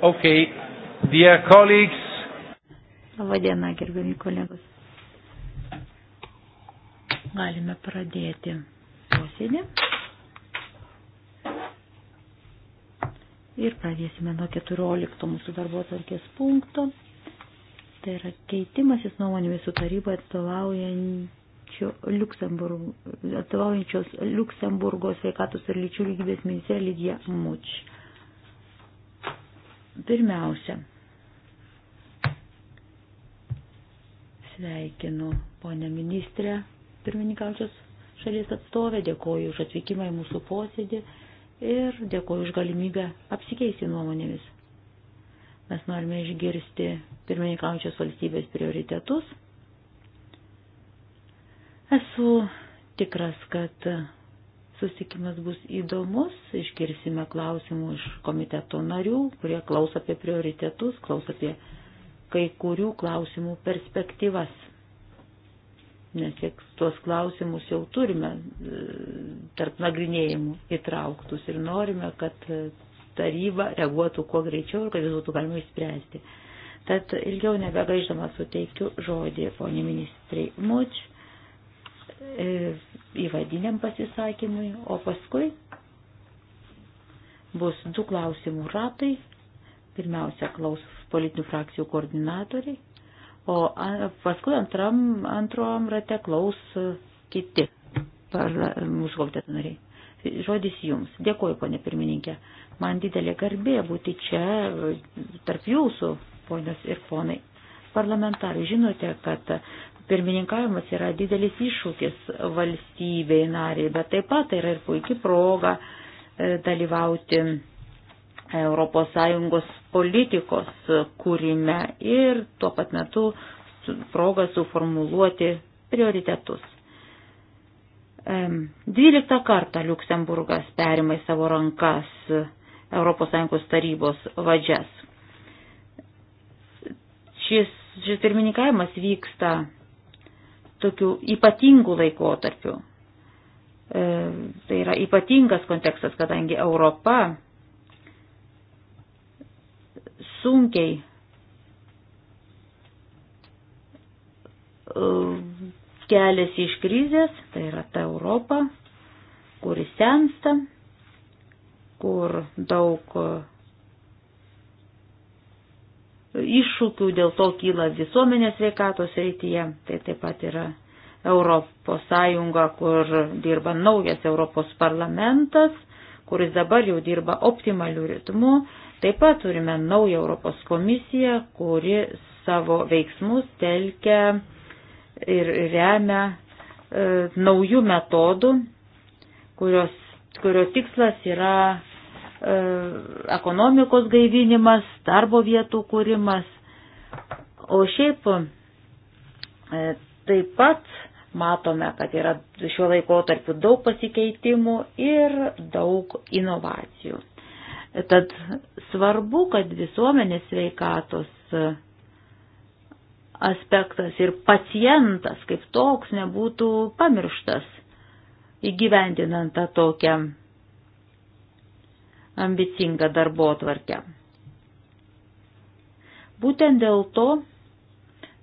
Okay. Dear colleagues. Labadiena, gerbiami kolegos. Galime pradėti posėdį. Ir pradėsime nuo 14 mūsų darbo atvarkės punkto. Tai yra keitimasis nuomonėmis su taryba atstovaujančios Luksemburgo sveikatos ir lyčių lygybės ministerija Lydija Muč. Pirmiausia, sveikinu ponę ministrę pirmininkaučios šalies atstovę, dėkoju už atvykimą į mūsų posėdį ir dėkoju už galimybę apsikeisti nuomonėmis. Mes norime išgirsti pirmininkaujančios valstybės prioritetus. Esu tikras, kad Susikimas bus įdomus, iškirsime klausimų iš komiteto narių, kurie klaus apie prioritetus, klaus apie kai kurių klausimų perspektyvas. Nes tiek tuos klausimus jau turime e, tarp nagrinėjimų įtrauktus ir norime, kad taryba reaguotų kuo greičiau ir kad vis būtų galima išspręsti. Tad ilgiau nebegaiždama suteikiu žodį, ponė ministrai Muč, e, įvadiniam pasisakymui, o paskui bus du klausimų ratai. Pirmiausia, klaus politinių frakcijų koordinatoriai, o paskui antram, antrom rate klaus kiti parla, mūsų komiteto nariai. Žodis jums. Dėkuoju, ponė pirmininkė. Man didelė garbė būti čia tarp jūsų, ponios ir ponai parlamentarų. Žinote, kad Pirmininkavimas yra didelis iššūkis valstybei nariai, bet taip pat yra ir puikiai proga e, dalyvauti ES politikos kūrime ir tuo pat metu proga suformuluoti prioritetus. 12 kartą Luksemburgas perimai savo rankas ES tarybos vadžias. Šis, šis pirmininkavimas vyksta tokių ypatingų laikotarpių. E, tai yra ypatingas kontekstas, kadangi Europa sunkiai e, keliasi iš krizės, tai yra ta Europa, kuri sensta, kur daug iššūkių dėl to kyla visuomenės veikatos reityje, tai taip pat yra Europos Sąjunga, kur dirba naujas Europos parlamentas, kuris dabar jau dirba optimaliu ritmu, taip pat turime naują Europos komisiją, kuri savo veiksmus telkia ir remia e, naujų metodų, kurios, kurio tikslas yra E, ekonomikos gaivinimas, darbo vietų kūrimas. O šiaip e, taip pat matome, kad yra šiuo laikotarpiu daug pasikeitimų ir daug inovacijų. Tad svarbu, kad visuomenės sveikatos aspektas ir pacientas kaip toks nebūtų pamirštas įgyvendinant tą tokią ambicingą darbo atvarkę. Būtent dėl to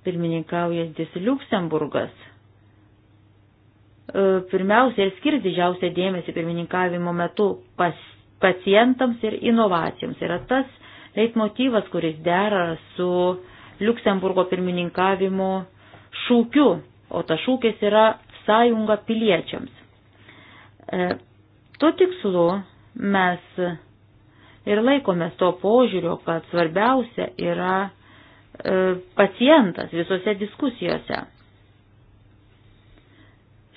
pirmininkaujas Dis Liuksemburgas e, pirmiausia ir skirs didžiausią dėmesį pirmininkavimo metu pas, pacientams ir inovacijoms. Yra tas leitmotyvas, kuris dera su Liuksemburgo pirmininkavimo šūkiu, o ta šūkis yra sąjunga piliečiams. E, tuo tikslu mes ir laikomės to požiūrio, kad svarbiausia yra e, pacientas visose diskusijose.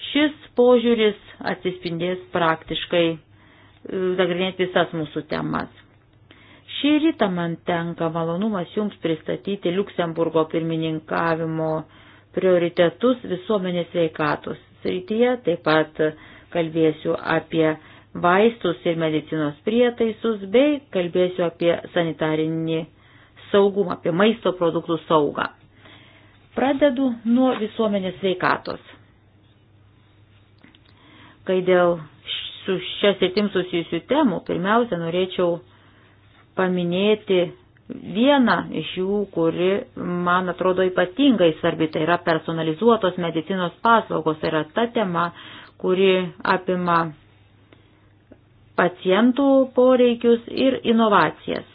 Šis požiūris atsispindės praktiškai e, nagrinėti visas mūsų temas. Šį rytą man tenka malonumas Jums pristatyti Luksemburgo pirmininkavimo prioritetus visuomenės veikatos srityje, taip pat kalbėsiu apie vaistus ir medicinos prietaisus, bei kalbėsiu apie sanitarinį saugumą, apie maisto produktų saugą. Pradedu nuo visuomenės veikatos. Kai dėl su šias ir tim susijusių temų, pirmiausia, norėčiau paminėti vieną iš jų, kuri, man atrodo, ypatingai svarbi, tai yra personalizuotos medicinos paslaugos, tai yra ta tema, kuri apima pacientų poreikius ir inovacijas.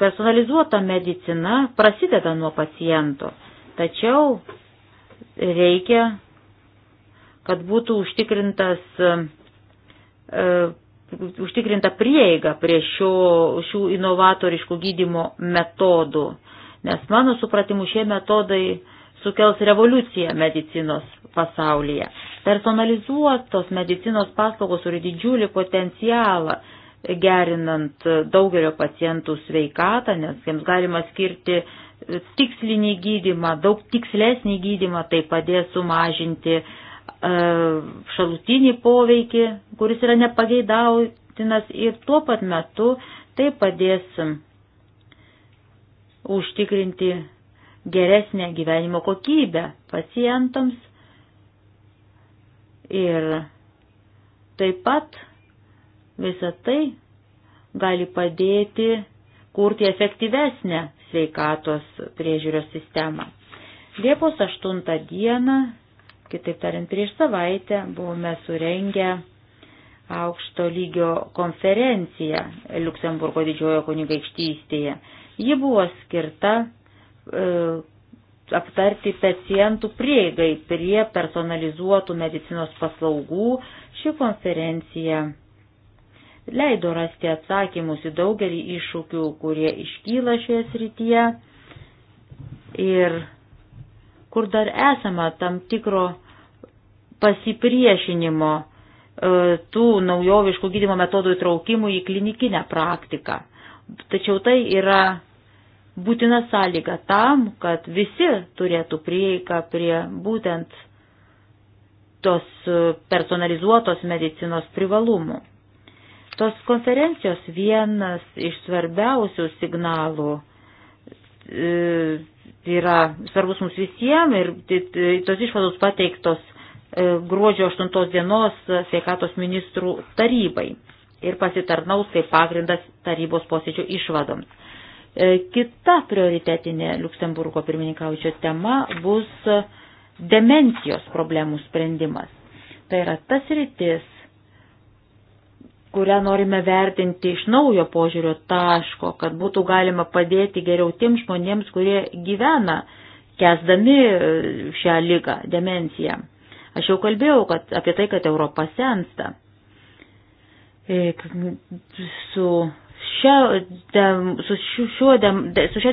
Personalizuota medicina prasideda nuo paciento, tačiau reikia, kad būtų užtikrintas, uh, užtikrinta prieiga prie šio, šių inovatoriškų gydimo metodų, nes mano supratimu šie metodai uh, sukels revoliuciją medicinos pasaulyje. Personalizuotos medicinos paslaugos turi didžiulį potencialą gerinant daugelio pacientų sveikatą, nes jiems galima skirti tikslinį gydimą, daug tikslesnį gydimą, tai padės sumažinti e, šalutinį poveikį, kuris yra nepageidautinas ir tuo pat metu tai padės užtikrinti geresnę gyvenimo kokybę pacientams ir taip pat visą tai gali padėti kurti efektyvesnę sveikatos priežiūros sistemą. Liepos 8 dieną, kitaip tariant, prieš savaitę buvome surengę aukšto lygio konferenciją Luksemburgo didžiojo kunigaikštystėje. Ji buvo skirta E, aptarti pacientų prieigai prie personalizuotų medicinos paslaugų. Ši konferencija leido rasti atsakymus į daugelį iššūkių, kurie iškyla šioje srityje ir kur dar esama tam tikro pasipriešinimo e, tų naujoviškų gydimo metodų įtraukimų į klinikinę praktiką. Tačiau tai yra būtina sąlyga tam, kad visi turėtų prieigą prie būtent tos personalizuotos medicinos privalumų. Tos konferencijos vienas iš svarbiausių signalų e, yra svarbus mums visiems ir tos išvados pateiktos e, gruodžio 8 dienos sveikatos ministrų tarybai ir pasitarnaus kaip pagrindas tarybos posėdžio išvadoms. E, kita prioritetinė Luksemburgo pirmininkaučio tema bus demencijos problemų sprendimas. Tai yra tas rytis, kurią norime vertinti iš naujo požiūrio taško, kad būtų galima padėti geriau tiem žmonėms, kurie gyvena kesdami šią lygą, demenciją. Aš jau kalbėjau kad, apie tai, kad Europa sensta. E, su Šia, de, su, šiuo, de, su šia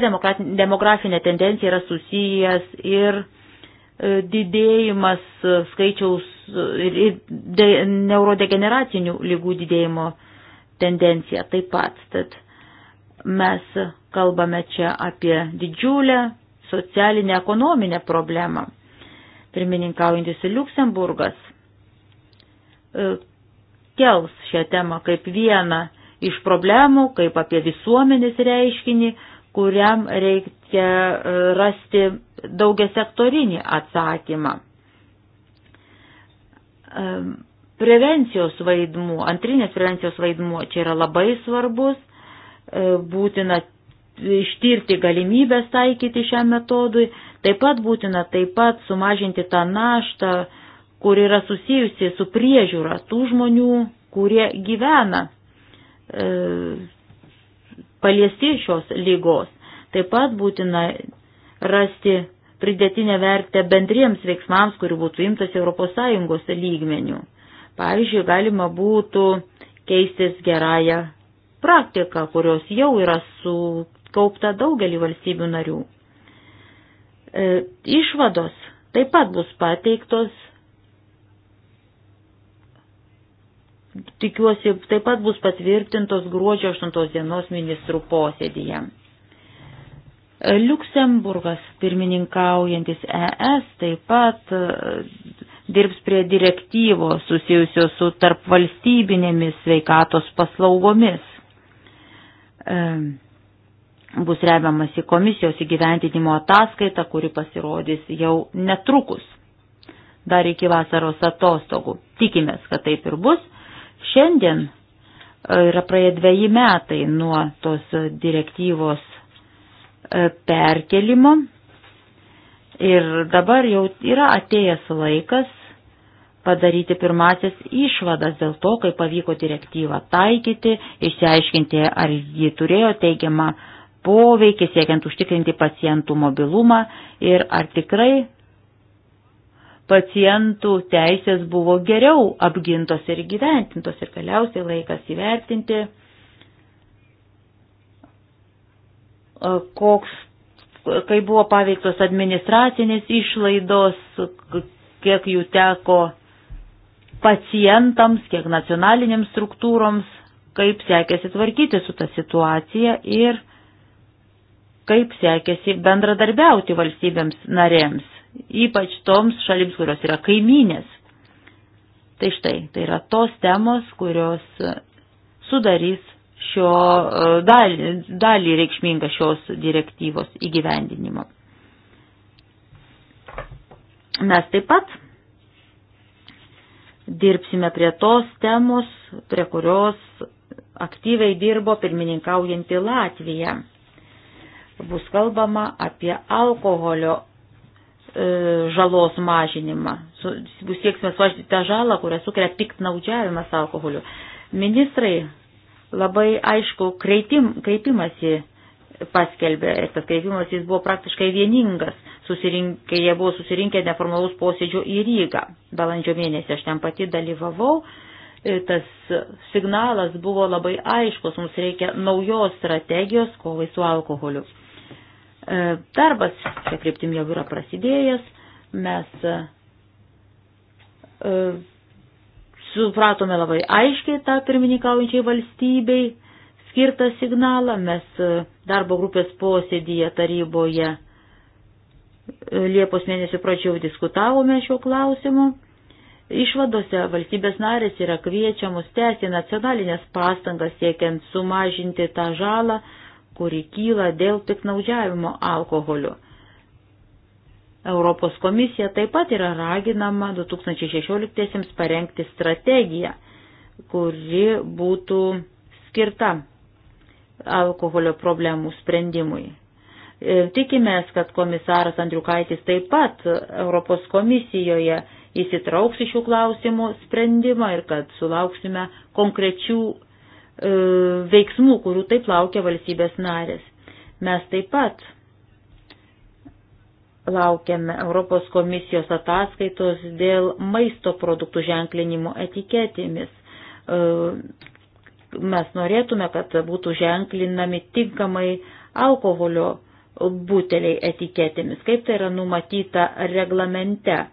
demografinė tendencija yra susijęs ir e, didėjimas skaičiaus e, ir de, neurodegeneracinių lygų didėjimo tendencija taip pat. Tad mes kalbame čia apie didžiulę socialinę ekonominę problemą. Pirmininkaujantis Luksemburgas e, kels šią temą kaip vieną iš problemų, kaip apie visuomenės reiškinį, kuriam reikia e, rasti daugia sektorinį atsakymą. E, prevencijos vaidmuo, antrinės prevencijos vaidmuo čia yra labai svarbus, e, būtina ištirti galimybės taikyti šiam metodui, taip pat būtina taip pat sumažinti tą naštą, kur yra susijusi su priežiūra tų žmonių, kurie gyvena e, paliesti šios lygos. Taip pat būtina rasti pridėtinę vertę bendriems veiksmams, kurių būtų imtas ES lygmenių. Pavyzdžiui, galima būtų keistis gerąją praktiką, kurios jau yra sukaupta daugelį valstybių narių. E, išvados taip pat bus pateiktos tikiuosi, taip pat bus patvirtintos gruodžio 8 dienos ministrų posėdėje. Liuksemburgas, pirmininkaujantis ES, taip pat e, dirbs prie direktyvos susijusios su tarp valstybinėmis sveikatos paslaugomis. E, bus remiamasi komisijos įgyventinimo ataskaita, kuri pasirodys jau netrukus, dar iki vasaros atostogų. Tikimės, kad taip ir bus Šiandien e, yra praėję dviejai metai nuo tos direktyvos e, perkelimo ir dabar jau yra atėjęs laikas padaryti pirmasis išvadas dėl to, kaip pavyko direktyvą taikyti, išsiaiškinti, ar ji turėjo teigiamą poveikį siekiant užtikrinti pacientų mobilumą ir ar tikrai pacientų teisės buvo geriau apgintos ir gyventintos ir galiausiai laikas įvertinti, koks, kai buvo paveiktos administracinės išlaidos, kiek jų teko pacientams, kiek nacionalinėms struktūroms, kaip sekėsi tvarkyti su tą situaciją ir kaip sekėsi bendradarbiauti valstybėms narėms ypač toms šalims, kurios yra kaiminės. Tai štai, tai yra tos temos, kurios e, sudarys šio e, dalį, dalį reikšmingą šios direktyvos įgyvendinimo. Mes taip pat dirbsime prie tos temos, prie kurios aktyviai dirbo pirmininkaujantį Latviją. Bus kalbama apie alkoholio E, žalos mažinimą. Bus sieksime suvažinti tą žalą, kurią sukelia piktnaudžiavimas alkoholiu. Ministrai labai aišku kreitim, kreipimasi paskelbė ir tas kreipimas jis buvo praktiškai vieningas, kai jie buvo susirinkę neformalaus posėdžio į Rygą. Balandžio mėnesį aš ten pati dalyvavau, e, tas signalas buvo labai aiškus, mums reikia naujos strategijos kovai su alkoholiu. E, darbas šią kryptim jau yra prasidėjęs, mes e, supratome labai aiškiai tą pirmininkaujančiai valstybei skirtą signalą, mes e, darbo grupės posėdėje taryboje Liepos mėnesio pradžioje diskutavome šiuo klausimu. Išvadose valstybės narės yra kviečiamos tęsti nacionalinės pastangas siekiant sumažinti tą žalą, kuri kyla dėl piknaudžiavimo alkoholiu. Europos komisija taip pat yra raginama 2016 parengti strategiją, kuri būtų skirta alkoholio problemų sprendimui. E, tikimės, kad komisaras Andriukaitis taip pat Europos komisijoje įsitrauks į šių klausimų sprendimą ir kad sulauksime konkrečių E, veiksmų, kurių taip laukia valstybės narės. Mes taip pat laukiame Europos komisijos ataskaitos dėl maisto produktų ženklinimo etiketėmis. E, mes norėtume, kad būtų ženklinami tinkamai alkoholio buteliai etiketėmis, kaip tai yra numatyta reglamente e,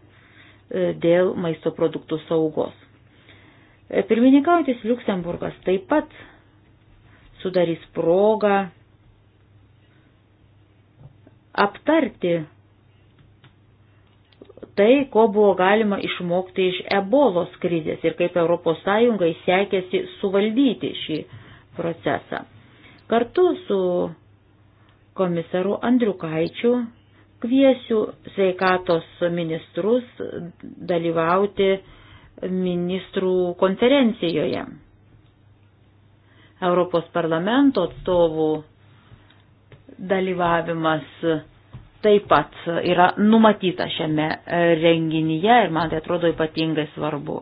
dėl maisto produktų saugos. E, pirmininkaujantis Luksemburgas taip pat sudarys progą aptarti tai, ko buvo galima išmokti iš ebolos krizės ir kaip ES sekėsi suvaldyti šį procesą. Kartu su komisaru Andriukaičiu kviesiu sveikatos ministrus dalyvauti ministrų konferencijoje. Europos parlamento atstovų dalyvavimas taip pat yra numatyta šiame renginyje ir man tai atrodo ypatingai svarbu.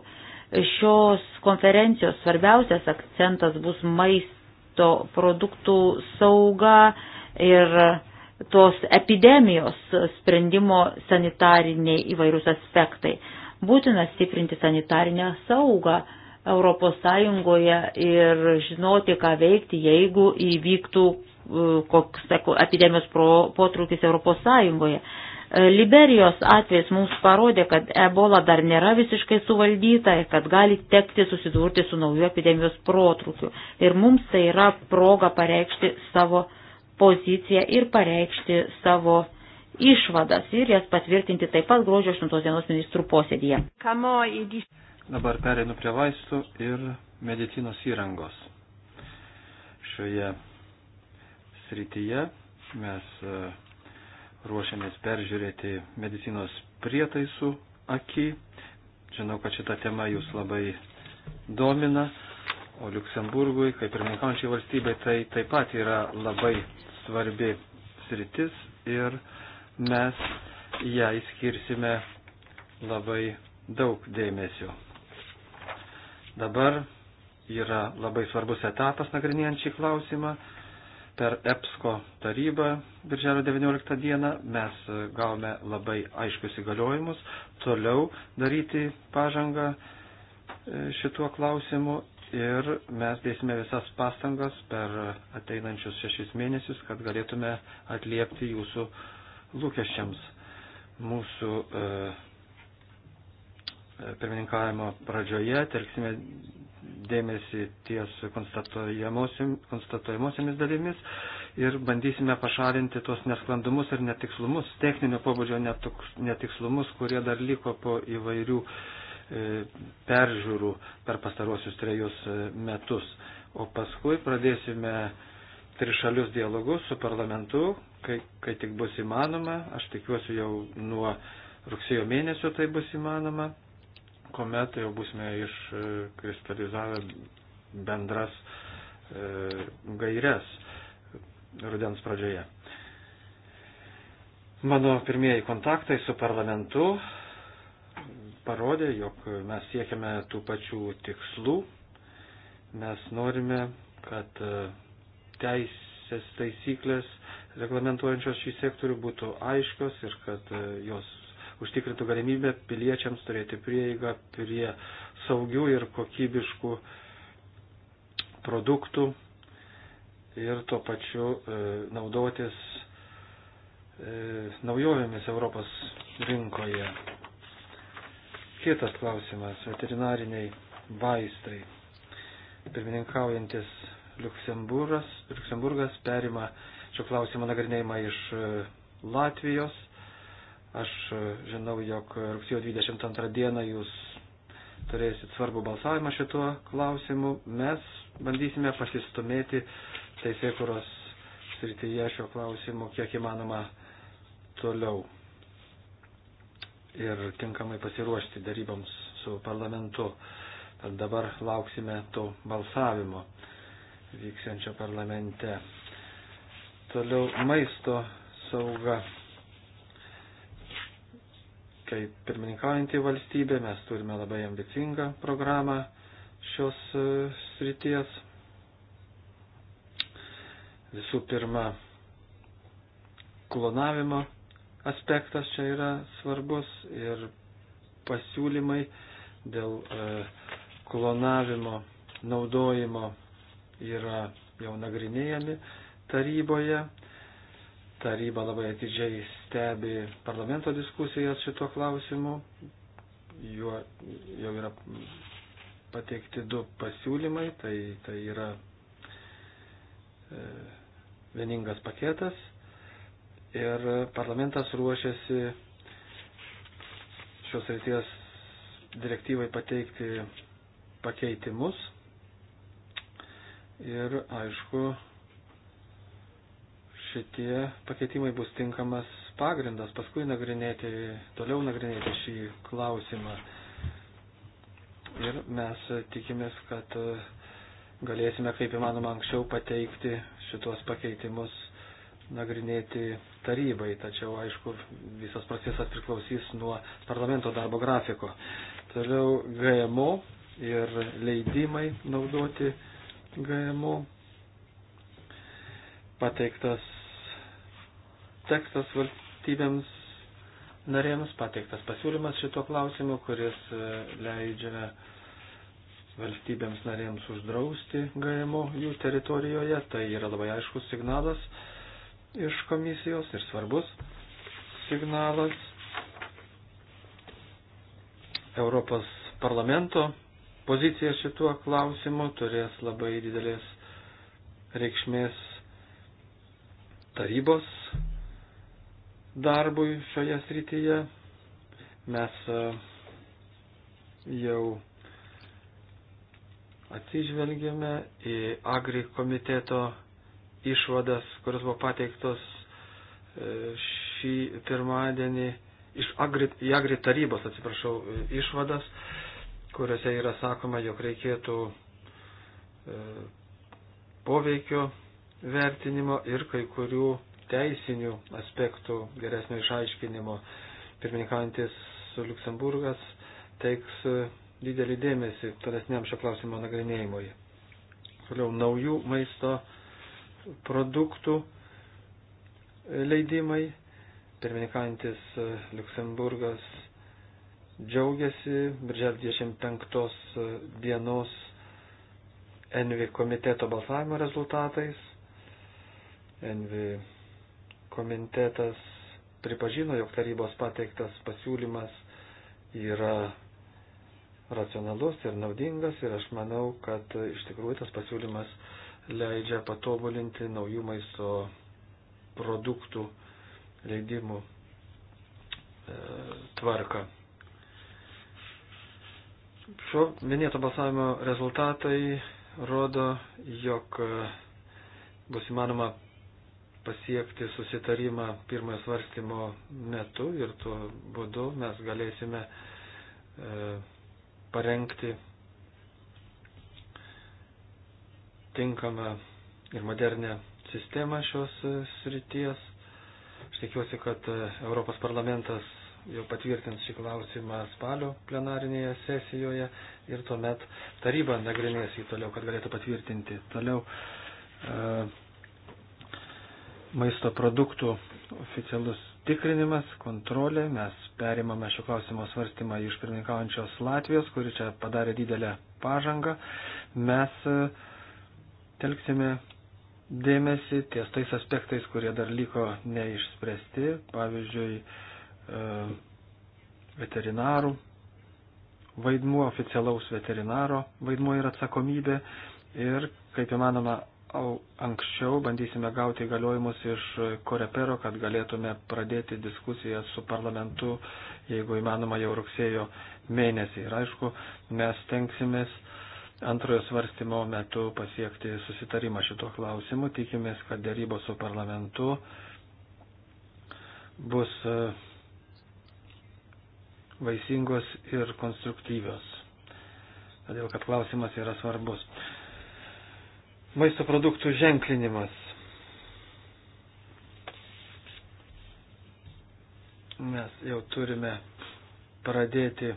Šios konferencijos svarbiausias akcentas bus maisto produktų sauga ir tos epidemijos sprendimo sanitariniai įvairūs aspektai. Būtina stiprinti sanitarinę saugą ES ir žinoti, ką veikti, jeigu įvyktų e, koks epidemijos potrukis ES. E, Liberijos atvejs mums parodė, kad ebola dar nėra visiškai suvaldyta ir kad gali tekti susidurti su nauju epidemijos protrukiu. Ir mums tai yra proga pareikšti savo poziciją ir pareikšti savo išvadas ir jas patvirtinti taip pat gruodžio 8 dienos ministrų posėdėje. Dabar pereinu prie vaistų ir medicinos įrangos. Šioje srityje mes e, ruošiamės peržiūrėti medicinos prietaisų akį. Žinau, kad šita tema jūs labai domina, o Luksemburgui, kaip ir minkančiai valstybei, tai taip pat yra labai svarbi sritis ir uh, mes jai skirsime labai daug dėmesio. Dabar yra labai svarbus etapas nagrinėjant šį klausimą. Per EPSCO tarybą birželio 19 dieną mes gavome labai aiškius įgaliojimus toliau daryti pažangą e, šituo klausimu ir mes dėsime visas pastangas per ateinančius šešis mėnesius, kad galėtume atliepti jūsų uh, lūkesčiams mūsų e, e, pirmininkavimo pradžioje. Telksime dėmesį ties konstatuojamosiomis dalimis ir bandysime pašalinti tuos nesklandumus ir netikslumus, techninio pobūdžio netikslumus, kurie dar liko po įvairių e, peržiūrų per pastaruosius trejus e, metus. O paskui pradėsime trišalius dialogus su parlamentu, kai, kai tik bus įmanoma, aš tikiuosi jau nuo rugsėjo mėnesio tai bus įmanoma, kuomet jau busime iškristalizavę bendras e, gairias rudens pradžioje. Mano pirmieji kontaktai su parlamentu parodė, jog mes siekiame tų pačių tikslų. Mes norime, kad e, teisės taisyklės reglamentuojančios šį sektorių būtų aiškios ir kad e, jos užtikrintų galimybę piliečiams turėti prieigą prie saugių ir kokybiškų produktų ir tuo pačiu e, naudotis e, naujovėmis Europos rinkoje. Kitas klausimas - veterinariniai vaistai. Pirmininkaujantis Luksemburgas, Luksemburgas perima šio klausimo nagrinėjimą iš e, Latvijos. Aš e, žinau, jog rugsėjo 22 dieną jūs turėsit svarbų balsavimą šituo klausimu. Mes bandysime pasistumėti teisėkuros srityje šio klausimu kiek įmanoma toliau ir tinkamai pasiruošti daryboms su parlamentu. Tad dabar lauksime to balsavimo vyksiančio parlamente. Toliau maisto sauga. Kaip pirmininkaujantį valstybę mes turime labai ambicingą programą šios e, srities. Visų pirma, klonavimo aspektas čia yra svarbus ir pasiūlymai dėl e, klonavimo naudojimo yra jau nagrinėjami taryboje. Taryba labai atidžiai stebi parlamento diskusijas šito klausimu. Juo jau yra pateikti du pasiūlymai, tai, tai yra e, vieningas paketas ir parlamentas ruošiasi šios reities direktyvai pateikti pakeitimus ir aišku šitie pakeitimai bus tinkamas pagrindas paskui nagrinėti, toliau nagrinėti šį klausimą. Ir mes tikimės, kad galėsime kaip įmanoma anksčiau pateikti šitos pakeitimus nagrinėti tarybai, tačiau aišku visas procesas priklausys nuo parlamento darbo grafiko. Toliau GMO ir leidimai naudoti GMO pateiktas tekstas valstybėms narėms, pateiktas pasiūlymas šito klausimu, kuris e, leidžia valstybėms narėms uždrausti GMO jų teritorijoje. Tai yra labai aiškus signalas iš komisijos ir svarbus signalas Europos parlamento pozicija šituo klausimu turės labai didelės reikšmės tarybos darbui šioje srityje. Mes e, jau atsižvelgėme į Agri komiteto išvadas, kurios buvo pateiktos e, šį pirmadienį, iš Agri, į Agri tarybos, atsiprašau, e, išvadas, kuriuose yra sakoma, jog reikėtų poveikio vertinimo ir kai kurių teisinių aspektų geresnio išaiškinimo. Pirmininkantis Luksemburgas teiks e, didelį dėmesį tolesniam šio klausimo nagrinėjimui. Toliau naujų maisto produktų e, leidimai. Pirmininkantis e, Luksemburgas džiaugiasi birželio 25 dienos Envi komiteto balsavimo rezultatais. Envi komitetas pripažino, jog tarybos pateiktas pasiūlymas yra racionalus ir naudingas ir aš manau, kad iš tikrųjų tas pasiūlymas leidžia patobulinti naujų maisto produktų leidimų e, tvarką. Šio minėto balsavimo rezultatai rodo, jog e, bus įmanoma pasiekti susitarimą pirmojo svarstymo metu ir tuo būdu mes galėsime e, parengti tinkamą ir modernę sistemą šios e, srities. Aš tikiuosi, kad e, Europos parlamentas jau patvirtins šį klausimą spalio plenarinėje sesijoje ir tuomet taryba nagrinės jį toliau, kad galėtų patvirtinti. Toliau. E, maisto produktų oficialus tikrinimas, kontrolė. Mes perimame šio klausimo svarstymą iš pirmininkaujančios Latvijos, kuri čia padarė didelę pažangą. Mes e, telksime dėmesį ties tais aspektais, kurie dar liko neišspręsti, pavyzdžiui, e, veterinarų vaidmuo, oficialaus veterinaro vaidmuo ir atsakomybė ir, kaip įmanoma, anksčiau, bandysime gauti įgaliojimus iš Korepero, kad galėtume pradėti diskusiją su parlamentu, jeigu įmanoma, jau rugsėjo mėnesį. Ir aišku, mes tenksimės antrojo svarstymo metu pasiekti susitarimą šito klausimu. Tikimės, kad dėrybos su parlamentu bus e, vaisingos ir konstruktyvios. Todėl, kad klausimas yra svarbus. Maisto produktų ženklinimas. Mes jau turime pradėti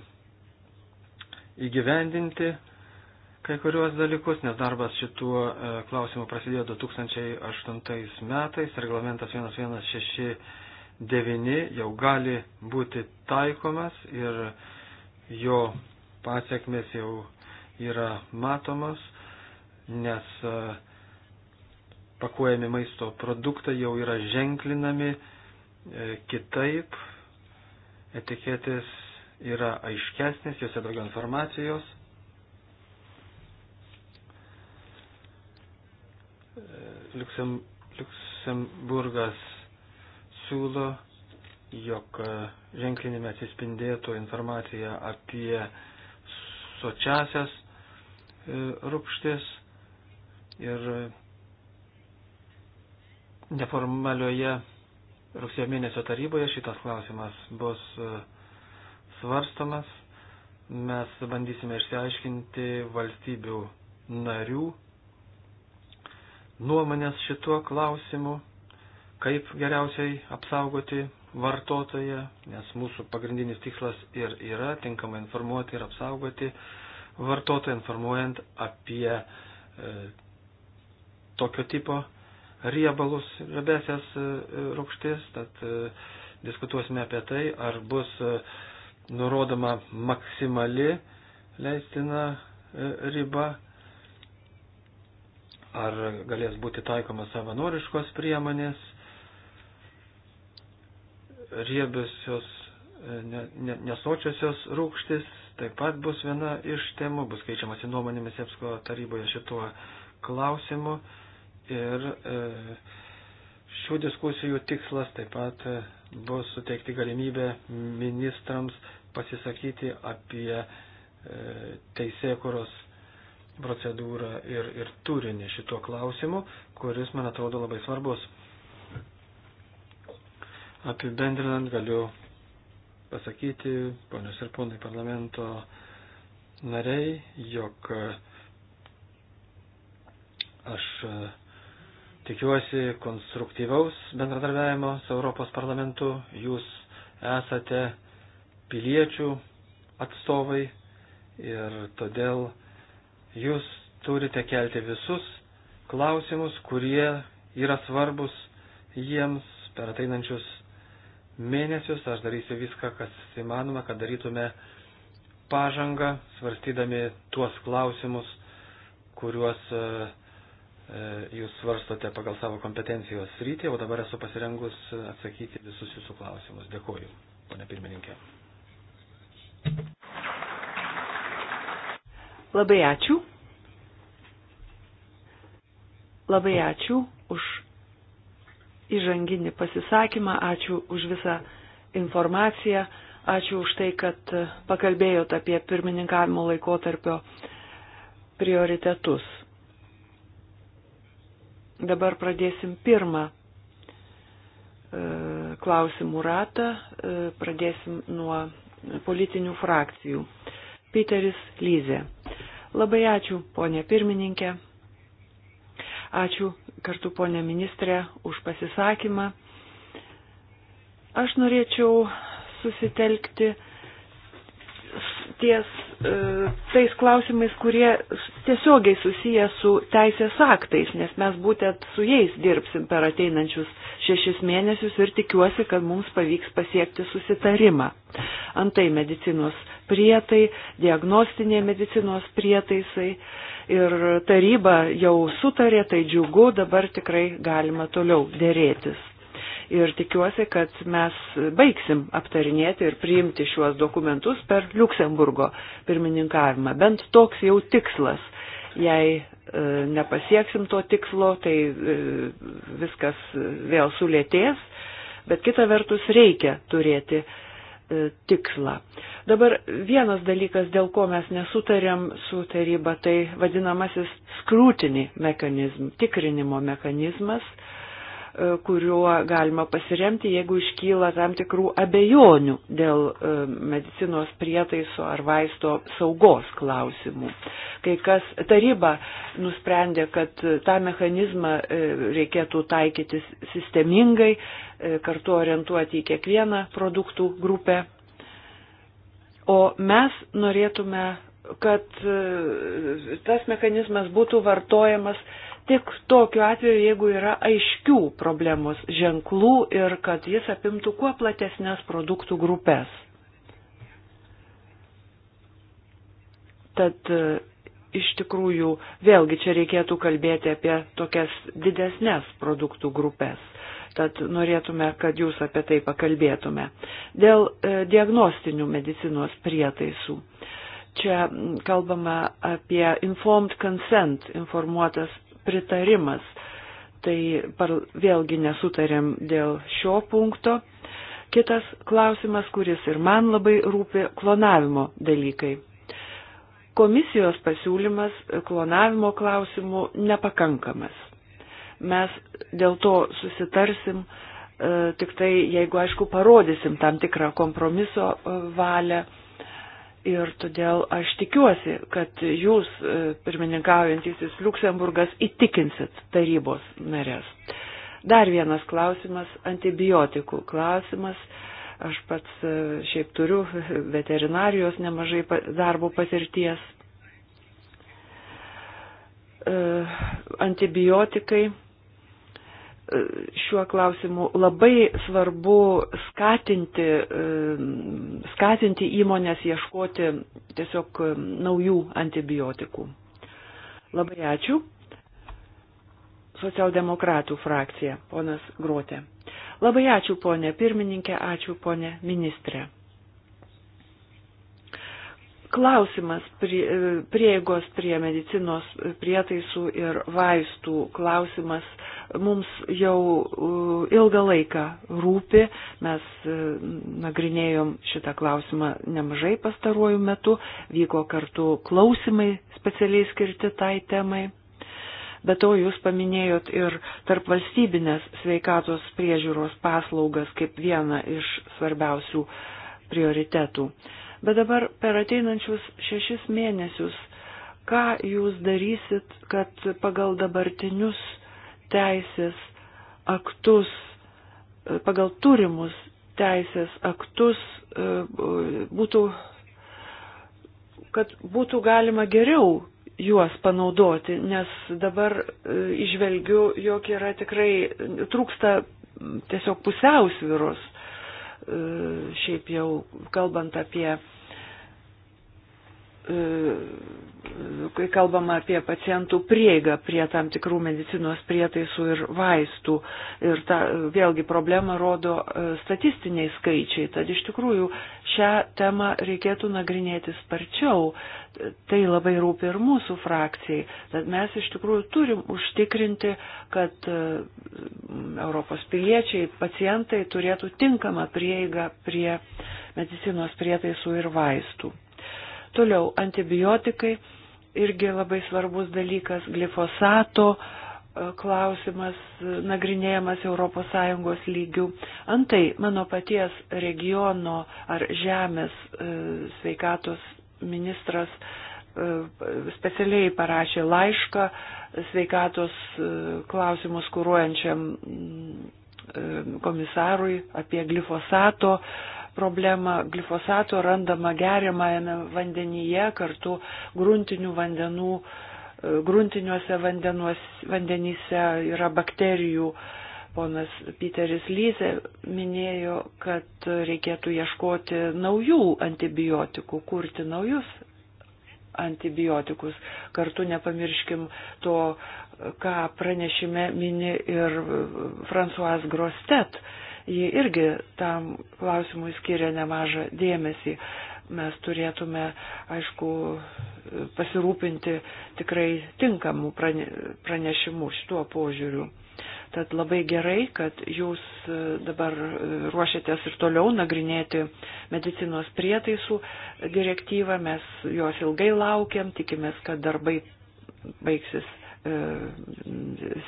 įgyvendinti kai kuriuos dalykus, nes darbas šituo e, klausimu prasidėjo 2008 metais, reglamentas 1169 jau gali būti taikomas ir jo pasiekmes jau yra matomas nes e, pakuojami maisto produktai jau yra ženklinami e, kitaip, etiketės yra aiškesnės, juose daugiau informacijos. Liuksem, Liuksemburgas siūlo, jog e, ženklinime atsispindėtų informacija apie sočiasias rūpštis ir neformalioje rugsėjo mėnesio taryboje šitas klausimas bus e, svarstamas. Mes bandysime išsiaiškinti valstybių narių nuomonės šituo klausimu, kaip geriausiai apsaugoti vartotoje, nes mūsų pagrindinis tikslas ir yra tinkamai informuoti ir apsaugoti vartotoją, informuojant apie e, tokio tipo riebalus riebesias e, e, rūkštis, tad e, diskutuosime apie tai, ar bus nurodoma maksimali leistina riba, ar galės būti taikomas savanoriškos priemonės, riebiosios, ne, ne, nesočiosios rūkštis, taip pat bus viena iš temų, bus keičiamasi nuomonėmis EPSCO taryboje šituo klausimu ir e, šių diskusijų tikslas taip pat e, bus suteikti galimybę ministrams pasisakyti apie e, teisėkuros procedūrą ir, ir turinį šituo klausimu, kuris, man atrodo, labai svarbus. Apibendrinant galiu pasakyti, ponios ir ponai parlamento nariai, jog aš Tikiuosi konstruktyvaus bendradarbiavimo su Europos parlamentu. Jūs esate piliečių atstovai ir todėl jūs turite kelti visus klausimus, kurie yra svarbus jiems per ateinančius mėnesius. Aš darysiu viską, kas įmanoma, kad darytume pažangą, svarstydami tuos klausimus, kuriuos E, jūs svarstote pagal savo kompetencijos rytį, o dabar esu pasirengus atsakyti visus jūsų klausimus. Dėkuoju, ponė pirmininkė. Labai ačiū. Labai ačiū už įžanginį pasisakymą, ačiū už visą informaciją, ačiū už tai, kad pakalbėjote apie pirmininkavimo laikotarpio prioritetus. Dabar pradėsim pirmą e, klausimų ratą. E, pradėsim nuo politinių frakcijų. Piteris Lyzė. Labai ačiū, ponė pirmininkė. Ačiū kartu, ponė ministrė, už pasisakymą. Aš norėčiau susitelkti ties e, tais klausimais, kurie tiesiogiai susiję su teisės aktais, nes mes būtent su jais dirbsim per ateinančius šešis mėnesius ir tikiuosi, kad mums pavyks pasiekti susitarimą. Antai medicinos prietai, diagnostiniai medicinos prietaisai ir taryba jau sutarė, tai džiugu, dabar tikrai galima toliau dėrėtis ir tikiuosi, kad mes baigsim aptarinėti ir priimti šiuos dokumentus per Luksemburgo pirmininkavimą. Bent toks jau tikslas. Jei e, nepasieksim to tikslo, tai e, viskas vėl sulėtės, bet kita vertus reikia turėti e, tikslą. Dabar vienas dalykas, dėl ko mes nesutarėm su taryba, tai vadinamasis scrutiny mekanizm, tikrinimo mekanizmas, E, kuriuo galima pasiremti, jeigu iškyla tam tikrų abejonių dėl e, medicinos prietaiso ar vaisto saugos klausimų. Kai kas taryba nusprendė, kad tą mechanizmą e, reikėtų taikyti sistemingai, kartu orientuoti į kiekvieną produktų grupę. O mes norėtume kad tas mechanizmas būtų vartojamas tik tokiu atveju, jeigu yra aiškių problemos ženklų ir kad jis apimtų kuo platesnės produktų grupės. Tad e, iš tikrųjų vėlgi čia reikėtų kalbėti apie tokias didesnės produktų grupės. Tad norėtume, kad jūs apie tai pakalbėtume. Dėl e, diagnostinių medicinos prietaisų. Čia kalbama apie informed consent, informuotas pritarimas. Tai par, vėlgi nesutarėm dėl šio punkto. Kitas klausimas, kuris ir man labai rūpi - klonavimo dalykai. Komisijos pasiūlymas klonavimo klausimų nepakankamas. Mes dėl to susitarsim e, tik tai, jeigu aišku parodysim tam tikrą kompromiso e, valią Ir todėl aš tikiuosi, kad jūs, e, pirmininkaujantisis Luksemburgas, įtikinsit tarybos narės. Dar vienas klausimas - antibiotikų klausimas. Aš pats e, šiaip turiu veterinarijos nemažai darbo patirties. E, antibiotikai šiuo klausimu labai svarbu skatinti, skatinti įmonės ieškoti tiesiog naujų antibiotikų. Labai ačiū. Socialdemokratų frakcija, ponas Gruotė. Labai ačiū, ponė pirmininkė, ačiū, ponė ministrė. Klausimas prie, e, prieigos prie medicinos prietaisų ir vaistų klausimas mums jau e, ilgą laiką rūpi. Mes e, nagrinėjom šitą klausimą nemažai pastaruoju metu, vyko kartu klausimai specialiai skirti tai temai. Be to jūs paminėjot ir tarp valstybinės sveikatos priežiūros paslaugas kaip vieną iš svarbiausių prioritetų. Bet dabar per ateinančius šešis mėnesius, ką jūs darysit, kad pagal dabartinius teisės aktus, pagal turimus teisės aktus e, būtų, kad būtų galima geriau juos panaudoti, nes dabar išvelgiu, e, jog yra tikrai trūksta tiesiog pusiausviros E, šiaip jau kalbant apie E, kai kalbama apie pacientų prieigą prie tam tikrų medicinos prietaisų ir vaistų. Ir ta vėlgi problema rodo e, statistiniai skaičiai. Tad iš tikrųjų šią temą reikėtų nagrinėti sparčiau. Tai labai rūpi ir mūsų frakcijai. Tad mes iš tikrųjų turim užtikrinti, kad e, Europos piliečiai, pacientai turėtų tinkamą prieigą prie medicinos prietaisų ir vaistų. Toliau antibiotikai irgi labai svarbus dalykas, glifosato e, klausimas e, nagrinėjamas ES lygių. Antai mano paties regiono ar žemės e, sveikatos ministras specialiai parašė laišką sveikatos klausimus kūruojančiam mm, komisarui apie glifosato uh, problemą. Glifosato randama geriamajame vandenyje kartu gruntinių vandenų, e, gruntiniuose vandenuos, vandenyse yra bakterijų. Ponas Piteris Lyze minėjo, kad reikėtų ieškoti naujų antibiotikų, kurti naujus antibiotikus. Kartu nepamirškim to, ką pranešime mini ir François Grostet ji irgi tam klausimui skiria nemažą dėmesį. Mes turėtume, aišku, pasirūpinti tikrai tinkamų pranešimų šituo požiūriu. Tad labai gerai, kad jūs e, dabar e, ruošiatės ir toliau nagrinėti medicinos prietaisų direktyvą. Mes jos ilgai laukiam, tikimės, kad darbai baigsis e,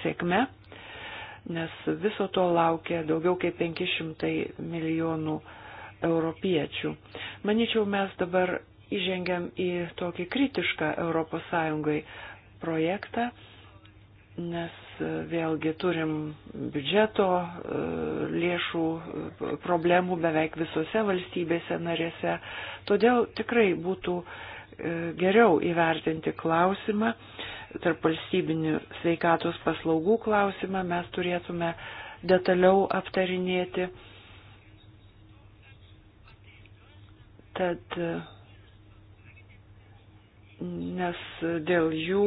sėkme nes viso to laukia daugiau kaip 500 milijonų europiečių. Maničiau, mes dabar įžengiam į tokį kritišką ES projektą, nes vėlgi turim biudžeto e, lėšų e, problemų beveik visose valstybėse narėse. Todėl tikrai būtų e, geriau įvertinti klausimą, tarp valstybinių sveikatos paslaugų klausimą mes turėtume detaliau aptarinėti. Tad, nes dėl jų,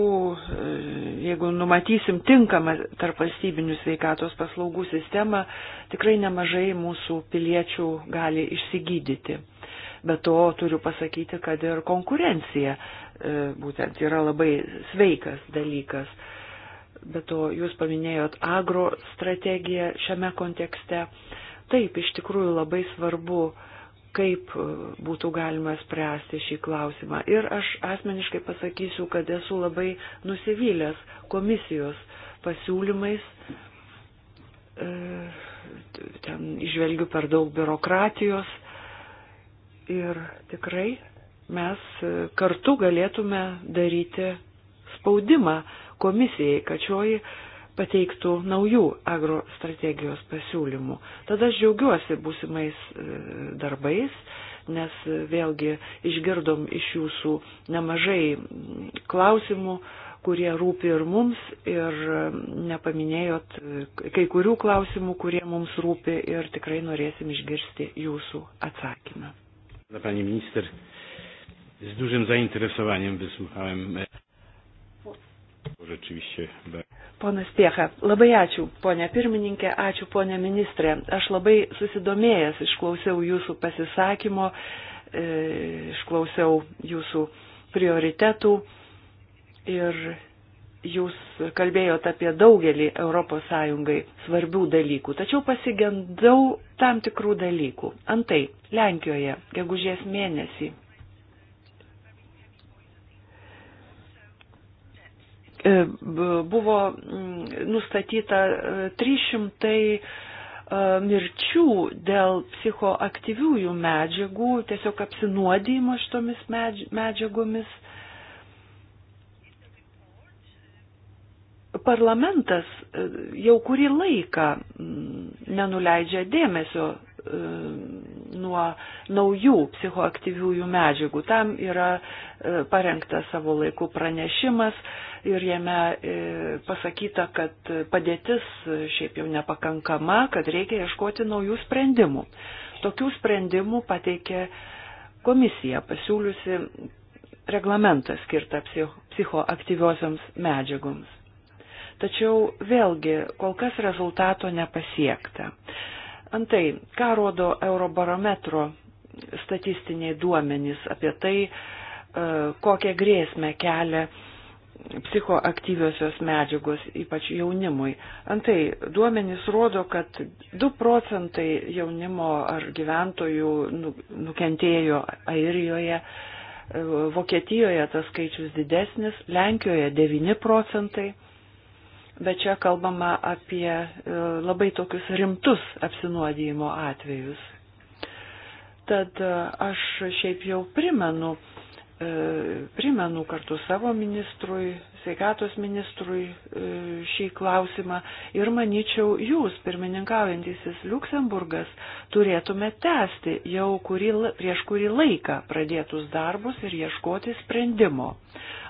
jeigu numatysim tinkamą tarp valstybinių sveikatos paslaugų sistemą, tikrai nemažai mūsų piliečių gali išsigydyti. Be to turiu pasakyti, kad ir konkurencija E, būtent yra labai sveikas dalykas. Be to, jūs paminėjot agro strategiją šiame kontekste. Taip, iš tikrųjų labai svarbu, kaip e, būtų galima spręsti šį klausimą. Ir aš asmeniškai pasakysiu, kad esu labai nusivylęs komisijos pasiūlymais. E, ten išvelgiu per daug biurokratijos ir tikrai mes kartu galėtume daryti spaudimą komisijai, kad šioji pateiktų naujų agrostrategijos pasiūlymų. Tada aš džiaugiuosi būsimais e, darbais, nes vėlgi išgirdom iš jūsų nemažai klausimų, kurie rūpi ir mums, ir e, nepaminėjot e, kai kurių klausimų, kurie mums rūpi ir tikrai norėsim išgirsti jūsų atsakymą. Pani minister, z dużym zainteresowaniem wysłuchałem. E, rzeczywiście. Ponas Piecha, labai ačiū, ponia pirmininkė, ačiū, ponia ministrė. Aš labai susidomėjęs išklausiau jūsų pasisakymo, e, išklausiau jūsų prioritetų ir jūs kalbėjote apie daugelį ES svarbių dalykų, tačiau pasigendau tam tikrų dalykų. Antai, Lenkijoje, gegužės mėnesį E, buvo mm, nustatyta 300 e, e, mirčių dėl psichoaktyviųjų medžiagų, tiesiog apsinuodėjimo šitomis medžiagomis. Parlamentas jau kurį laiką mm, nenuleidžia dėmesio E, nuo naujų psichoaktyviųjų medžiagų. Tam yra e, parengtas savo laiku pranešimas ir jame e, pasakyta, kad padėtis šiaip jau nepakankama, kad reikia ieškoti naujų sprendimų. Tokių sprendimų pateikė komisija pasiūliusi reglamentą skirtą psichoaktyviosioms medžiagoms. Tačiau vėlgi kol kas rezultato nepasiekta. Antai, ką rodo Eurobarometro statistiniai duomenys apie tai, e, kokią grėsmę kelia psichoaktyviosios medžiagos, ypač jaunimui. Antai, duomenys rodo, kad 2 procentai jaunimo ar gyventojų nu, nukentėjo Airijoje, e, Vokietijoje tas skaičius didesnis, Lenkijoje 9 procentai bet čia kalbama apie e, labai tokius rimtus apsinuodijimo atvejus. Tad e, aš šiaip jau primenu, e, primenu kartu savo ministrui, sveikatos ministrui šį klausimą ir manyčiau, jūs, pirmininkaujantisis Luksemburgas, turėtume tęsti jau kurį, prieš kurį laiką pradėtus darbus ir ieškoti sprendimo.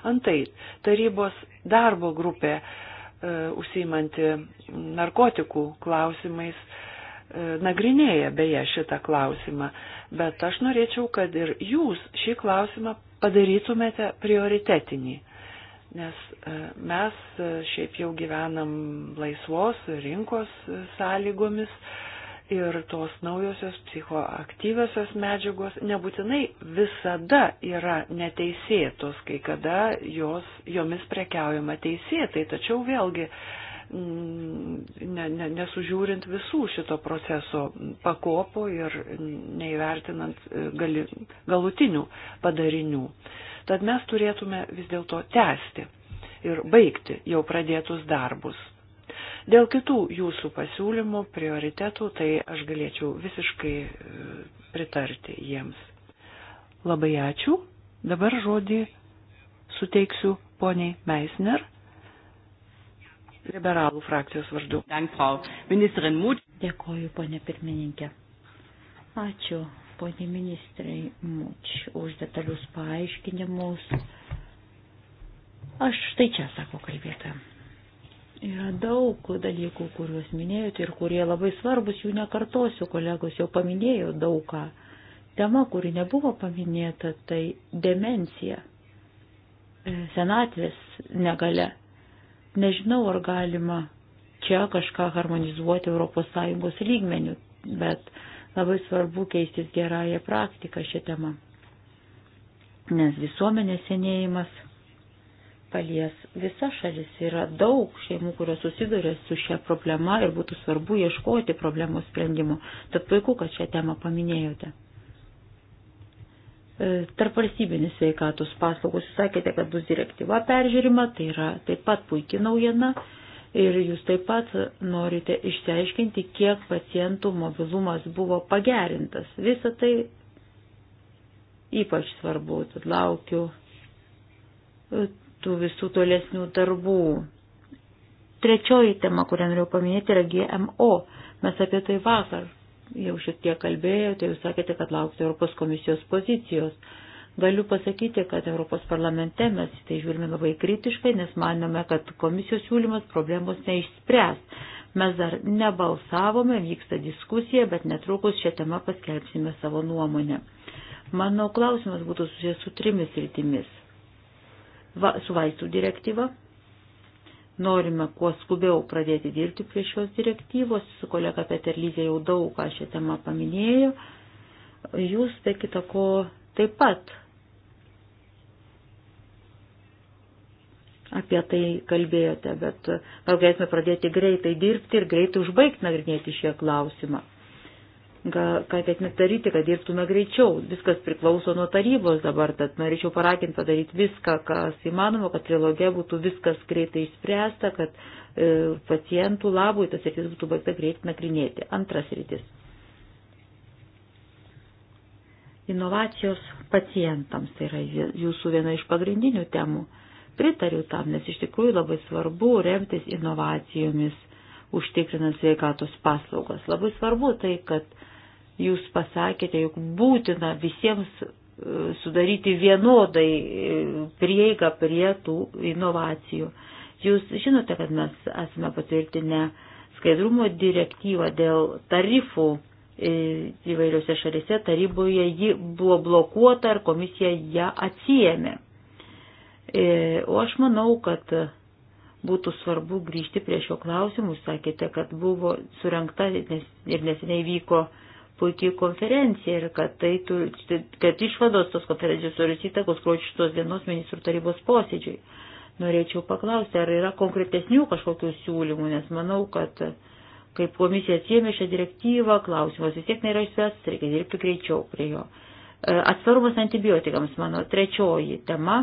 Antai, tarybos darbo grupė E, užsiimanti narkotikų klausimais e, nagrinėja beje šitą klausimą, bet aš norėčiau, kad ir jūs šį klausimą padarytumėte prioritetinį, nes e, mes šiaip jau gyvenam laisvos rinkos sąlygomis, ir tos naujosios psichoaktyviosios medžiagos nebūtinai visada yra neteisėtos, kai kada jos, jomis prekiaujama teisėtai, tačiau vėlgi mm, ne, ne, nesužiūrint visų šito proceso pakopų ir neįvertinant e, gali, galutinių padarinių. Tad mes turėtume vis dėlto tęsti ir baigti jau pradėtus darbus. Dėl kitų jūsų pasiūlymų, prioritetų, tai aš galėčiau visiškai e, pritarti jiems. Labai ačiū. Dabar žodį suteiksiu poniai Meisner, liberalų frakcijos vardu. Dėkoju, ponė pirmininkė. Ačiū, ponė ministrai Muč, už detalius paaiškinimus. Aš štai čia, sako kalbėtojams Yra daug dalykų, kuriuos minėjote ir kurie labai svarbus, jų nekartosiu, kolegos jau paminėjo daugą. Tema, kuri nebuvo paminėta, tai demencija, e, senatvės negale. Nežinau, ar galima čia kažką harmonizuoti ES lygmenių, bet labai svarbu keistis gerąją praktiką šią temą. Nes visuomenės senėjimas palies visa šalis. Yra daug šeimų, kurios susiduria su šia problema ir būtų svarbu ieškoti problemos sprendimų. Tad puiku, kad šią temą paminėjote. E, tarp valstybinis sveikatos paslaugos, jūs sakėte, kad bus direktyva peržiūrima, tai yra taip pat puikia naujiena ir jūs taip pat norite išsiaiškinti, kiek pacientų mobilumas buvo pagerintas. Visą tai ypač svarbu, tad laukiu e, tų visų tolesnių darbų. Trečioji tema, kurią norėjau paminėti, yra GMO. Mes apie tai vakar jau šiek tiek kalbėjote, tai jūs sakėte, kad laukti Europos komisijos pozicijos. Galiu pasakyti, kad Europos parlamente mes į tai žiūrime labai kritiškai, nes manome, kad komisijos siūlymas problemos neišspręs. Mes dar nebalsavome, vyksta diskusija, bet netrukus šią temą paskelbsime savo nuomonę. Mano klausimas būtų susijęs su trimis rytimis va, su vaistų direktyva. Norime kuo skubiau pradėti dirbti prie šios direktyvos. Su kolega Peterlyzė jau daug ką šią temą paminėjo. Jūs, be kita ko, taip pat apie tai kalbėjote, bet gal galėsime pradėti greitai dirbti ir greitai užbaigti nagrinėti šią klausimą ką ketinat daryti, kad dirbtume greičiau. Viskas priklauso nuo tarybos dabar, tad norėčiau paraginti padaryti viską, kas įmanoma, kad trilogija būtų viskas greitai išspręsta, kad e, pacientų labui tas rytis būtų baigta greit nagrinėti. Antras rytis. Inovacijos pacientams tai yra jūsų viena iš pagrindinių temų. Pritariu tam, nes iš tikrųjų labai svarbu remtis inovacijomis, užtikrinant sveikatos paslaugas. Labai svarbu tai, kad jūs pasakėte, jog būtina visiems e, sudaryti vienodai e, prieigą prie tų inovacijų. Jūs žinote, kad mes esame patvirtinę skaidrumo direktyvą dėl tarifų e, įvairiose šalise, taryboje ji buvo blokuota ir komisija ją atsijėmė. O aš manau, kad būtų svarbu grįžti prie šio klausimų. Sakėte, kad buvo surinkta ir neseniai vyko nes puikiai konferencija ir kad, tai, kad išvados tos konferencijos turi įtakos kruočių šitos dienos ministrų tarybos posėdžiui. Norėčiau paklausti, ar yra konkretesnių kažkokių siūlymų, nes manau, kad kaip komisija atsiemė šią direktyvą, klausimas vis tiek nėra išspręstas, reikia dirbti greičiau prie jo. E, atsparumas antibiotikams mano trečioji tema.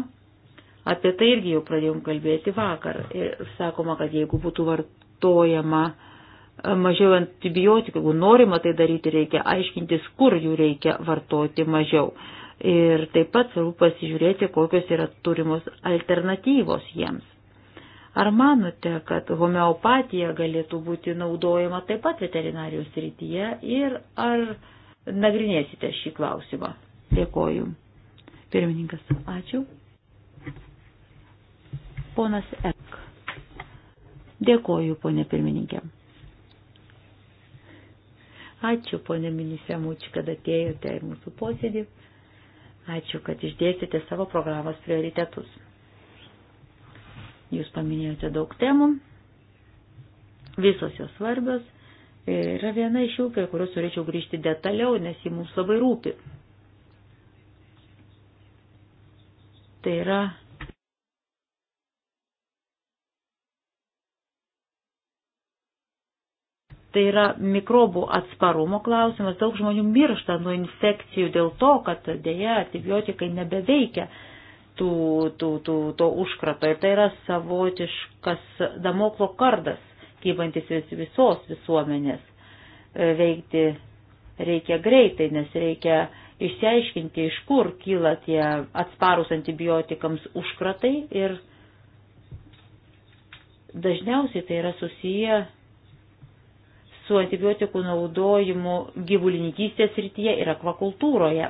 Apie tai irgi jau pradėjom kalbėti vakar. Ir sakoma, kad jeigu būtų vartojama uh, mažiau antibiotikų. Jeigu norima tai daryti, reikia aiškintis, kur jų reikia vartoti mažiau. Ir taip pat svarbu pasižiūrėti, kokios yra turimos alternatyvos jiems. Ar manote, kad homeopatija galėtų būti naudojama taip pat veterinarijos rytyje ir ar nagrinėsite šį klausimą? Dėkoju. Pirmininkas, ačiū. Ponas Ek. Dėkoju, ponė pirmininkė. Ačiū, ponė Minise Mūči, kad atėjote į mūsų posėdį. Ačiū, kad išdėstėte savo programos prioritetus. Jūs paminėjote daug temų, visos jos svarbios. Yra viena iš jų, prie kurios turėčiau grįžti detaliau, nes ji mums labai rūpi. Tai yra Tai yra mikrobų atsparumo klausimas. Daug žmonių miršta nuo infekcijų dėl to, kad dėja antibiotikai nebeveikia tų, tų, tų, to užkrato. Ir tai yra savotiškas damoklo kardas, kybantis visos visuomenės. E, veikti reikia greitai, nes reikia išsiaiškinti, iš kur kyla tie atsparus antibiotikams užkratai ir dažniausiai tai yra susiję su antibiotikų naudojimu gyvulininkystės rytyje ir akvakultūroje.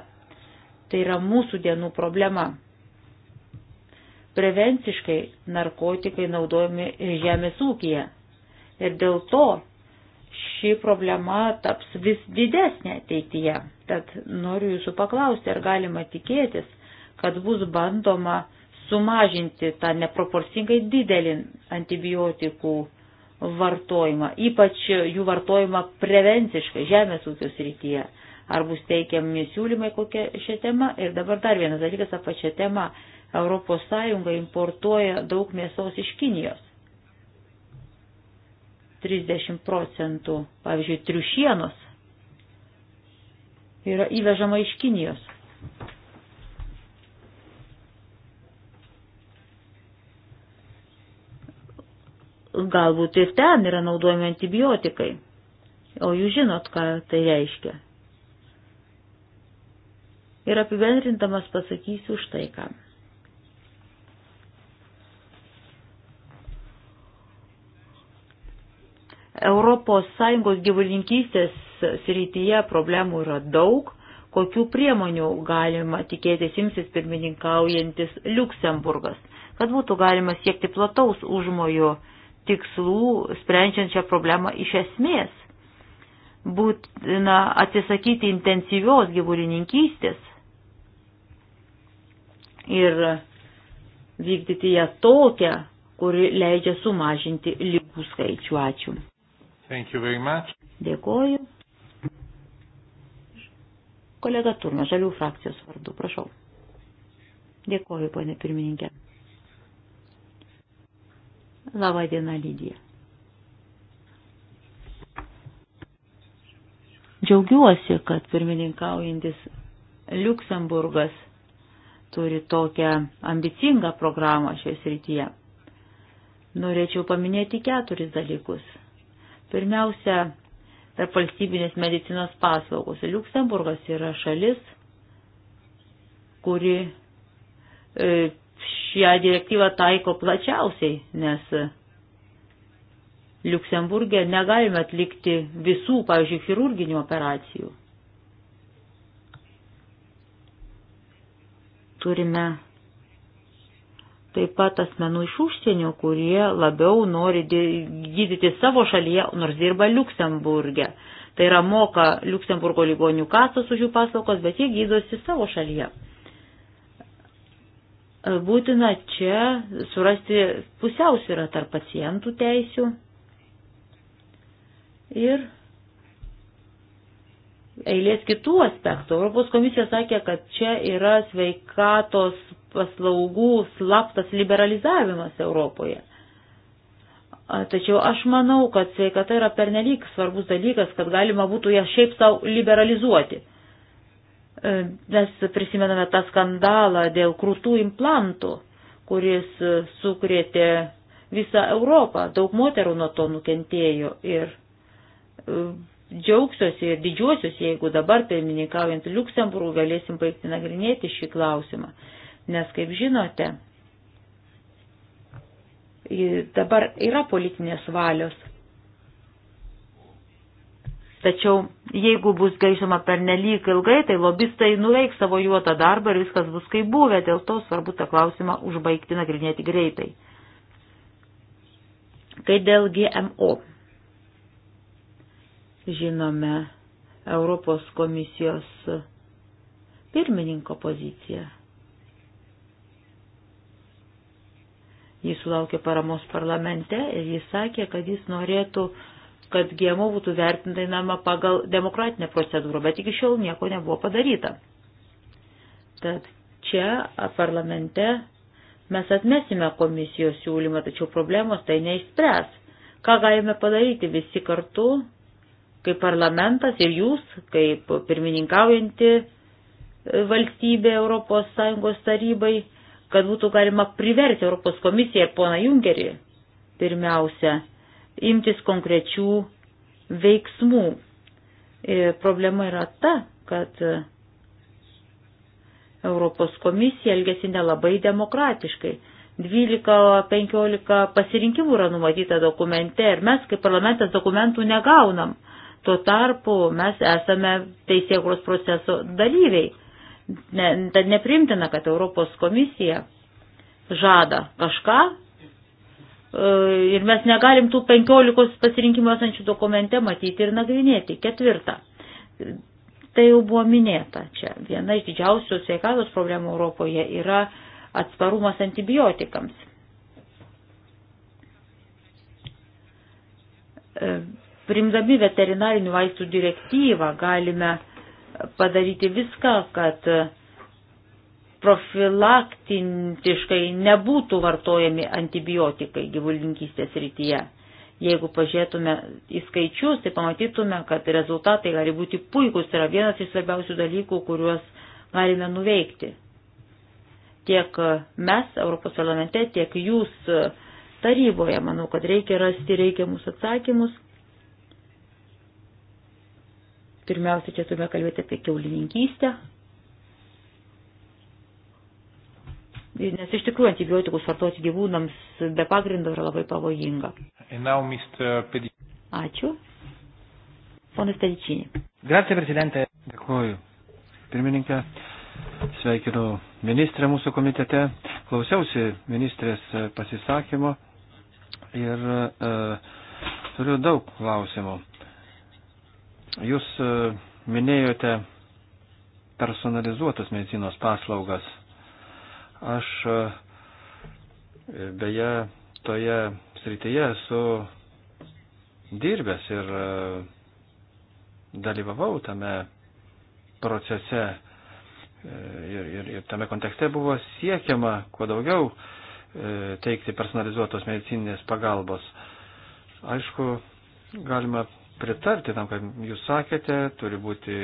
Tai yra mūsų dienų problema. Prevenciškai narkotikai naudojami žemės ūkija. Ir dėl to ši problema taps vis didesnė ateityje. Tad noriu jūsų paklausti, ar galima tikėtis, kad bus bandoma sumažinti tą neproporcingai didelį antibiotikų vartojimą, ypač jų vartojimą prevenciškai žemės ūkio srityje. Ar bus teikiami siūlymai kokia šią temą? Ir dabar dar vienas dalykas apie šią temą. ES importuoja daug mėsos iš Kinijos. 30 procentų, pavyzdžiui, triušienos yra įvežama iš Kinijos. galbūt ir ten yra naudojami antibiotikai. O jūs žinot, ką tai reiškia. Ir apibendrindamas pasakysiu štai ką. Europos Sąjungos gyvulininkystės srityje problemų yra daug, kokių priemonių galima tikėtis imsis pirmininkaujantis Luksemburgas, kad būtų galima siekti plataus užmojo tikslų, sprendžiant šią problemą iš esmės. Būtina atsisakyti intensyvios gyvulininkystės ir vykdyti ją tokią, kuri leidžia sumažinti lygų skaičių. Ačiū. Dėkoju. Kolega Turna, Žalių frakcijos vardu, prašau. Dėkoju, ponė pirmininkė. Labą dieną, Lydija. Džiaugiuosi, kad pirmininkaujantis Luksemburgas turi tokią ambicingą programą šioje srityje. Norėčiau paminėti keturis dalykus. Pirmiausia, tarp valstybinės medicinos paslaugos. Luksemburgas yra šalis, kuri e, šią direktyvą taiko plačiausiai, nes Liuksemburgė negalime atlikti visų, pavyzdžiui, chirurginių operacijų. Turime taip pat asmenų iš užsienio, kurie labiau nori gydyti savo šalyje, nors dirba Liuksemburgė. Tai yra moka Liuksemburgo ligonių kasos už jų paslaugas, bet jie gydosi savo šalyje būtina čia surasti pusiausvyrą tarp pacientų teisių ir eilės kitų aspektų. Europos komisija sakė, kad čia yra sveikatos paslaugų slaptas liberalizavimas Europoje. Tačiau aš manau, kad sveikata yra pernelyg svarbus dalykas, kad galima būtų ją šiaip savo liberalizuoti. Mes prisimename tą skandalą dėl krūtų implantų, kuris sukrėtė visą Europą. Daug moterų nuo to nukentėjo ir e, džiaugsiuosi ir didžiuosiuosi, jeigu dabar, pirmininkaujant Luksemburgų, galėsim baigti nagrinėti šį klausimą. Nes, kaip žinote, dabar yra politinės valios Tačiau jeigu bus gaišama per nelyg ilgai, tai lobistai nuveiks savo juotą darbą ir viskas bus kaip buvę, dėl to svarbu tą klausimą užbaigti nagrinėti greitai. Kai dėl GMO žinome Europos komisijos pirmininko poziciją. Jis sulaukė paramos parlamente ir jis sakė, kad jis norėtų uh, kad GMO būtų vertinama pagal demokratinę procedūrą, bet iki šiol nieko nebuvo padaryta. Tad čia parlamente mes atmesime komisijos siūlymą, tačiau problemos tai neišspręs. Ką galime padaryti visi kartu, kaip parlamentas ir jūs, kaip pirmininkaujanti e, valstybė ES tarybai, kad būtų galima priversti Europos komisiją ir poną Jungerį pirmiausia imtis konkrečių veiksmų. Ir problema yra ta, kad Europos komisija elgesi nelabai demokratiškai. 12-15 pasirinkimų yra numatyta dokumente ir mes kaip parlamentas dokumentų negaunam. Tuo tarpu mes esame teisėkros proceso dalyviai. Ne, tad neprimtina, kad Europos komisija žada kažką, E, ir mes negalim tų penkiolikos pasirinkimų esančių dokumente matyti ir nagrinėti. Ketvirta. Tai jau buvo minėta čia. Viena iš didžiausių sveikatos problemų Europoje yra atsparumas antibiotikams. E, primdami veterinarinių vaistų direktyvą galime padaryti viską, kad profilaktintiškai nebūtų vartojami antibiotikai gyvulinkystės rytyje. Jeigu pažiūrėtume į skaičius, tai pamatytume, kad rezultatai gali būti puikūs, tai yra vienas iš svarbiausių dalykų, kuriuos galime nuveikti. Tiek mes Europos parlamente, tiek jūs taryboje, manau, kad reikia rasti reikiamus atsakymus. Pirmiausia, čia turime kalbėti apie keulininkystę, nes iš tikrųjų antibiotikus vartoti gyvūnams be pagrindo yra labai pavojinga. Ačiū. Ponas Pedičinė. Grazie, prezidentė. Dėkuoju. Pirmininkė, sveikinu ministrę mūsų komitete. Klausiausi ministrės e, pasisakymo ir e, turiu daug klausimų. Jūs e, minėjote personalizuotas medicinos paslaugas Aš e, beje toje srityje esu dirbęs ir e, dalyvavau tame procese e, ir, ir, ir tame kontekste buvo siekiama kuo daugiau teikti personalizuotos medicininės pagalbos. Aišku, galima pritarti tam, ką jūs sakėte, turi būti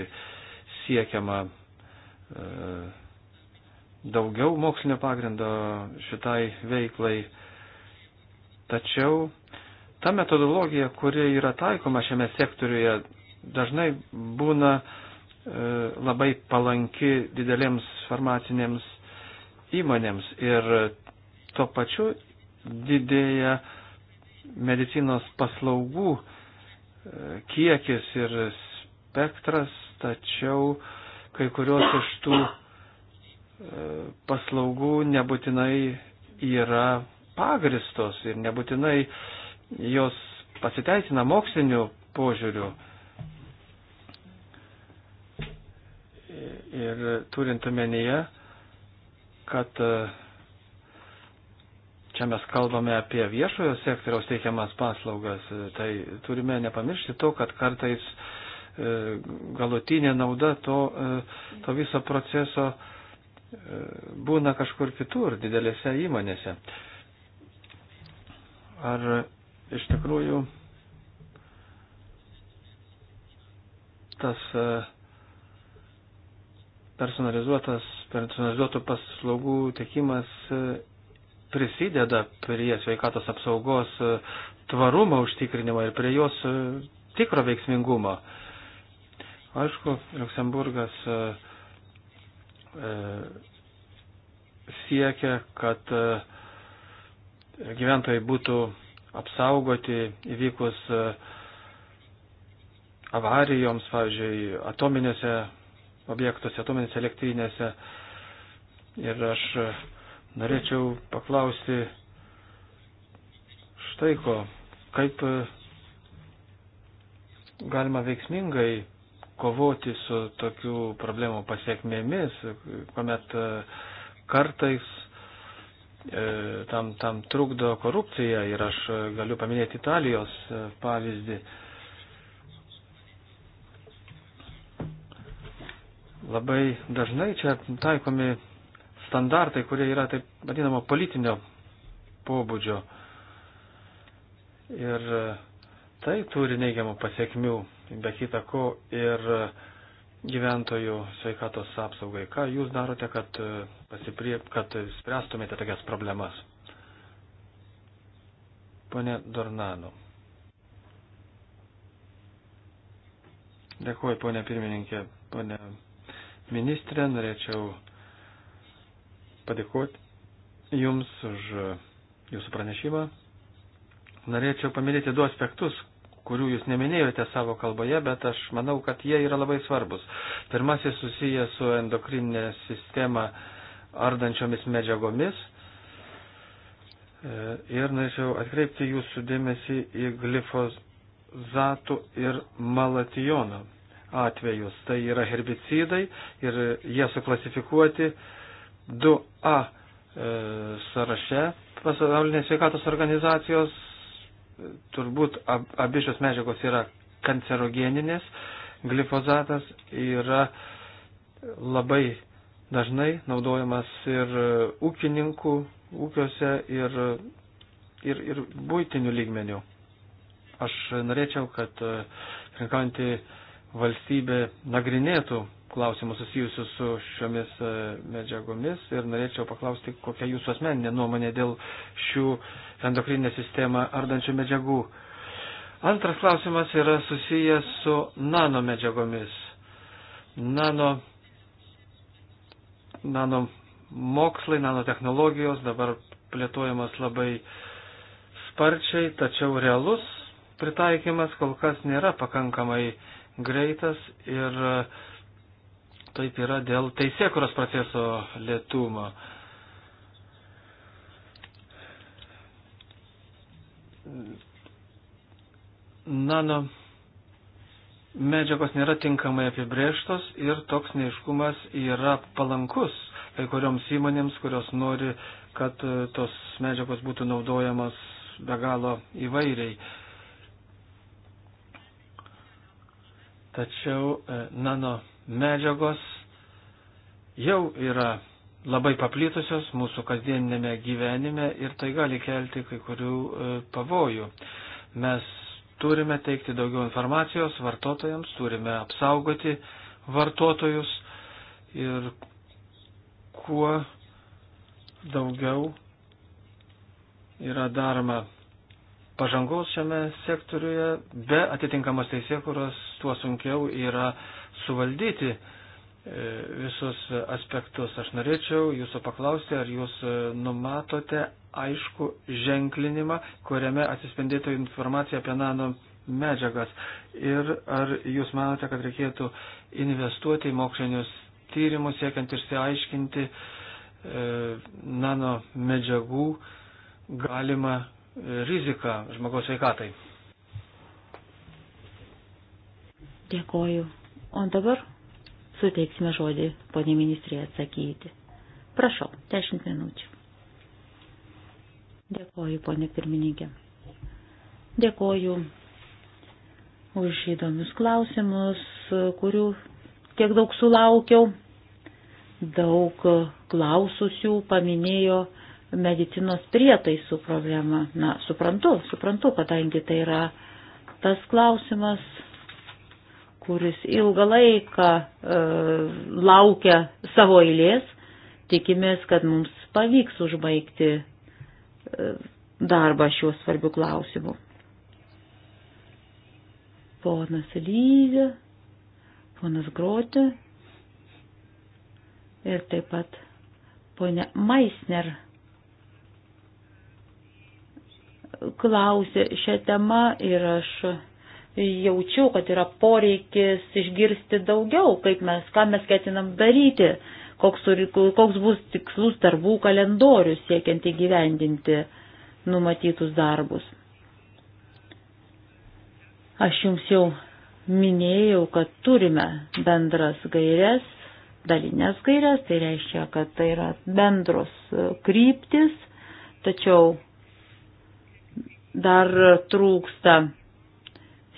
siekiama daugiau mokslinio pagrindo šitai veiklai. Tačiau ta metodologija, kuri yra taikoma šiame sektoriuje, dažnai būna e, labai palanki didelėms farmacinėms įmonėms ir tuo pačiu didėja medicinos paslaugų e, kiekis ir spektras, tačiau kai kurios iš tų paslaugų nebūtinai yra pagristos ir nebūtinai jos pasiteisina mokslinių požiūrių. Ir turint omenyje, kad e, čia mes kalbame apie viešojo sektoriaus teikiamas paslaugas, e, tai turime nepamiršti to, kad kartais e, galutinė nauda to, to viso proceso būna kažkur kitur, didelėse įmonėse. Ar iš tikrųjų tas e, personalizuotas, personalizuotų paslaugų tiekimas e, prisideda prie sveikatos apsaugos e, tvarumo užtikrinimo ir prie jos tikro veiksmingumo. Aišku, Luksemburgas uh, E, siekia, kad e, gyventojai būtų apsaugoti įvykus e, avarijoms, pavyzdžiui, atominėse objektuose, atominėse elektrinėse. Ir aš norėčiau paklausti štai ko, kaip galima veiksmingai kovoti su tokių problemų pasiekmėmis, kuomet e, kartais e, tam, tam trukdo korupcija ir aš e, galiu paminėti Italijos pavyzdį. Labai dažnai čia taikomi standartai, kurie yra taip vadinamo politinio pobūdžio. Ir tai turi neigiamų pasiekmių be kitako ir e, gyventojų sveikatos apsaugai. Ką jūs darote, kad, e, pasiprie, kad spręstumėte tokias problemas? Pone Dornanu. Dėkuoju, ponė pirmininkė, ponė ministrė, norėčiau padėkoti Jums už e, Jūsų pranešimą. Norėčiau paminėti du aspektus, kurių jūs neminėjote savo kalboje, bet aš manau, kad jie yra labai svarbus. Pirmasis susijęs su endokrininė sistema ardančiomis medžiagomis. E, ir norėčiau atkreipti jūsų dėmesį į glifozatų ir malatijono atvejus. Tai yra herbicidai ir jie suklasifikuoti 2A e, sąraše pasaulinės sveikatos organizacijos turbūt ab, abi šios medžiagos yra kancerogeninės, glifozatas yra labai dažnai naudojamas ir ūkininkų ūkiuose ir, ir, ir būtinių lygmenių. Aš norėčiau, kad e, rinkanti valstybė nagrinėtų klausimus susijusius su šiomis e, medžiagomis ir norėčiau paklausti, kokia jūsų asmeninė nuomonė dėl šių endokrininę sistemą ardančių medžiagų. Antras klausimas yra susijęs su nano medžiagomis. Nano, nano mokslai, nanotehnologijos dabar plėtojamas labai sparčiai, tačiau realus pritaikymas kol kas nėra pakankamai greitas ir uh, taip yra dėl teisėkuros proceso lėtumo. Nano nu, medžiagos nėra tinkamai apibrėžtos ir toks neiškumas yra palankus kai kurioms įmonėms, kurios nori, kad e, tos medžiagos būtų naudojamos be galo įvairiai. Tačiau e, nano nu, medžiagos jau yra labai paplitusios mūsų kasdieninėme gyvenime ir tai gali kelti kai kurių e, pavojų. Mes turime teikti daugiau informacijos vartotojams, turime apsaugoti vartotojus ir kuo daugiau yra daroma pažangos šiame sektoriuje, be atitinkamos teisėkuros tuo sunkiau yra uh, suvaldyti e, visus aspektus. Aš norėčiau jūsų paklausti, ar jūs e, numatote aišku ženklinimą, kuriame atsispindėtų informacija apie nano medžiagas. Ir ar jūs manote, kad reikėtų investuoti į mokslinius tyrimus, siekiant išsiaiškinti e, nano medžiagų galimą riziką žmogaus veikatai? Dėkoju O dabar suteiksime žodį ponė ministrė atsakyti. Prašau, dešimt minučių. Dėkoju, ponė pirmininkė. Dėkoju už įdomius klausimus, kurių tiek daug sulaukiau. Daug klaususių paminėjo medicinos prietaisų problemą. Na, suprantu, suprantu, kadangi tai yra tas klausimas, kuris ilgą laiką e, laukia savo eilės. Tikimės, kad mums pavyks užbaigti e, darbą šiuo svarbiu klausimu. Ponas Lyzė, ponas Grotė ir taip pat ponia Maisner klausė šią temą ir aš jaučiu, kad yra poreikis išgirsti daugiau, kaip mes, ką mes ketinam daryti, koks, koks bus tikslus darbų kalendorius siekiant įgyvendinti numatytus darbus. Aš jums jau minėjau, kad turime bendras gairias, dalinės gairias, tai reiškia, kad tai yra bendros kryptis, tačiau dar trūksta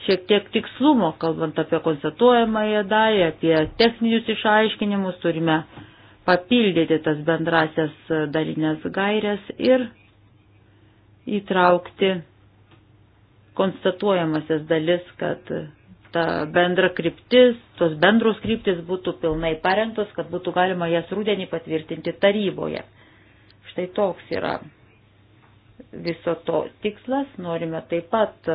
šiek tiek tikslumo, kalbant apie konstatuojamąją dalį, apie techninius išaiškinimus, turime papildyti tas bendrasias dalinės gairias ir įtraukti konstatuojamasias dalis, kad ta bendra kryptis, tos bendros kryptis būtų pilnai parengtos, kad būtų galima jas rūdienį patvirtinti taryboje. Štai toks yra viso to tikslas. Norime taip pat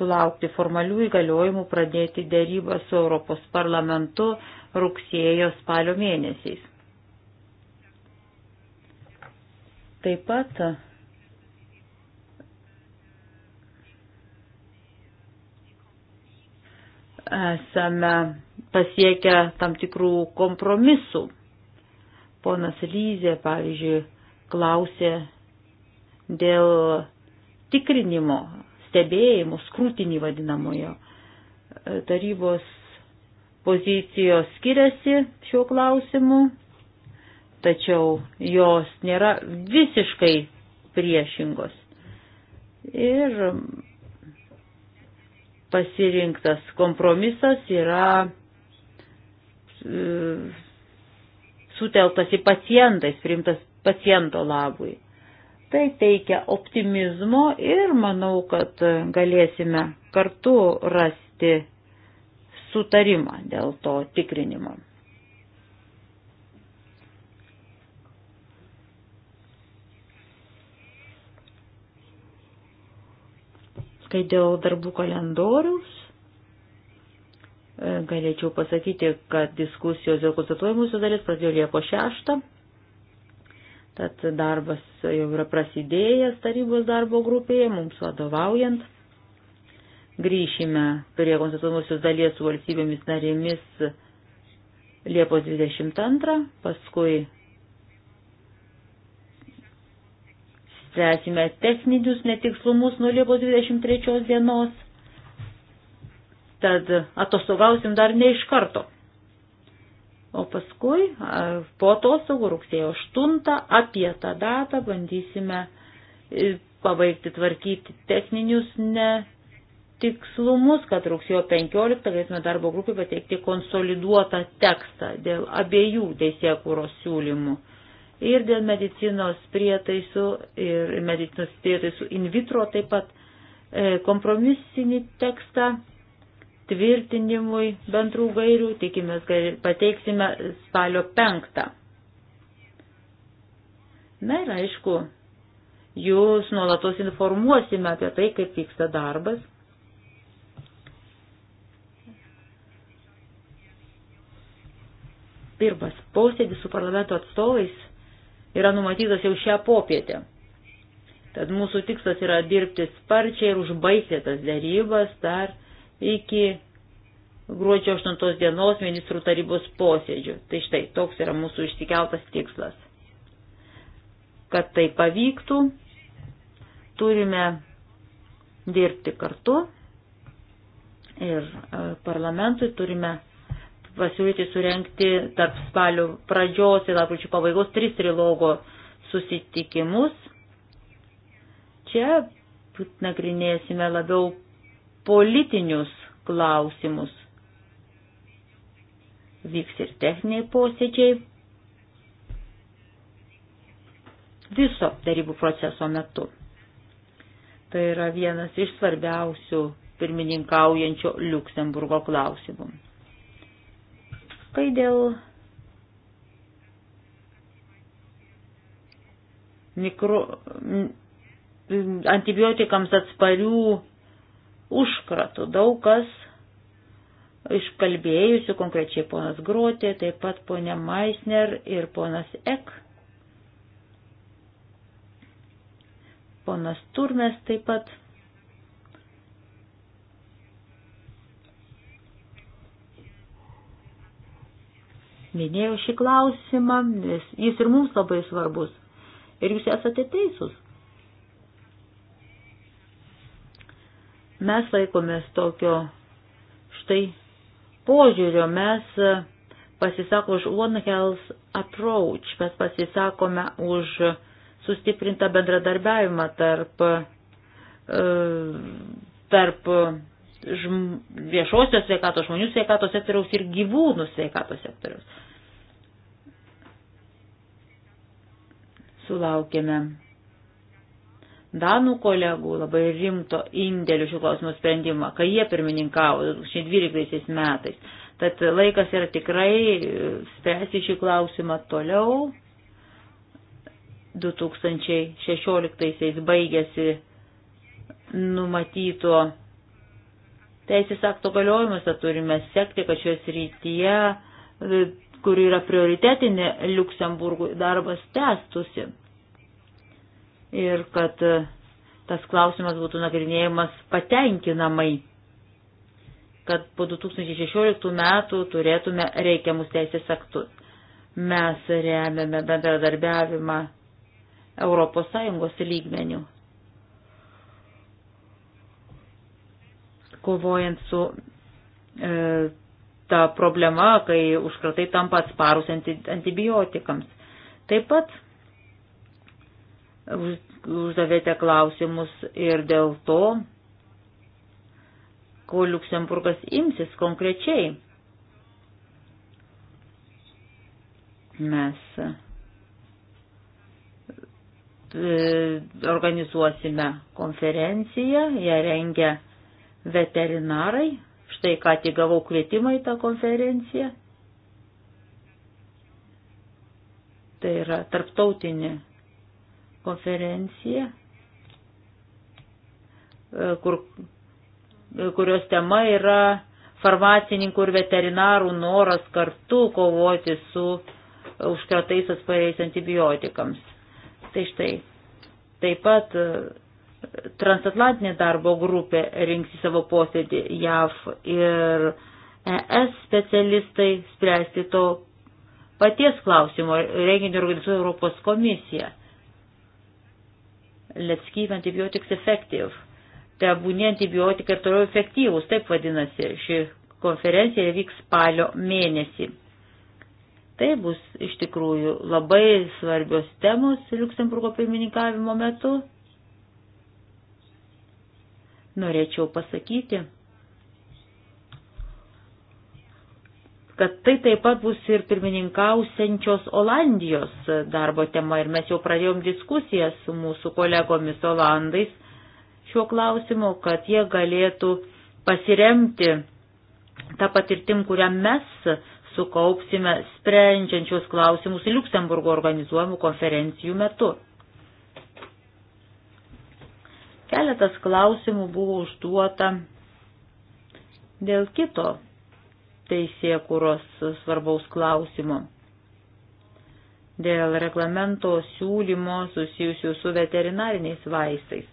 sulaukti formalių įgaliojimų pradėti dėrybą su Europos parlamentu rugsėjo spalio mėnesiais. Taip pat esame pasiekę tam tikrų kompromisų. Ponas Lyzė, pavyzdžiui, klausė dėl tikrinimo stebėjimo, skrutinį vadinamojo. E, tarybos pozicijos skiriasi šiuo klausimu, tačiau jos nėra visiškai priešingos. Ir pasirinktas kompromisas yra e, suteltas į pacientais, priimtas paciento labui. Tai teikia optimizmo ir manau, kad galėsime kartu rasti sutarimą dėl to tikrinimo. Kai dėl darbų kalendoriaus e, galėčiau pasakyti, kad diskusijos dėl konstatuojamųjų dalis pradėjo Liepo 6 Tad darbas jau yra prasidėjęs tarybos darbo grupėje, mums vadovaujant. Grįšime prie konstitucijos dalies su valstybėmis narėmis Liepos 22, paskui spręsime techninius netikslumus nuo Liepos 23 dienos. Tad atostogausim dar ne iš karto. O paskui, po atostogų rugsėjo 8, apie tą datą bandysime e, pabaigti tvarkyti techninius netikslumus, kad rugsėjo 15 galėsime darbo grupį pateikti konsoliduotą tekstą dėl abiejų teisėkūros siūlymų. Ir dėl medicinos prietaisų ir medicinos prietaisų in vitro taip pat e, kompromisinį tekstą tvirtinimui bendrų gairių, tikimės, kad pateiksime spalio penktą. Na ir aišku, jūs nuolatos informuosime apie tai, kaip vyksta darbas. Pirmas posėdis su parlamento atstovais yra numatytas jau šią popietę. Tad mūsų tikslas yra dirbti sparčiai ir užbaigti tas darybas dar iki gruodžio 8 dienos ministrų tarybos posėdžių. Tai štai toks yra mūsų išsikeltas tikslas. Kad tai pavyktų, turime dirbti kartu ir e, parlamentui turime pasiūlyti surenkti tarp spalių pradžios ir lapkričio pabaigos tris trilogo susitikimus. Čia nagrinėsime labiau politinius klausimus. Vyks ir techniniai posėdžiai viso darybų proceso metu. Tai yra vienas iš svarbiausių pirmininkaujančio Luksemburgo klausimų. Kai dėl mikro, antibiotikams atsparių užkratų. Daug kas iškalbėjusių, konkrečiai ponas Grotė, taip pat ponė Maisner ir ponas Ek. Ponas Turmes taip pat. Minėjau šį klausimą, nes jis ir mums labai svarbus. Ir jūs esate teisūs. Mes laikomės tokio štai požiūrio, mes e, pasisako už One Health approach, mes pasisakome už sustiprintą bendradarbiavimą tarp, e, tarp žm, viešosios sveikatos, žmonių sveikatos sektoriaus ir gyvūnų sveikatos sektoriaus. Sulaukėme Danų kolegų labai rimto indėlių šių klausimų sprendimą, kai jie pirmininkavo 2012 metais. Tad laikas yra tikrai e, spręsti šį klausimą toliau. 2016 baigėsi numatyto teisės akto galiojimas, tad turime sekti, kad šios rytyje, e, kuri yra prioritetinė Luksemburgui, darbas tęstusi ir kad e, tas klausimas būtų nagrinėjimas patenkinamai, kad po 2016 metų turėtume reikiamus teisės aktus. Mes remiame bendradarbiavimą ES lygmenių, kovojant su e, ta problema, kai užkratai tampa atsparus antibiotikams. Taip pat uždavėte klausimus ir dėl to, ko Luksemburgas imsis konkrečiai. Mes e, organizuosime konferenciją, ją rengia veterinarai. Štai ką tik gavau kvietimą į tą konferenciją. Tai yra tarptautinė konferencija, e, kur, e, kurios tema yra farmacininkų ir veterinarų noras kartu kovoti su užkratais atspariais antibiotikams. Tai štai, taip pat e, transatlantinė darbo grupė rinksi savo posėdį JAV ir ES specialistai spręsti to paties klausimo renginio organizuoja Europos komisija. Let's keep antibiotics effective. Tebūnie antibiotikai ir toliau efektyvūs, taip vadinasi, ši konferencija vyks spalio mėnesį. Tai bus iš tikrųjų labai svarbios temos Luksemburgo pirmininkavimo metu. Norėčiau pasakyti, kad tai taip pat bus ir pirmininkausiančios Olandijos darbo tema ir mes jau pradėjom diskusiją su mūsų kolegomis Olandais šiuo klausimu, kad jie galėtų pasiremti tą patirtim, kurią mes sukaupsime sprendžiančios klausimus Liuksemburgo organizuojamų konferencijų metu. Keletas klausimų buvo užduota dėl kito teisėkuros svarbaus klausimo. Dėl reglamento siūlymo susijusių su veterinariniais vaistais.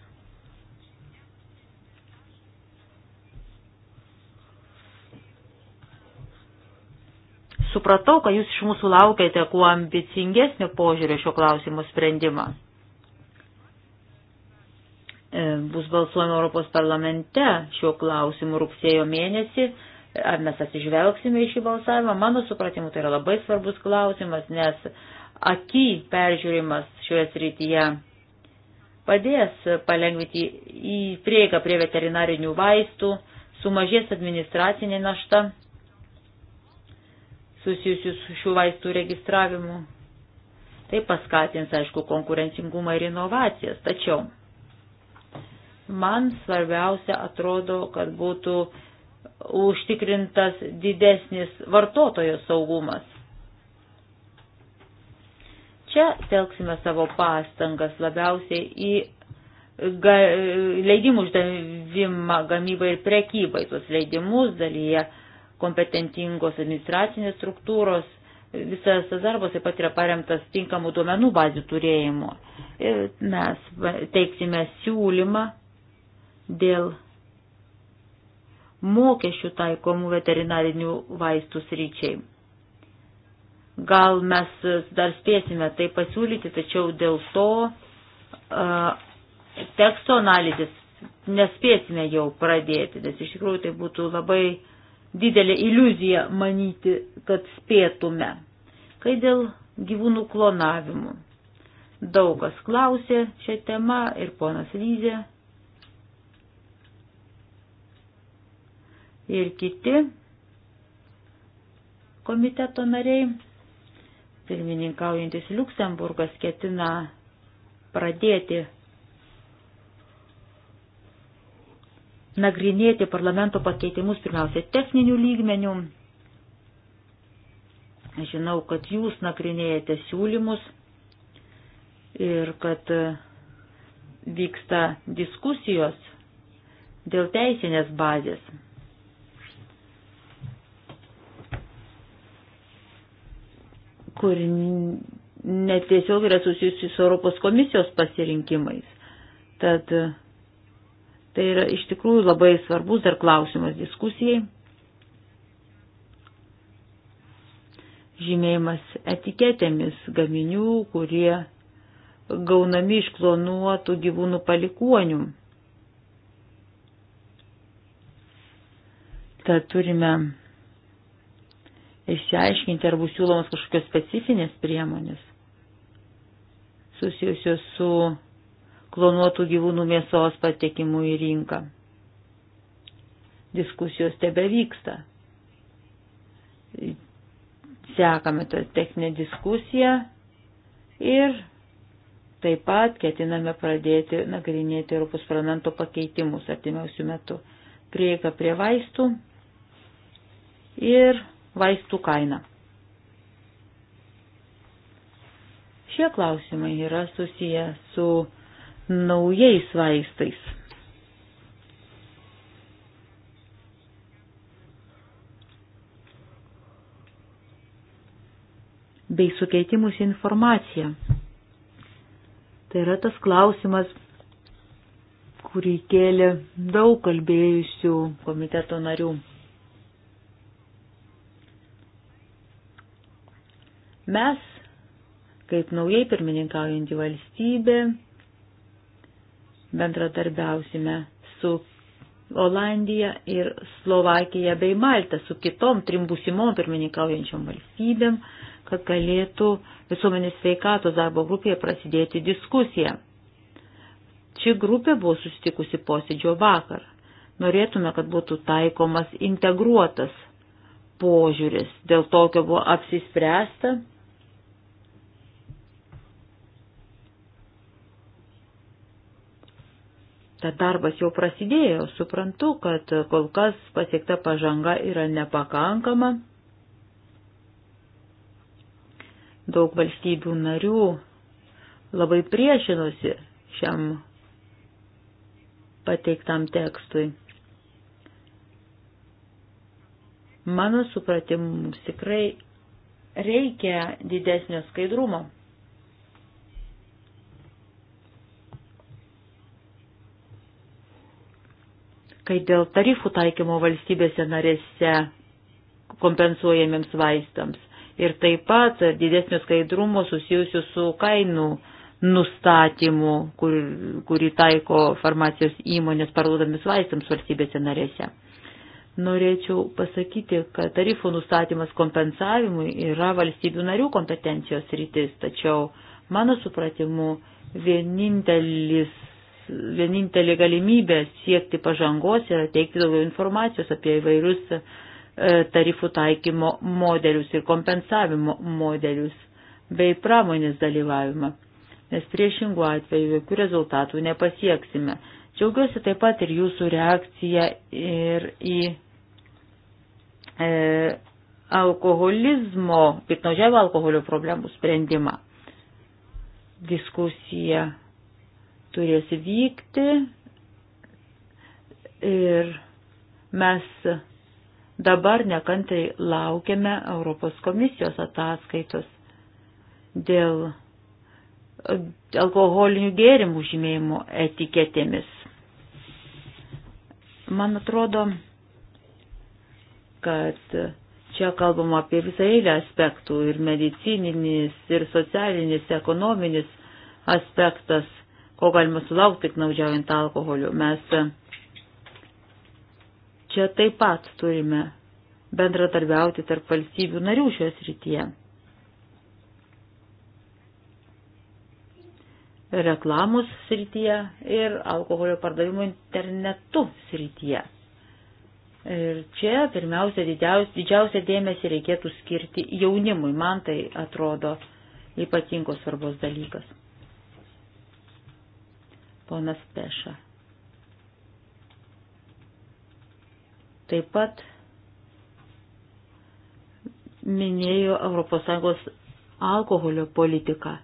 Supratau, kad jūs iš mūsų laukiate kuo ambicingesnio požiūrio šio klausimo sprendimą. E, bus balsuojama Europos parlamente šiuo klausimu rugsėjo mėnesį Ar mes atsižvelgsime į šį balsavimą? Mano supratimu, tai yra labai svarbus klausimas, nes akį peržiūrimas šioje srityje padės palengvinti į prieigą prie veterinarinių vaistų, sumažės administracinė našta susijusių su šių vaistų registravimu. Tai paskatins, aišku, konkurencingumą ir inovacijas. Tačiau man svarbiausia atrodo, kad būtų užtikrintas didesnis vartotojo saugumas. Čia telksime savo pastangas labiausiai į ga, leidimų uždavimą gamybai ir prekybai. Tuos leidimus dalyje kompetentingos administracinės struktūros. Visas tas darbas taip pat yra paremtas tinkamų duomenų bazių turėjimu. Ir mes teiksime siūlymą dėl mokesčių taikomų veterinarinių vaistų sryčiai. Gal mes dar spėsime tai pasiūlyti, tačiau dėl to uh, teksto analizės nespėsime jau pradėti, nes iš tikrųjų tai būtų labai didelė iliuzija manyti, kad spėtume. Kai dėl gyvūnų klonavimų. Daug kas klausė šią temą ir ponas Lyzė ir kiti komiteto nariai. Pirmininkaujantis Luksemburgas ketina pradėti nagrinėti parlamento pakeitimus pirmiausia techninių lygmenių. Žinau, kad jūs nagrinėjate siūlymus ir kad vyksta diskusijos dėl teisinės bazės. kur netiesiog yra susijusi su Europos komisijos pasirinkimais. Tad e, tai yra iš tikrųjų labai svarbus dar klausimas diskusijai. Žymėjimas etiketėmis gaminių, kurie gaunami iš klonuotų gyvūnų palikuonių. Tad turime išsiaiškinti, ar bus siūlomas kažkokios specifinės priemonės susijusios su klonuotų gyvūnų mėsos patekimu į rinką. Diskusijos tebe vyksta. Sekame tą techninę diskusiją ir taip pat ketiname pradėti nagrinėti Europos parlamento pakeitimus artimiausių metų. Prieka prie vaistų ir vaistų kainą. Šie klausimai yra susiję su naujais vaistais. bei sukeitimus informaciją. Tai yra tas klausimas, kurį kėlė daug kalbėjusių komiteto narių Mes, kaip naujai pirmininkaujantį valstybę, bendradarbiausime su Olandija ir Slovakija bei Malta, su kitom trim būsimom pirmininkaujančiom valstybėm, kad galėtų visuomenės sveikatos darbo grupėje prasidėti diskusija. Ši grupė buvo susitikusi posėdžio vakar. Norėtume, kad būtų taikomas integruotas požiūris. Dėl tokio buvo apsispręsta Tad darbas jau prasidėjo, suprantu, kad kol kas pasiekta pažanga yra nepakankama. Daug valstybių narių labai priešinosi šiam pateiktam tekstui. Mano supratimu, mums tikrai reikia didesnio skaidrumo. kai dėl tarifų taikymo valstybėse narėse kompensuojamiems vaistams ir taip pat didesnio skaidrumo susijusiu su kainų nustatymu, kur, kurį taiko farmacijos įmonės parduodamis vaistams valstybėse narėse. Norėčiau pasakyti, kad tarifų nustatymas kompensavimui yra valstybių narių kompetencijos rytis, tačiau mano supratimu vienintelis vienintelė galimybė siekti pažangos yra teikti daugiau informacijos apie įvairius e, tarifų taikymo modelius ir kompensavimo modelius bei pramonės dalyvavimą, nes priešingų atveju jokių rezultatų nepasieksime. Džiaugiuosi taip pat ir jūsų reakcija ir į e, alkoholizmo, piknaudžiavimo alkoholio problemų sprendimą. Diskusija turės vykti ir mes dabar nekantai laukiame Europos komisijos ataskaitos dėl alkoholinių gėrimų žymėjimo etiketėmis. Man atrodo, kad čia kalbam apie visą eilę aspektų ir medicininis, ir socialinis, ekonominis aspektas ko galima sulaukti piknaudžiaujant alkoholiu. Mes e, čia taip pat turime bendradarbiauti tarp valstybių narių šioje srityje. Reklamos srityje ir alkoholio pardavimo internetu srityje. Ir čia pirmiausia didžiausia, didžiausia dėmesį reikėtų skirti jaunimui. Man tai atrodo ypatingos svarbos dalykas ponas Peša. Taip pat minėjo ES alkoholio politiką.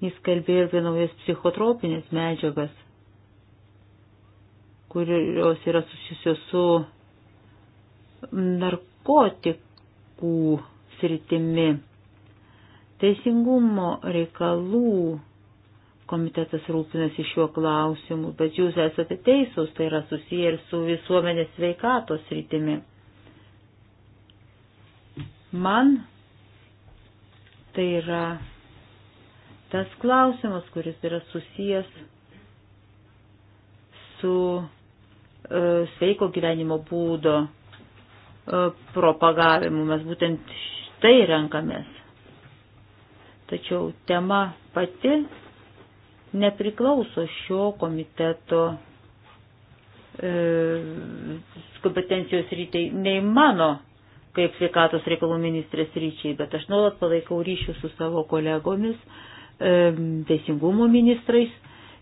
Jis kalbėjo apie naujas psichotropinės medžiagas, kurios yra susijusios su narkotikų sritimi. Teisingumo reikalų komitetas rūpinasi šiuo klausimu, bet jūs esate teisūs, tai yra susiję ir su visuomenės veikatos rytimi. Man tai yra tas klausimas, kuris yra susijęs su e, sveiko gyvenimo būdo e, propagavimu. Mes būtent tai renkamės. Tačiau tema pati nepriklauso šio komiteto e, kompetencijos ryčiai, nei mano kaip sveikatos reikalų ministrės ryčiai, bet aš nuolat palaikau ryšių su savo kolegomis, e, teisingumo ministrais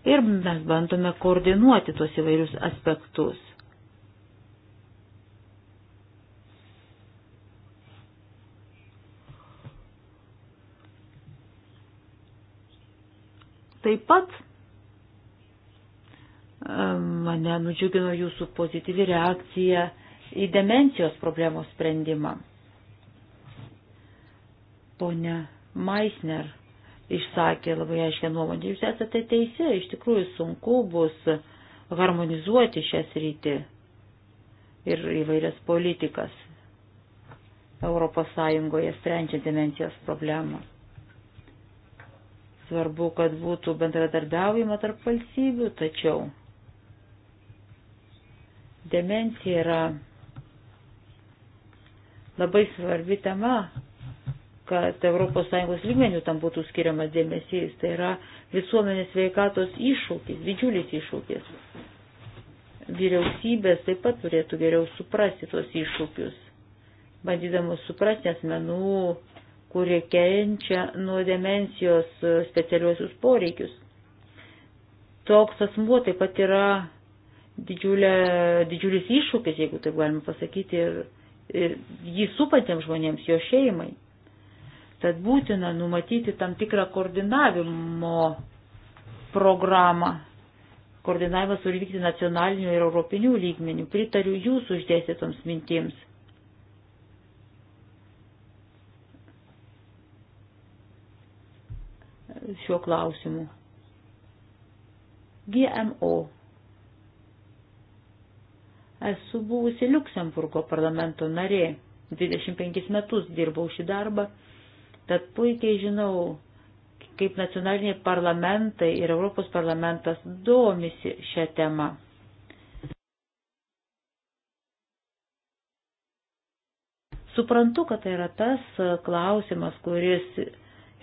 ir mes bandome koordinuoti tuos įvairius aspektus. Taip pat e, mane nudžiugino jūsų pozityvi reakcija į demencijos problemos sprendimą. Pone Maisner išsakė labai aiškę nuomonę, jūs esate teisi, iš tikrųjų sunku bus harmonizuoti šią sritį ir įvairias politikas Europos Sąjungoje sprendžia demencijos problemą. Svarbu, kad būtų bendradarbiaujama tarp valstybių, tačiau demencija yra labai svarbi tema, kad ES lygmenių tam būtų skiriamas dėmesys. Tai yra visuomenės veikatos iššūkis, didžiulis iššūkis. Vyriausybės taip pat turėtų geriau suprasti tos iššūkius, bandydamos suprasti asmenų kurie kenčia nuo demencijos specialiuosius poreikius. Toks asmuo taip pat yra didžiulė, didžiulis iššūkis, jeigu taip galima pasakyti, ir, ir jį supantiems žmonėms, jo šeimai. Tad būtina numatyti tam tikrą koordinavimo programą. Koordinavimas turi vykti nacionaliniu ir europiniu lygmeniu. Pritariu jūsų išdėstytoms mintims šiuo klausimu. GMO. Esu buvusi Luksemburgo parlamento narė, 25 metus dirbau šį darbą, tad puikiai žinau, kaip nacionaliniai parlamentai ir Europos parlamentas domisi šią temą. Suprantu, kad tai yra tas klausimas, kuris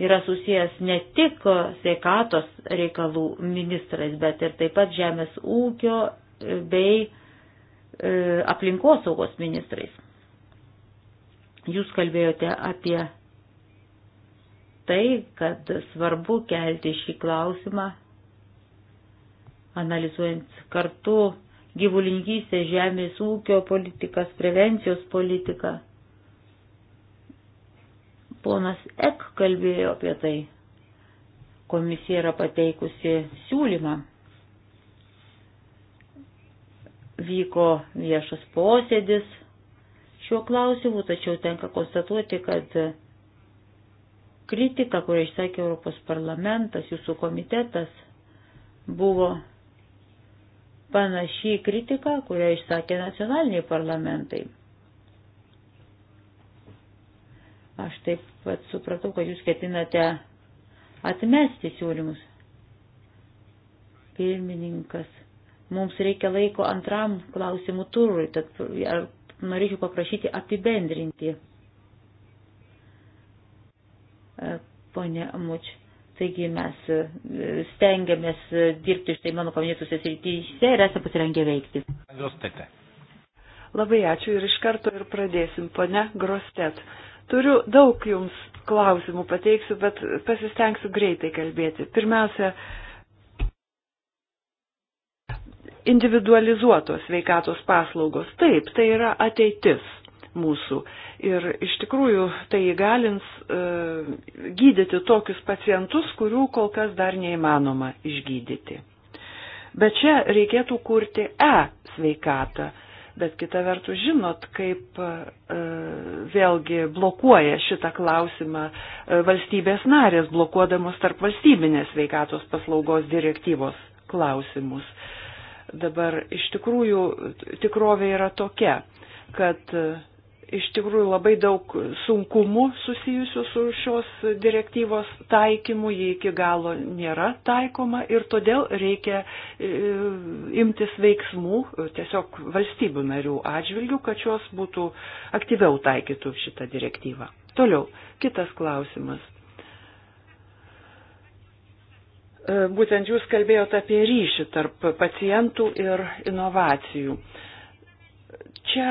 yra susijęs ne tik sveikatos reikalų ministrais, bet ir taip pat žemės ūkio e, bei e, aplinkosaugos ministrais. Jūs kalbėjote apie tai, kad svarbu kelti šį klausimą, analizuojant kartu gyvulingystės, žemės ūkio politikas, prevencijos politiką Ponas Ek kalbėjo apie tai. Komisija yra pateikusi siūlymą. Vyko viešas posėdis šiuo klausimu, tačiau tenka konstatuoti, kad kritika, kurią išsakė Europos parlamentas, jūsų komitetas, buvo panašiai kritika, kurią išsakė nacionaliniai parlamentai. Aš taip pat supratau, kad jūs ketinate atmesti siūlymus. Pirmininkas, mums reikia laiko antram klausimų turui, tad ar norėčiau paprašyti apibendrinti. E, pone Amuč, taigi mes e, stengiamės dirbti štai mano paminėtusios rytyse ir esame pasirengę veikti. Grostete. Labai ačiū ir iš karto ir pradėsim, pone Grostet. Turiu daug jums klausimų pateiksiu, bet pasistengsiu greitai kalbėti. Pirmiausia, individualizuotos veikatos paslaugos. Taip, tai yra ateitis mūsų. Ir iš tikrųjų tai įgalins e, gydyti tokius pacientus, kurių kol kas dar neįmanoma išgydyti. Bet čia reikėtų kurti e sveikatą bet kita vertus žinot, kaip e, vėlgi blokuoja šitą klausimą e, valstybės narės, blokuodamos tarp valstybinės veikatos paslaugos direktyvos klausimus. Dabar iš tikrųjų tikrovė yra tokia, kad iš tikrųjų labai daug sunkumų susijusių su šios direktyvos taikymu, ji iki galo nėra taikoma ir todėl reikia e, imtis veiksmų tiesiog valstybių narių atžvilgių, kad šios būtų aktyviau taikytų šitą direktyvą. Toliau, kitas klausimas. E, būtent jūs kalbėjote apie ryšį tarp pacientų ir inovacijų. Čia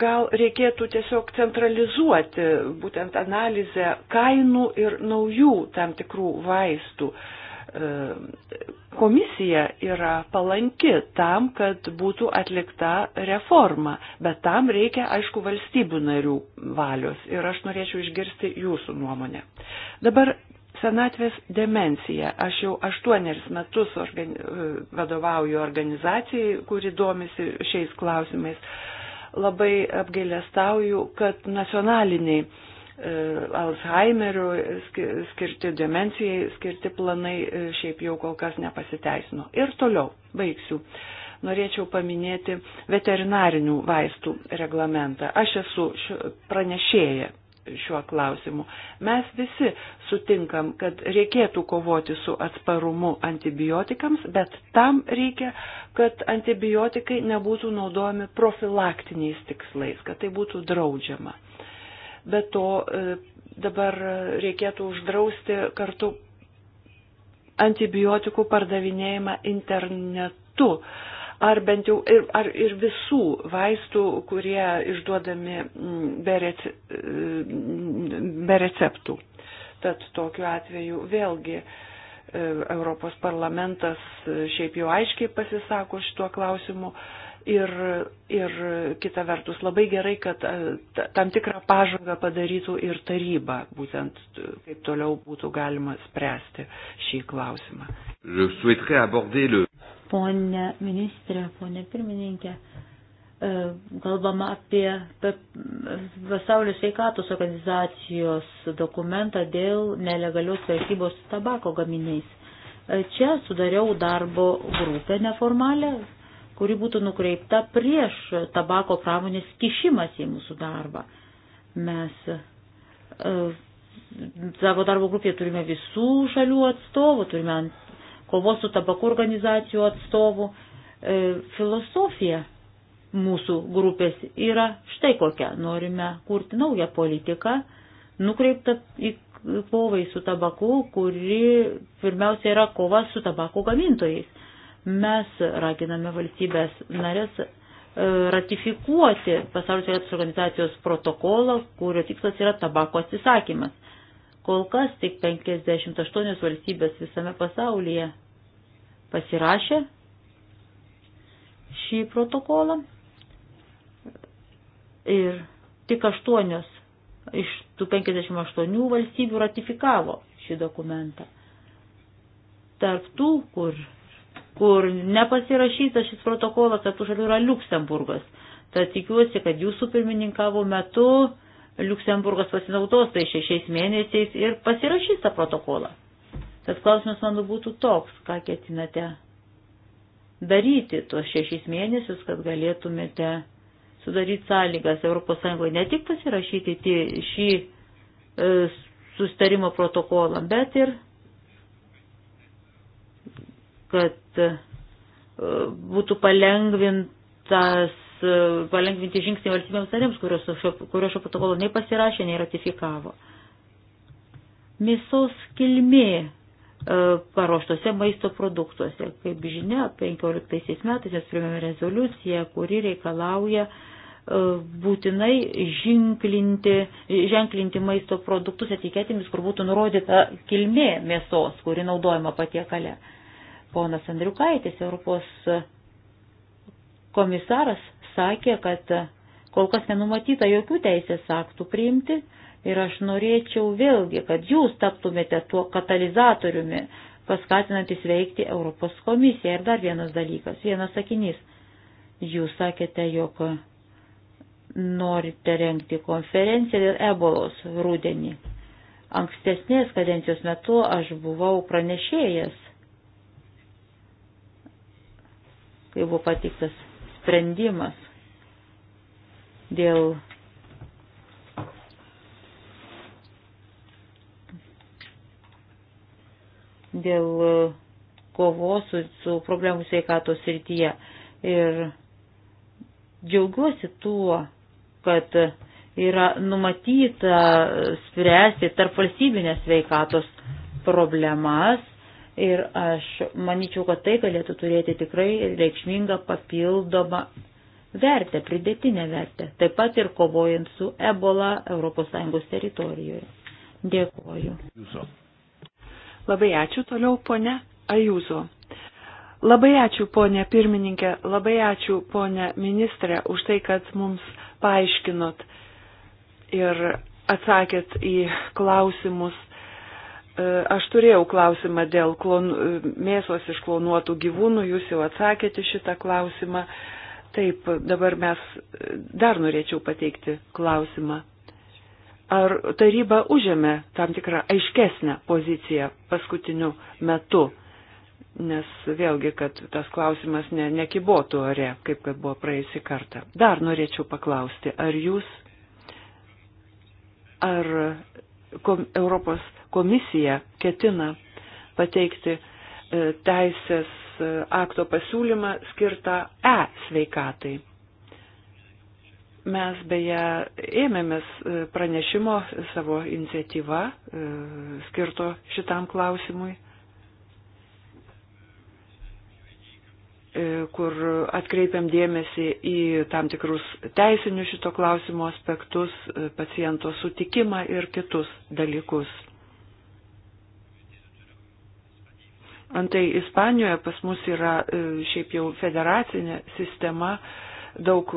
gal reikėtų tiesiog centralizuoti būtent analizę kainų ir naujų tam tikrų vaistų. E, komisija yra palanki tam, kad būtų atlikta reforma, bet tam reikia, aišku, valstybių narių valios ir aš norėčiau išgirsti jūsų nuomonę. Dabar senatvės demencija. Aš jau aštuonerius metus organi e, vadovauju organizacijai, kuri domisi šiais klausimais. Uh, labai apgailestauju, kad nacionaliniai e, Alzheimerio skirti demencijai, skirti planai e, šiaip jau kol kas nepasiteisino. Ir toliau, baigsiu. Norėčiau paminėti veterinarinių vaistų reglamentą. Aš esu pranešėję šiuo klausimu. Mes visi sutinkam, kad reikėtų kovoti su atsparumu antibiotikams, bet tam reikia, kad antibiotikai nebūtų naudojami profilaktiniais tikslais, kad tai būtų draudžiama. Be to e, dabar reikėtų uždrausti kartu antibiotikų pardavinėjimą internetu ar bent jau ir, ar ir visų vaistų, kurie išduodami mm, be, rece, mm, be receptų. Tad tokiu atveju vėlgi e, Europos parlamentas e, šiaip jau aiškiai pasisako šituo klausimu ir, ir kita vertus labai gerai, kad e, tam tikrą pažangą padarytų ir taryba, būtent kaip toliau būtų galima spręsti šį klausimą ponė ministrė, ponė pirmininkė. E, kalbama apie, apie pasaulio sveikatos organizacijos dokumentą dėl nelegalios prekybos tabako gaminiais. E, čia sudariau darbo grupę neformalę, kuri būtų nukreipta prieš tabako pramonės kišimas į mūsų darbą. Mes e, savo darbo grupėje turime visų šalių atstovų, turime kovos su tabaku organizacijų atstovų. E, filosofija mūsų grupės yra štai kokia. Norime kurti naują politiką, nukreiptą į kovai su tabaku, kuri pirmiausia yra kova su tabako gamintojais. Mes raginame valstybės narės e, ratifikuoti pasaulio sveikatos organizacijos protokolą, kurio tikslas yra tabako atsisakymas. Kol kas tik 58 valstybės visame pasaulyje pasirašė šį protokolą ir tik 8 iš tų 58 valstybių ratifikavo šį dokumentą. Tarp tų, kur, kur nepasirašyta šis protokolas, tarp tų šalių yra Luksemburgas. Tad tikiuosi, kad jūsų pirmininkavo metu Luksemburgas pasinaudos tai šešiais mėnesiais ir pasirašys tą protokolą. Tas klausimas man būtų toks, ką ketinate daryti tuos šešis mėnesius, kad galėtumėte sudaryti sąlygas ES ne tik pasirašyti šį e, sustarimo protokolą, bet ir kad e, būtų palengvintas palengvinti žingsnį valstybėms narėms, kurios šio protokolo nei pasirašė, nei ratifikavo. Mėsos kilmė e, paruoštose maisto produktuose. Kaip žinia, 15 metais mes primėme rezoliuciją, kuri reikalauja e, būtinai žinklinti, ženklinti maisto produktus etiketėmis, kur būtų nurodyta kilmė mėsos, kuri naudojama patiekale. Ponas Andriukaitis, Europos komisaras, sakė, kad kol kas nenumatyta jokių teisės aktų priimti ir aš norėčiau vėlgi, kad jūs taptumėte tuo katalizatoriumi, paskatinant įsveikti Europos komisiją. Ir dar vienas dalykas, vienas sakinys. Jūs sakėte, jog norite rengti konferenciją dėl ebolos rūdienį. Ankstesnės kadencijos metu aš buvau pranešėjęs, kai buvo patiktas sprendimas dėl dėl e, kovos su, su problemų sveikatos srityje. Ir džiaugiuosi tuo, kad yra numatyta spręsti tarp valstybinės sveikatos problemas. Ir aš manyčiau, kad tai galėtų turėti tikrai reikšmingą papildomą vertę, pridėtinę vertę, taip pat ir kovojant su ebola ES teritorijoje. Dėkuoju. Jūsų. Labai ačiū toliau, ponė Ajūzo. Labai ačiū, ponė pirmininkė, labai ačiū, ponė ministrė, už tai, kad mums paaiškinot ir atsakėt į klausimus. E, aš turėjau klausimą dėl klon, e, mėsos iš klonuotų gyvūnų, jūs jau atsakėte šitą klausimą. Uh, Taip, dabar mes dar norėčiau pateikti klausimą. Ar taryba užėmė tam tikrą aiškesnę poziciją paskutiniu metu? Nes vėlgi, kad tas klausimas ne, nekibotų ore, kaip kad buvo praėjusį kartą. Dar norėčiau paklausti, ar jūs, ar kom, Europos komisija ketina pateikti e, teisės akto pasiūlymą skirtą e sveikatai. Mes beje ėmėmės e, pranešimo savo iniciatyvą e, skirto šitam klausimui, e, kur atkreipiam dėmesį į tam tikrus teisinius šito klausimo aspektus, paciento sutikimą ir kitus dalykus. Antai Ispanijoje pas mus yra e, šiaip jau federacinė sistema, daug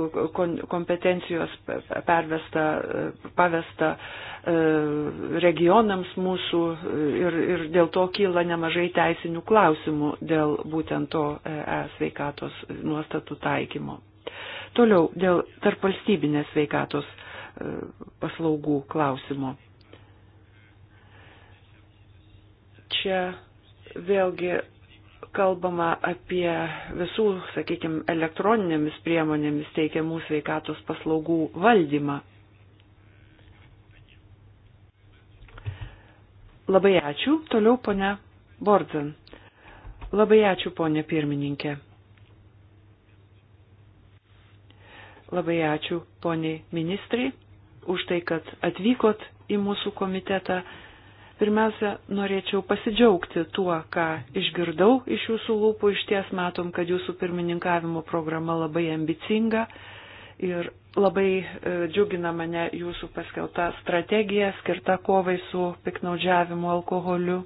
kompetencijos pervesta, e, pavesta e, regionams mūsų ir, ir dėl to kyla nemažai teisinių klausimų dėl būtent to sveikatos nuostatų taikymo. Toliau dėl tarp valstybinės sveikatos paslaugų klausimo. Čia vėlgi kalbama apie visų, sakykime, elektroninėmis priemonėmis teikiamų sveikatos paslaugų valdymą. Labai ačiū. Toliau ponia Bordzan. Labai ačiū, ponė pirmininkė. Labai ačiū, poniai ministrai, už tai, kad atvykot į mūsų komitetą Pirmiausia, norėčiau pasidžiaugti tuo, ką išgirdau iš jūsų lūpų. Iš ties matom, kad jūsų pirmininkavimo programa labai ambicinga ir labai e, džiugina mane jūsų paskelta strategija skirta kovai su piknaudžiavimu alkoholiu.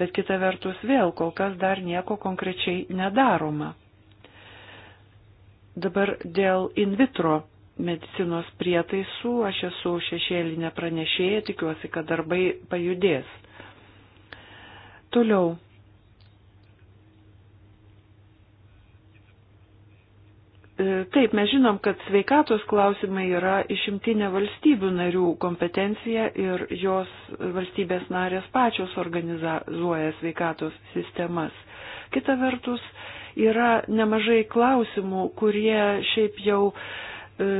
Bet kita vertus vėl kol kas dar nieko konkrečiai nedaroma. Dabar dėl in vitro medicinos prietaisų, aš esu šešėlinė pranešėja, tikiuosi, kad darbai pajudės. Toliau. E, taip, mes žinom, kad sveikatos klausimai yra išimtinė valstybių narių kompetencija ir jos valstybės narės pačios organizuoja sveikatos sistemas. Kita vertus, yra nemažai klausimų, kurie šiaip jau uh, E,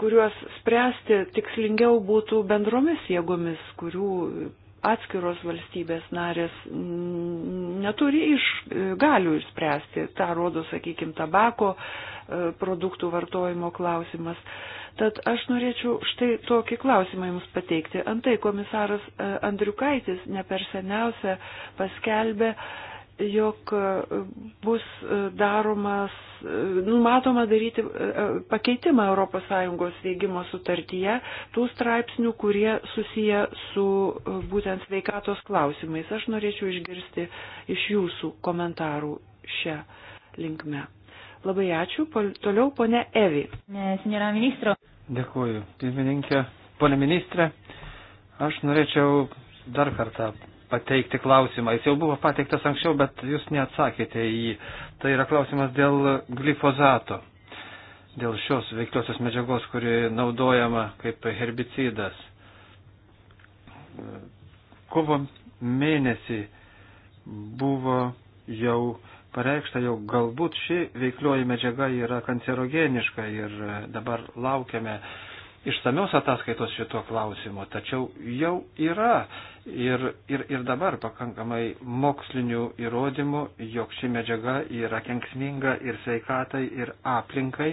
kuriuos spręsti tikslingiau būtų bendromis jėgomis, kurių atskiros valstybės narės neturi iš e, galių išspręsti. Ta rodo, sakykime, tabako e, produktų vartojimo klausimas. Tad aš norėčiau štai tokį klausimą Jums pateikti. Antai komisaras Andriukaitis ne per seniausia paskelbė jog e, bus e, daromas, e, numatoma daryti pakeitimą ES veikimo sutartyje tų straipsnių, kurie susiję su būtent sveikatos klausimais. Aš norėčiau išgirsti iš jūsų komentarų šią linkmę. Labai ačiū. Pol, toliau ponė Evi. Senjora ministro. Dėkuoju. Pirmininkė, ponė ministrė, aš norėčiau dar kartą pateikti klausimą. Jis jau buvo pateiktas anksčiau, bet jūs neatsakėte į jį. Tai yra klausimas dėl glifozato, dėl šios veikliosios medžiagos, kuri naudojama kaip herbicidas. Kovo mėnesį buvo jau pareikšta, jau galbūt ši veiklioji medžiaga yra kancerogeniška ir dabar laukiame uh, išsamios ataskaitos šito klausimo, tačiau jau yra ir, ir, ir dabar pakankamai mokslinių įrodymų, jog ši medžiaga yra kenksminga ir sveikatai, ir aplinkai.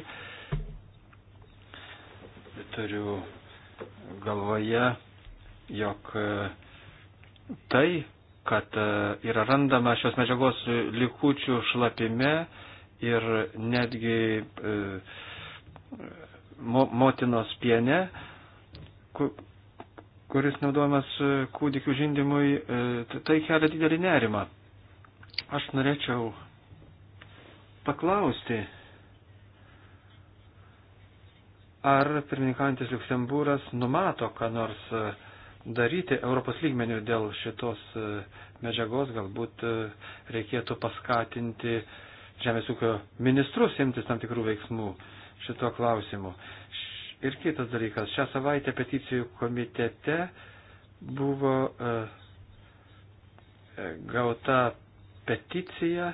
Turiu galvoje, jog e, tai, kad e, yra randama šios medžiagos likučių šlapime ir netgi e, mo, motinos piene, kuris naudojamas e, kūdikių žindimui, e, tai kelia didelį nerimą. Aš norėčiau paklausti, ar pirmininkantis Luksemburgas numato, ką nors e, daryti Europos lygmenių dėl šitos medžiagos, galbūt reikėtų paskatinti žemės ūkio ministrus imtis tam tikrų veiksmų šito klausimu. Ir kitas dalykas, šią savaitę peticijų komitete buvo uh, gauta peticija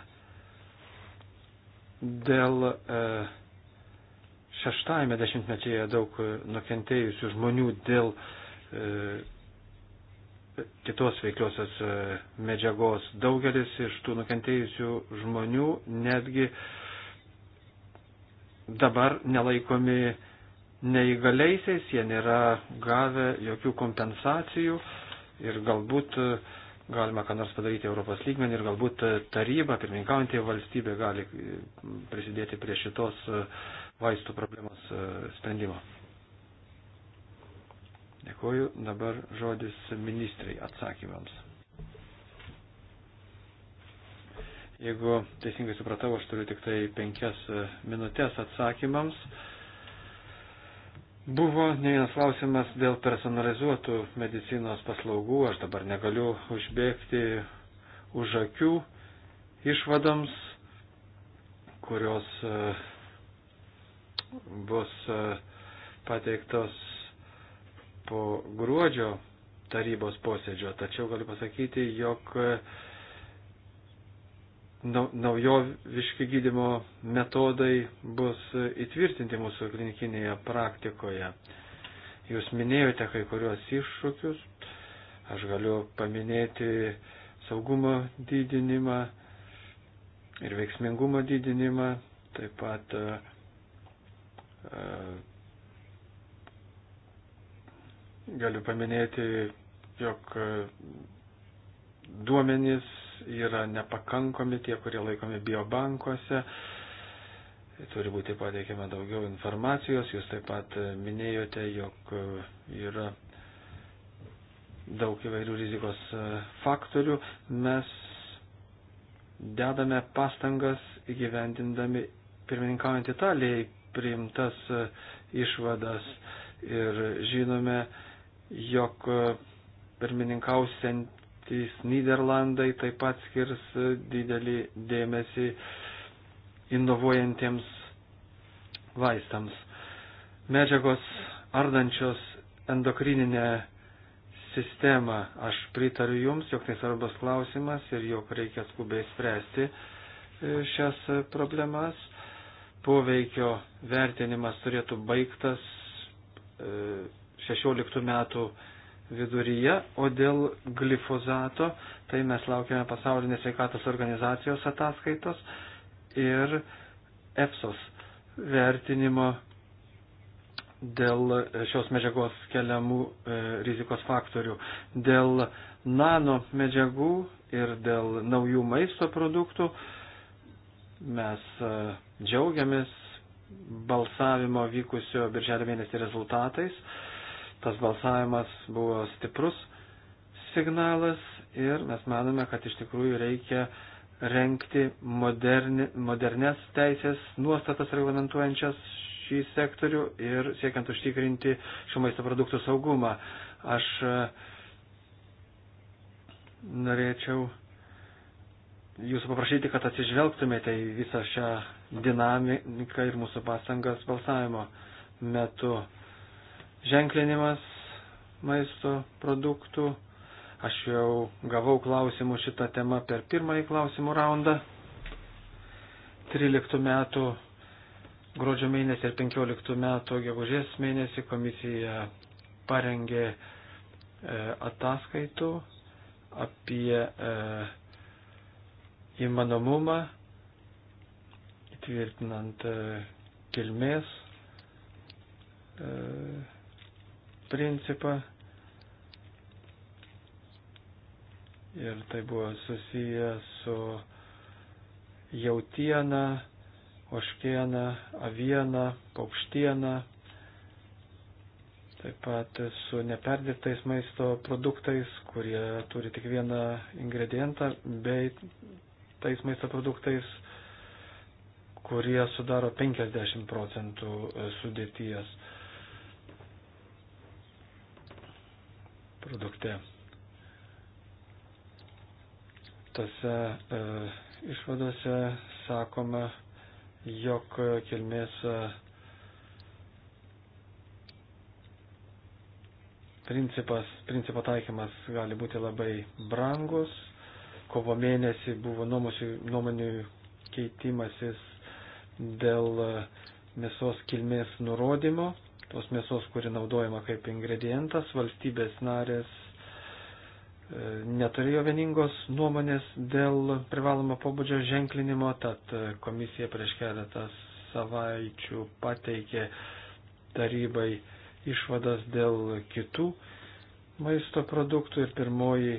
dėl uh, šeštajame dešimtmečyje daug nukentėjusių žmonių dėl uh, kitos veikliosios medžiagos. Daugelis iš tų nukentėjusių žmonių netgi uh, dabar nelaikomi neįgaliaisiais, jie nėra gavę jokių kompensacijų ir galbūt e, galima ką nors padaryti Europos lygmenį ir galbūt e, taryba, pirmininkaujantį valstybė gali e, prisidėti prie šitos vaistų problemos sprendimo. Dėkuoju, dabar žodis ministrai atsakymams. Jeigu teisingai supratau, aš turiu tik tai penkias e, minutės atsakymams. Buvo ne vienas klausimas dėl personalizuotų medicinos paslaugų. Aš dabar negaliu užbėgti už akių išvadoms, kurios e, bus e, pateiktos po gruodžio tarybos posėdžio. Tačiau galiu pasakyti, jog naujoviški gydimo metodai bus įtvirtinti mūsų klinikinėje praktikoje. Jūs minėjote kai kuriuos iššūkius, aš galiu paminėti saugumo didinimą ir veiksmingumo didinimą, taip pat e, e, galiu paminėti, jog e, duomenys yra nepakankami, tie, kurie laikomi biobankuose. Turi būti pateikiama daugiau informacijos. Jūs taip pat minėjote, jog yra daug įvairių rizikos faktorių. Mes dedame pastangas įgyvendindami pirmininkaujant Italijai priimtas išvadas ir žinome, jog pirmininkausiant patys Niderlandai taip pat skirs e, didelį dėmesį inovuojantiems vaistams. Medžiagos ardančios endokrininę sistemą. Aš pritariu Jums, jog tai svarbus klausimas ir jog reikia skubiai spręsti e, šias problemas. Poveikio vertinimas turėtų baigtas 16 e, metų viduryje, o dėl glifozato, tai mes laukiame pasaulinės sveikatos organizacijos ataskaitos ir EFSOS vertinimo dėl šios medžiagos keliamų e, rizikos faktorių, dėl nano medžiagų ir dėl naujų maisto produktų. Mes e, džiaugiamės balsavimo vykusio birželio mėnesį rezultatais. E, Tas balsavimas buvo stiprus signalas ir mes manome, kad iš tikrųjų reikia renkti moderni, modernes teisės nuostatas reglamentuojančias šį sektorių ir siekiant užtikrinti šio maisto produktų saugumą. Aš e, norėčiau jūsų paprašyti, kad atsižvelgtumėte į visą šią dinamiką ir mūsų pastangas balsavimo metu ženklinimas maisto produktų. Aš jau gavau klausimų šitą temą per pirmąjį klausimų raundą. 13 metų gruodžio mėnesį ir 15 metų gegužės mėnesį komisija parengė e, ataskaitų apie e, įmanomumą įtvirtinant e, kilmės e, principą. Ir tai buvo susiję su jautiena, oškiena, aviena, paukštiena, taip pat su neperdirbtais maisto produktais, kurie turi tik vieną ingredientą, bei tais maisto produktais, kurie sudaro 50 procentų sudėties. produkte. Tose e, išvadose sakoma, jog kilmės e, principas, principo taikymas gali būti labai brangus. Kovo mėnesį buvo nuomonių keitimasis dėl e, mėsos kilmės nurodymo tos mėsos, kuri naudojama kaip ingredientas. Valstybės narės e, neturėjo vieningos nuomonės dėl privalomo pobūdžio ženklinimo, tad komisija prieš keletą savaičių pateikė tarybai išvadas dėl kitų maisto produktų ir pirmoji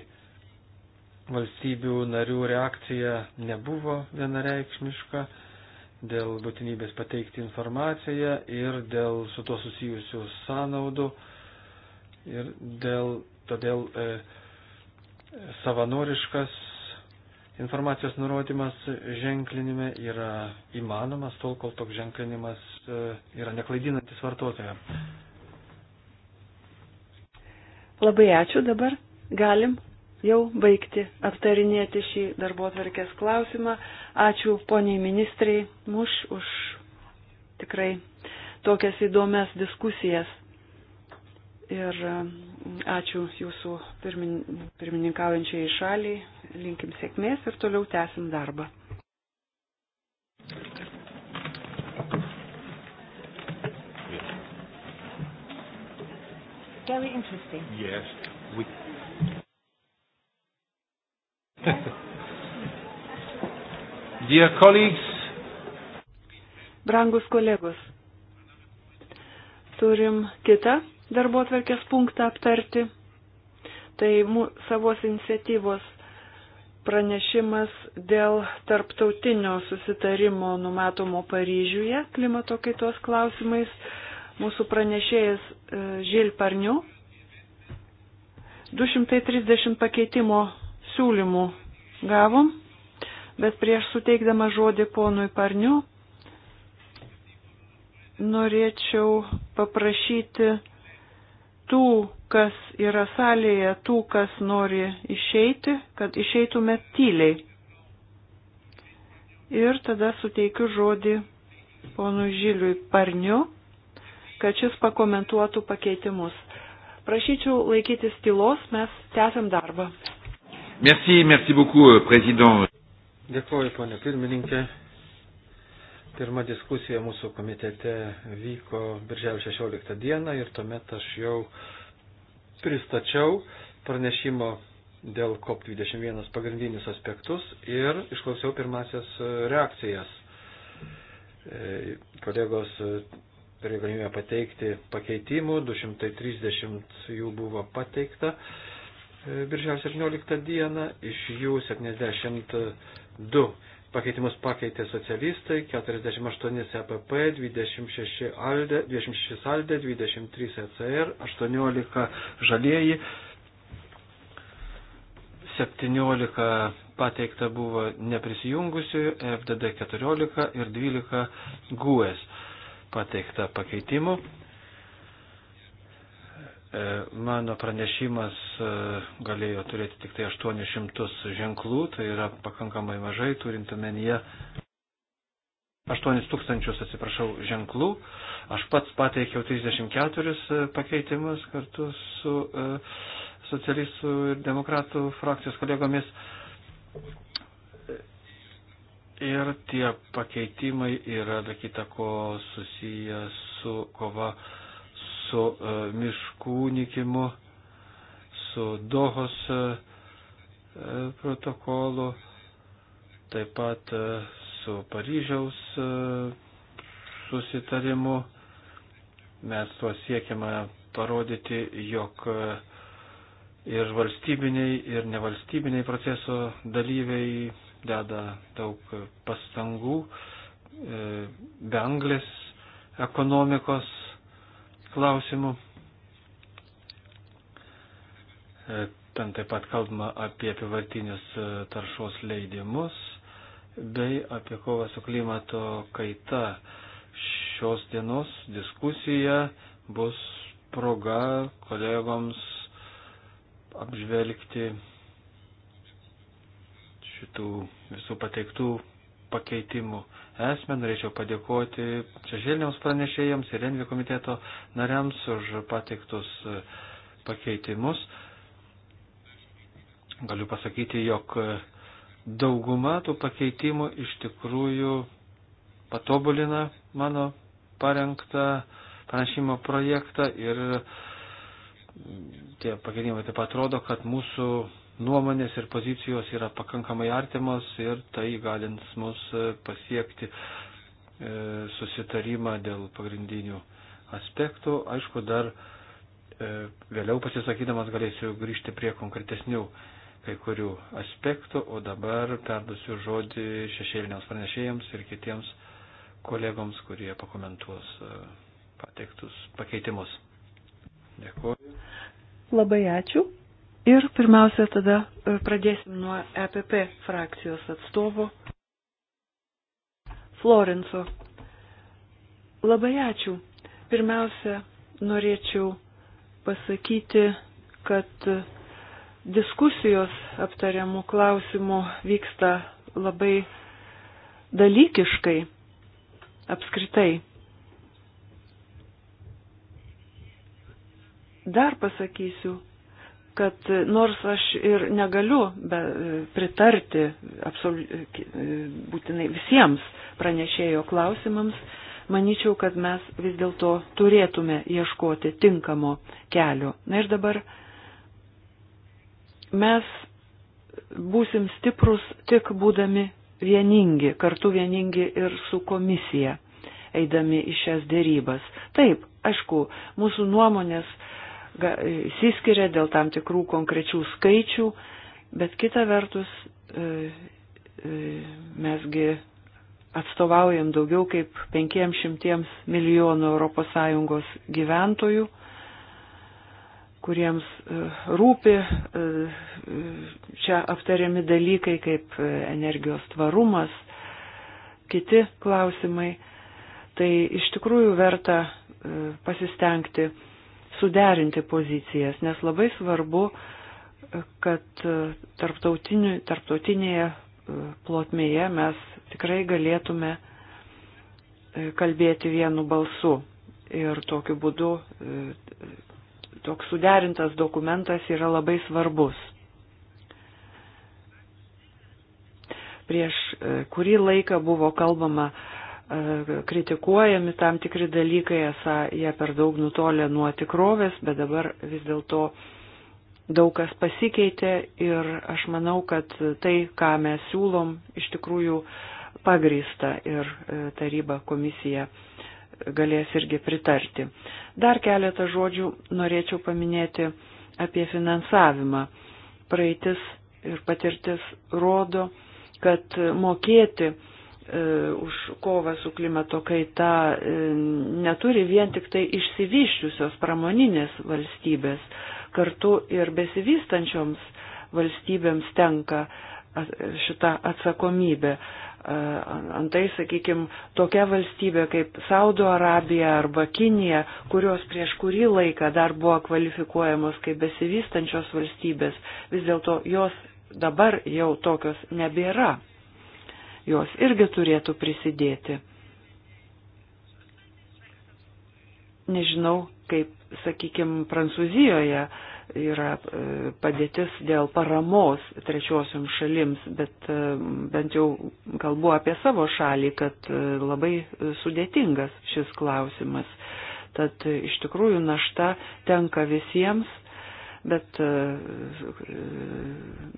valstybių narių reakcija nebuvo vienareikšmiška dėl būtinybės pateikti informaciją ir dėl su tuo susijusių sąnaudų ir dėl todėl e, savanoriškas informacijos nurodymas ženklinime yra įmanomas tol, kol toks ženklinimas e, yra neklaidinantis vartotoją. Labai ačiū dabar. Galim jau baigti aptarinėti šį darbo atvarkės klausimą. Ačiū poniai ministrai muš už tikrai tokias įdomias diskusijas. Ir um, ačiū jūsų pirmin, pirmininkaujančiai šaliai, linkim sėkmės ir toliau tęsim darbą. Very interesting. Yes, we Dear colleagues. Brangus kolegos, turim kitą darbo atverkės punktą aptarti. Tai mū, savos iniciatyvos pranešimas dėl tarptautinio susitarimo numatomo Paryžiuje klimato kaitos klausimais. Mūsų pranešėjas e, Žil Parniu. 230 pakeitimo pasiūlymų gavom, bet prieš suteikdama žodį ponui Parniu, norėčiau paprašyti tų, kas yra salėje, tų, kas nori išeiti, kad išeitume tyliai. Ir tada suteikiu žodį ponui Žiliui Parniu, kad šis pakomentuotų pakeitimus. Prašyčiau laikytis tylos, mes tęsiam darbą. Merci, merci beaucoup, euh, prezident. Dėkuoju, ponė pirmininkė. Pirma diskusija mūsų komitete vyko birželio 16 dieną ir tuomet aš jau pristačiau pranešimo dėl COP21 pagrindinius aspektus ir išklausiau pirmasias e, reakcijas. E, kolegos e, turėjo galimybę pateikti pakeitimų, 230 jų buvo pateikta E, birželio 17 dieną iš jų 72 pakeitimus pakeitė socialistai, 48 EPP, 26 ALDE, 26 ALDE, 23 ECR, 18 žalieji, 17 pateikta buvo neprisijungusių, FDD 14 ir 12 GUES pateikta pakeitimu. E, mano pranešimas e, galėjo turėti tik tai 800 ženklų, tai yra pakankamai mažai, turint omenyje 8000, atsiprašau, ženklų. Aš pats pateikiau 34 e, pakeitimus kartu su socialistų ir demokratų frakcijos kolegomis. Ir tie pakeitimai yra, be kita ko, susiję su kova su e, miškų nikimu, su Dohos e, e, protokolu, taip pat su Paryžiaus susitarimu. Mes tuo siekiame parodyti, jog ir valstybiniai, ir nevalstybiniai proceso dalyviai deda daug pastangų, be anglės ekonomikos klausimų. E, ten taip pat kalbama apie apivartinius e, taršos leidimus bei apie kovą su klimato kaita. Šios dienos diskusija bus proga kolegoms apžvelgti šitų visų pateiktų pakeitimų esmę. Norėčiau padėkoti šešėliniams pranešėjams ir Envi komiteto nariams už pateiktus e, pakeitimus. Galiu pasakyti, jog e, dauguma tų pakeitimų iš tikrųjų patobulina mano parengtą pranešimo projektą ir tie pakeitimai taip pat rodo, kad mūsų nuomonės ir pozicijos yra pakankamai artimos ir tai galins mus e, pasiekti e, susitarimą dėl pagrindinių aspektų. Aišku, dar e, vėliau pasisakydamas galėsiu grįžti prie konkretesnių kai kurių aspektų, o dabar perdusiu žodį šešėliniams pranešėjams ir kitiems kolegoms, kurie pakomentuos pateiktus pakeitimus. Dėkuoju. Labai ačiū. Ir pirmiausia, tada e, pradėsim nuo EPP frakcijos atstovo Florenco. Labai ačiū. Pirmiausia, norėčiau pasakyti, kad diskusijos aptariamų klausimų vyksta labai dalykiškai apskritai. Dar pasakysiu, kad nors aš ir negaliu be, pritarti absoliu, būtinai visiems pranešėjo klausimams, manyčiau, kad mes vis dėlto turėtume ieškoti tinkamo kelio. Na ir dabar mes būsim stiprus tik būdami vieningi, kartu vieningi ir su komisija, eidami į šias dėrybas. Taip, aišku, mūsų nuomonės įsiskiria dėl tam tikrų konkrečių skaičių, bet kita vertus e, e, mesgi atstovaujam daugiau kaip 500 milijonų ES gyventojų, kuriems e, rūpi čia aptariami dalykai kaip energijos tvarumas, kiti klausimai. Tai iš tikrųjų verta pasistengti suderinti pozicijas, nes labai svarbu, kad tarptautinėje e, plotmėje mes tikrai galėtume e, kalbėti vienu balsu. Ir tokiu būdu e, toks suderintas dokumentas yra labai svarbus. Prieš kurį laiką buvo kalbama kritikuojami tam tikri dalykai, esą jie per daug nutolė nuo tikrovės, bet dabar vis dėlto daug kas pasikeitė ir aš manau, kad tai, ką mes siūlom, iš tikrųjų pagrįsta ir e, taryba komisija galės irgi pritarti. Dar keletą žodžių norėčiau paminėti apie finansavimą. Praeitis ir patirtis rodo, kad mokėti E, už kovą su klimato kaita e, neturi vien tik tai išsivyščiusios pramoninės valstybės, kartu ir besivystančioms valstybėms tenka šitą e, antai, An sakykime, tokia valstybė kaip Saudo Arabija arba Kinija, kurios prieš kurį laiką dar buvo kvalifikuojamos kaip besivystančios valstybės, vis dėlto jos dabar jau tokios nebėra jos irgi turėtų prisidėti. Nežinau, kaip, sakykime, Prancūzijoje yra e, padėtis dėl paramos trečiosiom šalims, bet e, bent jau kalbu apie savo šalį, kad e, labai sudėtingas šis klausimas. Tad iš tikrųjų našta tenka visiems, bet,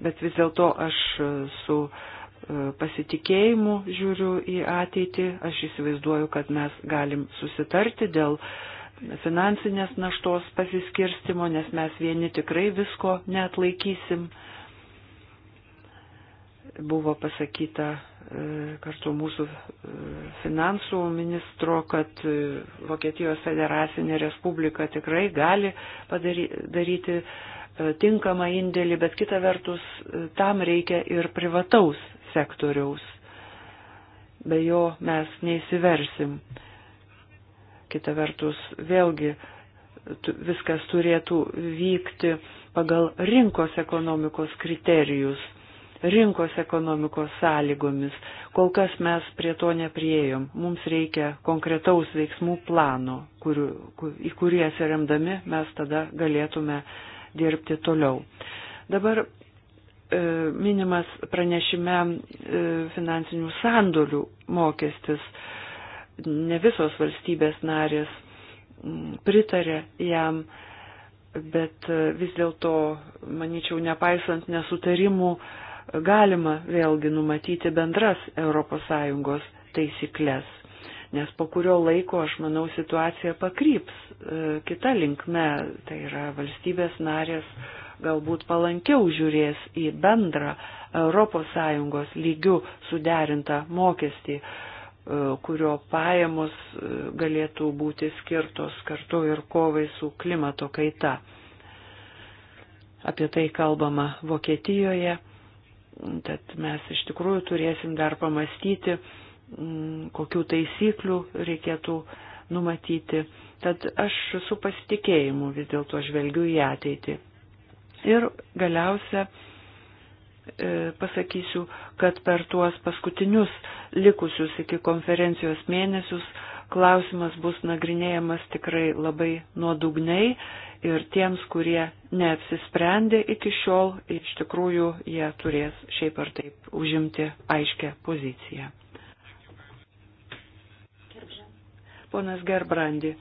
bet vis dėlto aš su E, pasitikėjimu žiūriu į ateitį. Aš įsivaizduoju, kad mes galim susitarti dėl finansinės naštos pasiskirstimo, nes mes vieni tikrai visko netlaikysim. Buvo pasakyta e, kartu mūsų e, finansų ministro, kad Vokietijos federacinė respublika tikrai gali padaryti tinkamą indėlį, bet kita vertus tam reikia ir privataus sektoriaus. Be jo mes neįsiversim. Kita vertus, vėlgi viskas turėtų vykti pagal rinkos ekonomikos kriterijus, rinkos ekonomikos sąlygomis. Kol kas mes prie to nepriejom. Mums reikia konkretaus veiksmų plano, kuriu, kur, į kurį atsiremdami mes tada galėtume dirbti toliau. Dabar E, minimas pranešime e, finansinių sandolių mokestis. Ne visos valstybės narės mm, pritarė jam, bet e, vis dėlto, manyčiau, nepaisant nesutarimų, galima vėlgi numatyti bendras ES taisyklės. Nes po kurio laiko, aš manau, situacija pakryps kita linkme, tai yra valstybės narės galbūt palankiau žiūrės į bendrą ES lygių suderintą mokestį, e, kurio pajamos e, galėtų būti skirtos kartu ir kovai su klimato kaita. Apie tai kalbama Vokietijoje, tad mes iš tikrųjų turėsim dar pamastyti, mm, kokių taisyklių reikėtų numatyti. Tad aš su pasitikėjimu vis dėlto žvelgiu į ateitį. Ir galiausia e, pasakysiu, kad per tuos paskutinius likusius iki konferencijos mėnesius klausimas bus nagrinėjamas tikrai labai nuodugniai ir tiems, kurie neapsisprendė iki šiol, iš tikrųjų jie turės šiaip ar taip užimti aiškę poziciją. Ponas Gerbrandi.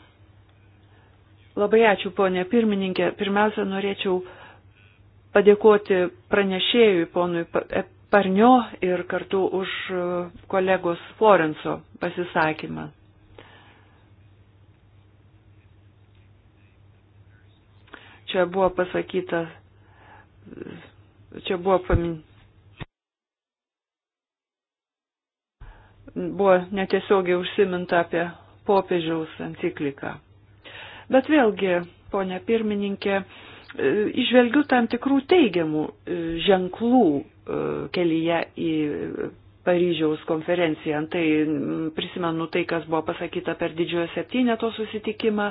Labai ačiū, ponė pirmininkė. Pirmiausia, norėčiau padėkoti pranešėjui ponui e, Parnio ir kartu už e, kolegos Florenco pasisakymą. Čia buvo pasakyta, čia buvo paminėta. buvo netiesiogiai užsiminta apie popiežiaus encikliką. Bet vėlgi, ponė pirmininkė, E, išvelgiu tam tikrų teigiamų e, ženklų e, kelyje į Paryžiaus konferenciją. Tai prisimenu tai, kas buvo pasakyta per didžiojo septyneto susitikimą,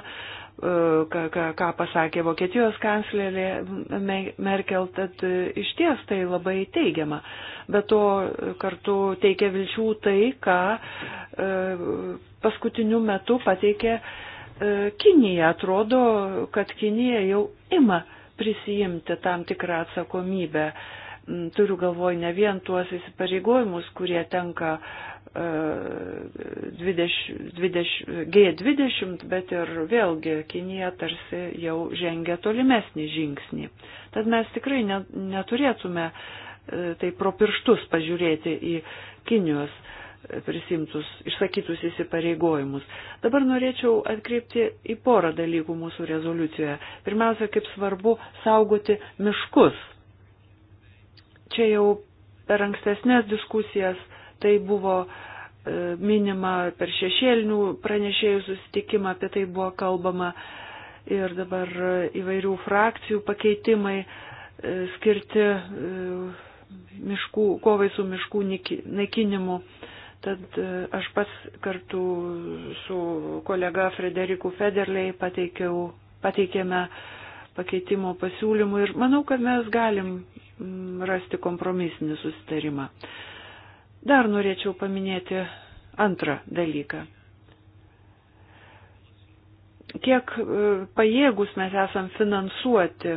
ką, ką, ką pasakė Vokietijos kanclerė Merkel, tad iš ties tai labai teigiama. Bet to kartu teikia vilčių tai, ką paskutiniu metu pateikė E, Kinija atrodo, kad Kinija jau ima prisijimti tam tikrą atsakomybę. Mm, turiu galvoj ne vien tuos įsipareigojimus, kurie tenka 20, 20, G20, bet ir vėlgi Kinija tarsi jau žengia tolimesnį žingsnį. Tad mes tikrai neturėtume tai pro pirštus pažiūrėti į Kinijos uh, prisimtus, išsakytus įsipareigojimus. Dabar norėčiau atkreipti į porą dalykų mūsų rezoliucijoje. Pirmiausia, kaip svarbu saugoti miškus. Čia jau per ankstesnės diskusijas tai buvo e, minima, per šešėlinių pranešėjų susitikimą apie tai buvo kalbama ir dabar įvairių frakcijų pakeitimai e, skirti e, miškų, kovai su miškų naikinimu. Niki, Tad e, aš pats kartu su kolega Frederiku Federlei pateikiau, pateikėme pakeitimo pasiūlymų ir manau, kad mes galim mm, rasti kompromisinį susitarimą. Dar norėčiau paminėti antrą dalyką. Kiek e, pajėgus mes esam finansuoti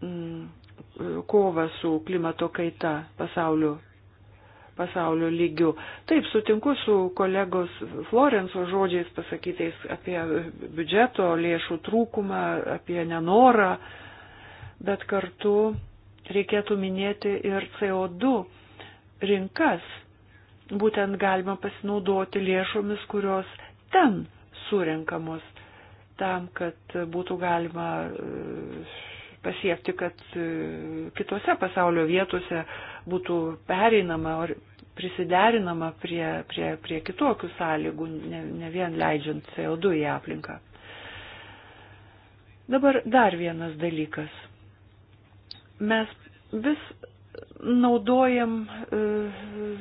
mm, kovą su klimato kaita pasaulio pasaulio lygių. Taip, sutinku su kolegos Florenco žodžiais pasakytais apie biudžeto lėšų trūkumą, apie nenorą, bet kartu reikėtų minėti ir CO2 rinkas. Būtent galima pasinaudoti lėšomis, kurios ten surinkamos tam, kad būtų galima pasiekti, kad e, kitose pasaulio vietose būtų pereinama ar prisiderinama prie, prie, prie kitokių sąlygų, ne, ne vien leidžiant CO2 į aplinką. Dabar dar vienas dalykas. Mes vis naudojam e,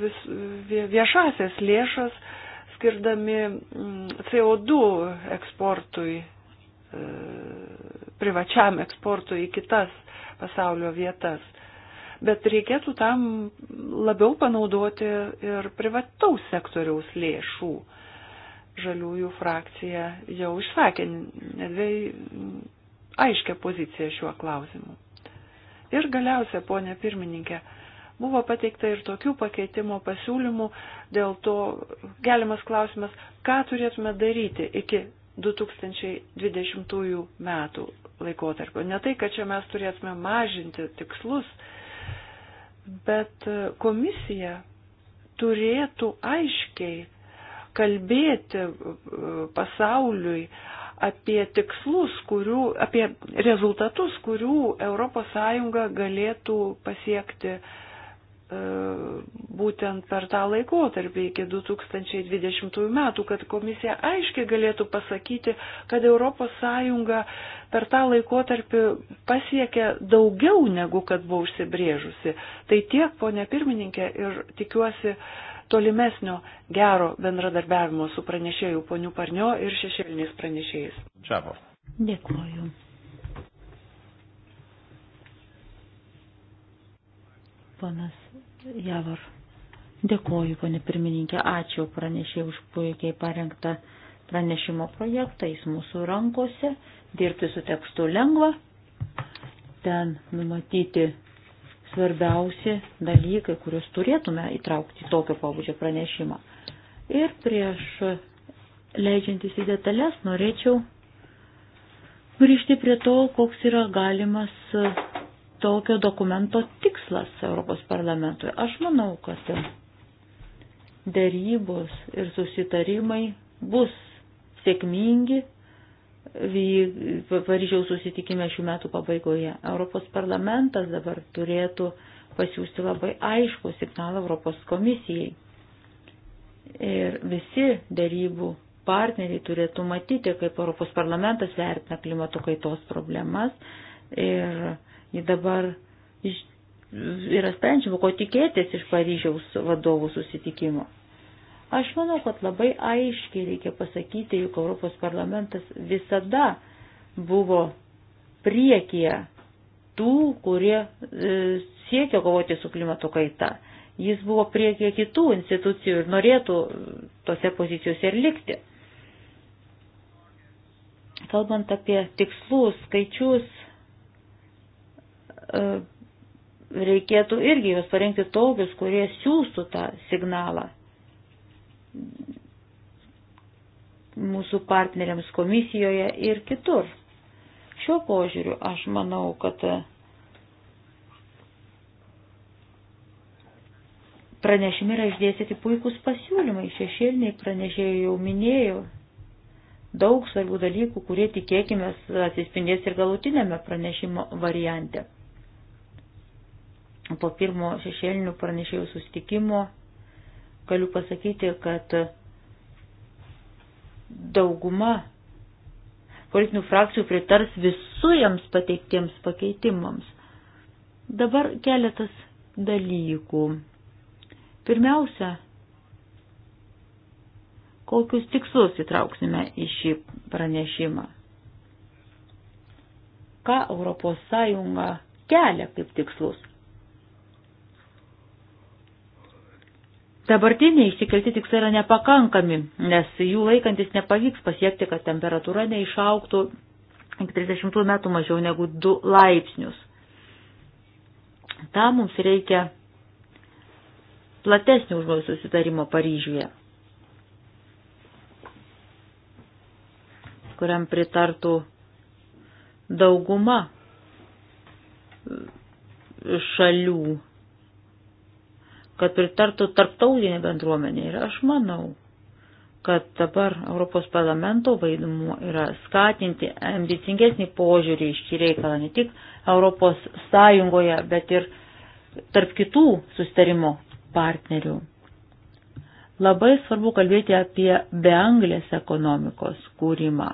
vis, viešasias lėšas, skirdami mm, CO2 eksportui E, privačiam eksportui į kitas pasaulio vietas. Bet reikėtų tam labiau panaudoti ir privataus sektoriaus lėšų. Žaliųjų frakcija jau išsakė nedvėjai aiškę poziciją šiuo klausimu. Ir galiausia, ponė pirmininkė, buvo pateikta ir tokių pakeitimo pasiūlymų, dėl to galimas klausimas, ką turėtume daryti iki 2020 metų laikotarpio. Ne tai, kad čia mes turėtume mažinti tikslus, bet komisija turėtų aiškiai kalbėti e, pasauliui apie tikslus, kurių, apie rezultatus, kurių ES galėtų pasiekti uh, E, būtent per tą laikotarpį iki 2020 metų, kad komisija aiškiai galėtų pasakyti, kad ES per tą laikotarpį pasiekė daugiau negu kad buvo užsibrėžusi. Tai tiek, ponė pirmininkė, ir tikiuosi tolimesnio gero bendradarbiavimo su pranešėjų ponių Parnio ir šešėliniais pranešėjais. Čiavo. Dėkuoju. Ponas Javor. Dėkoju, ponė pirmininkė, ačiū pranešė už puikiai parengtą pranešimo projektą, jis mūsų rankose, dirbti su tekstu lengva, ten numatyti svarbiausi dalykai, kuriuos turėtume įtraukti į tokio pabudžio pranešimą. Ir prieš leidžiantis į detalės norėčiau grįžti prie to, koks yra galimas tokio dokumento tikslas Europos parlamentui. Aš manau, kad dėrybos ir susitarimai bus sėkmingi Paryžiaus susitikime šių metų pabaigoje. Europos parlamentas dabar turėtų pasiūsti labai aišku signalą Europos komisijai. Ir visi dėrybų partneriai turėtų matyti, kaip Europos parlamentas vertina klimato kaitos problemas ir Ji dabar yra sprendžiama, ko tikėtis iš Paryžiaus vadovų susitikimo. Aš manau, kad labai aiškiai reikia pasakyti, jog Europos parlamentas visada buvo priekyje tų, kurie e, siekia kovoti su klimato kaita. Jis buvo priekyje kitų institucijų ir norėtų e, tose pozicijose ir likti. Kalbant apie tikslus, skaičius, E, reikėtų irgi juos parengti tokius, kurie siūstų tą signalą mūsų partneriams komisijoje ir kitur. Šiuo požiūriu aš manau, kad pranešime yra išdėstyti puikūs pasiūlymai, šešėliniai pranešėjai jau minėjau, daug svarbių dalykų, kurie tikėkime atsispindės ir galutinėme pranešimo variante po pirmo šešėlinių pranešėjų sustikimo galiu pasakyti, kad dauguma politinių frakcijų pritars visujams pateiktiems pakeitimams. Dabar keletas dalykų. Pirmiausia, kokius tikslus įtrauksime į šį pranešimą. Ką Europos Sąjunga kelia kaip tikslus? Dabartiniai išsikelti tikslai yra nepakankami, nes jų laikantis nepavyks pasiekti, kad temperatūra neišauktų iki 30 metų mažiau negu 2 laipsnius. Tam mums reikia platesnio užmojų susitarimo Paryžiuje, kuriam pritartų dauguma šalių kad pritartų tarptautinė bendruomenė. Ir aš manau, kad dabar Europos parlamento vaidmuo yra skatinti ambicingesnį požiūrį iš šį reikalą ne tik Europos Sąjungoje, bet ir tarp kitų sustarimo partnerių. Labai svarbu kalbėti apie beanglės ekonomikos kūrimą.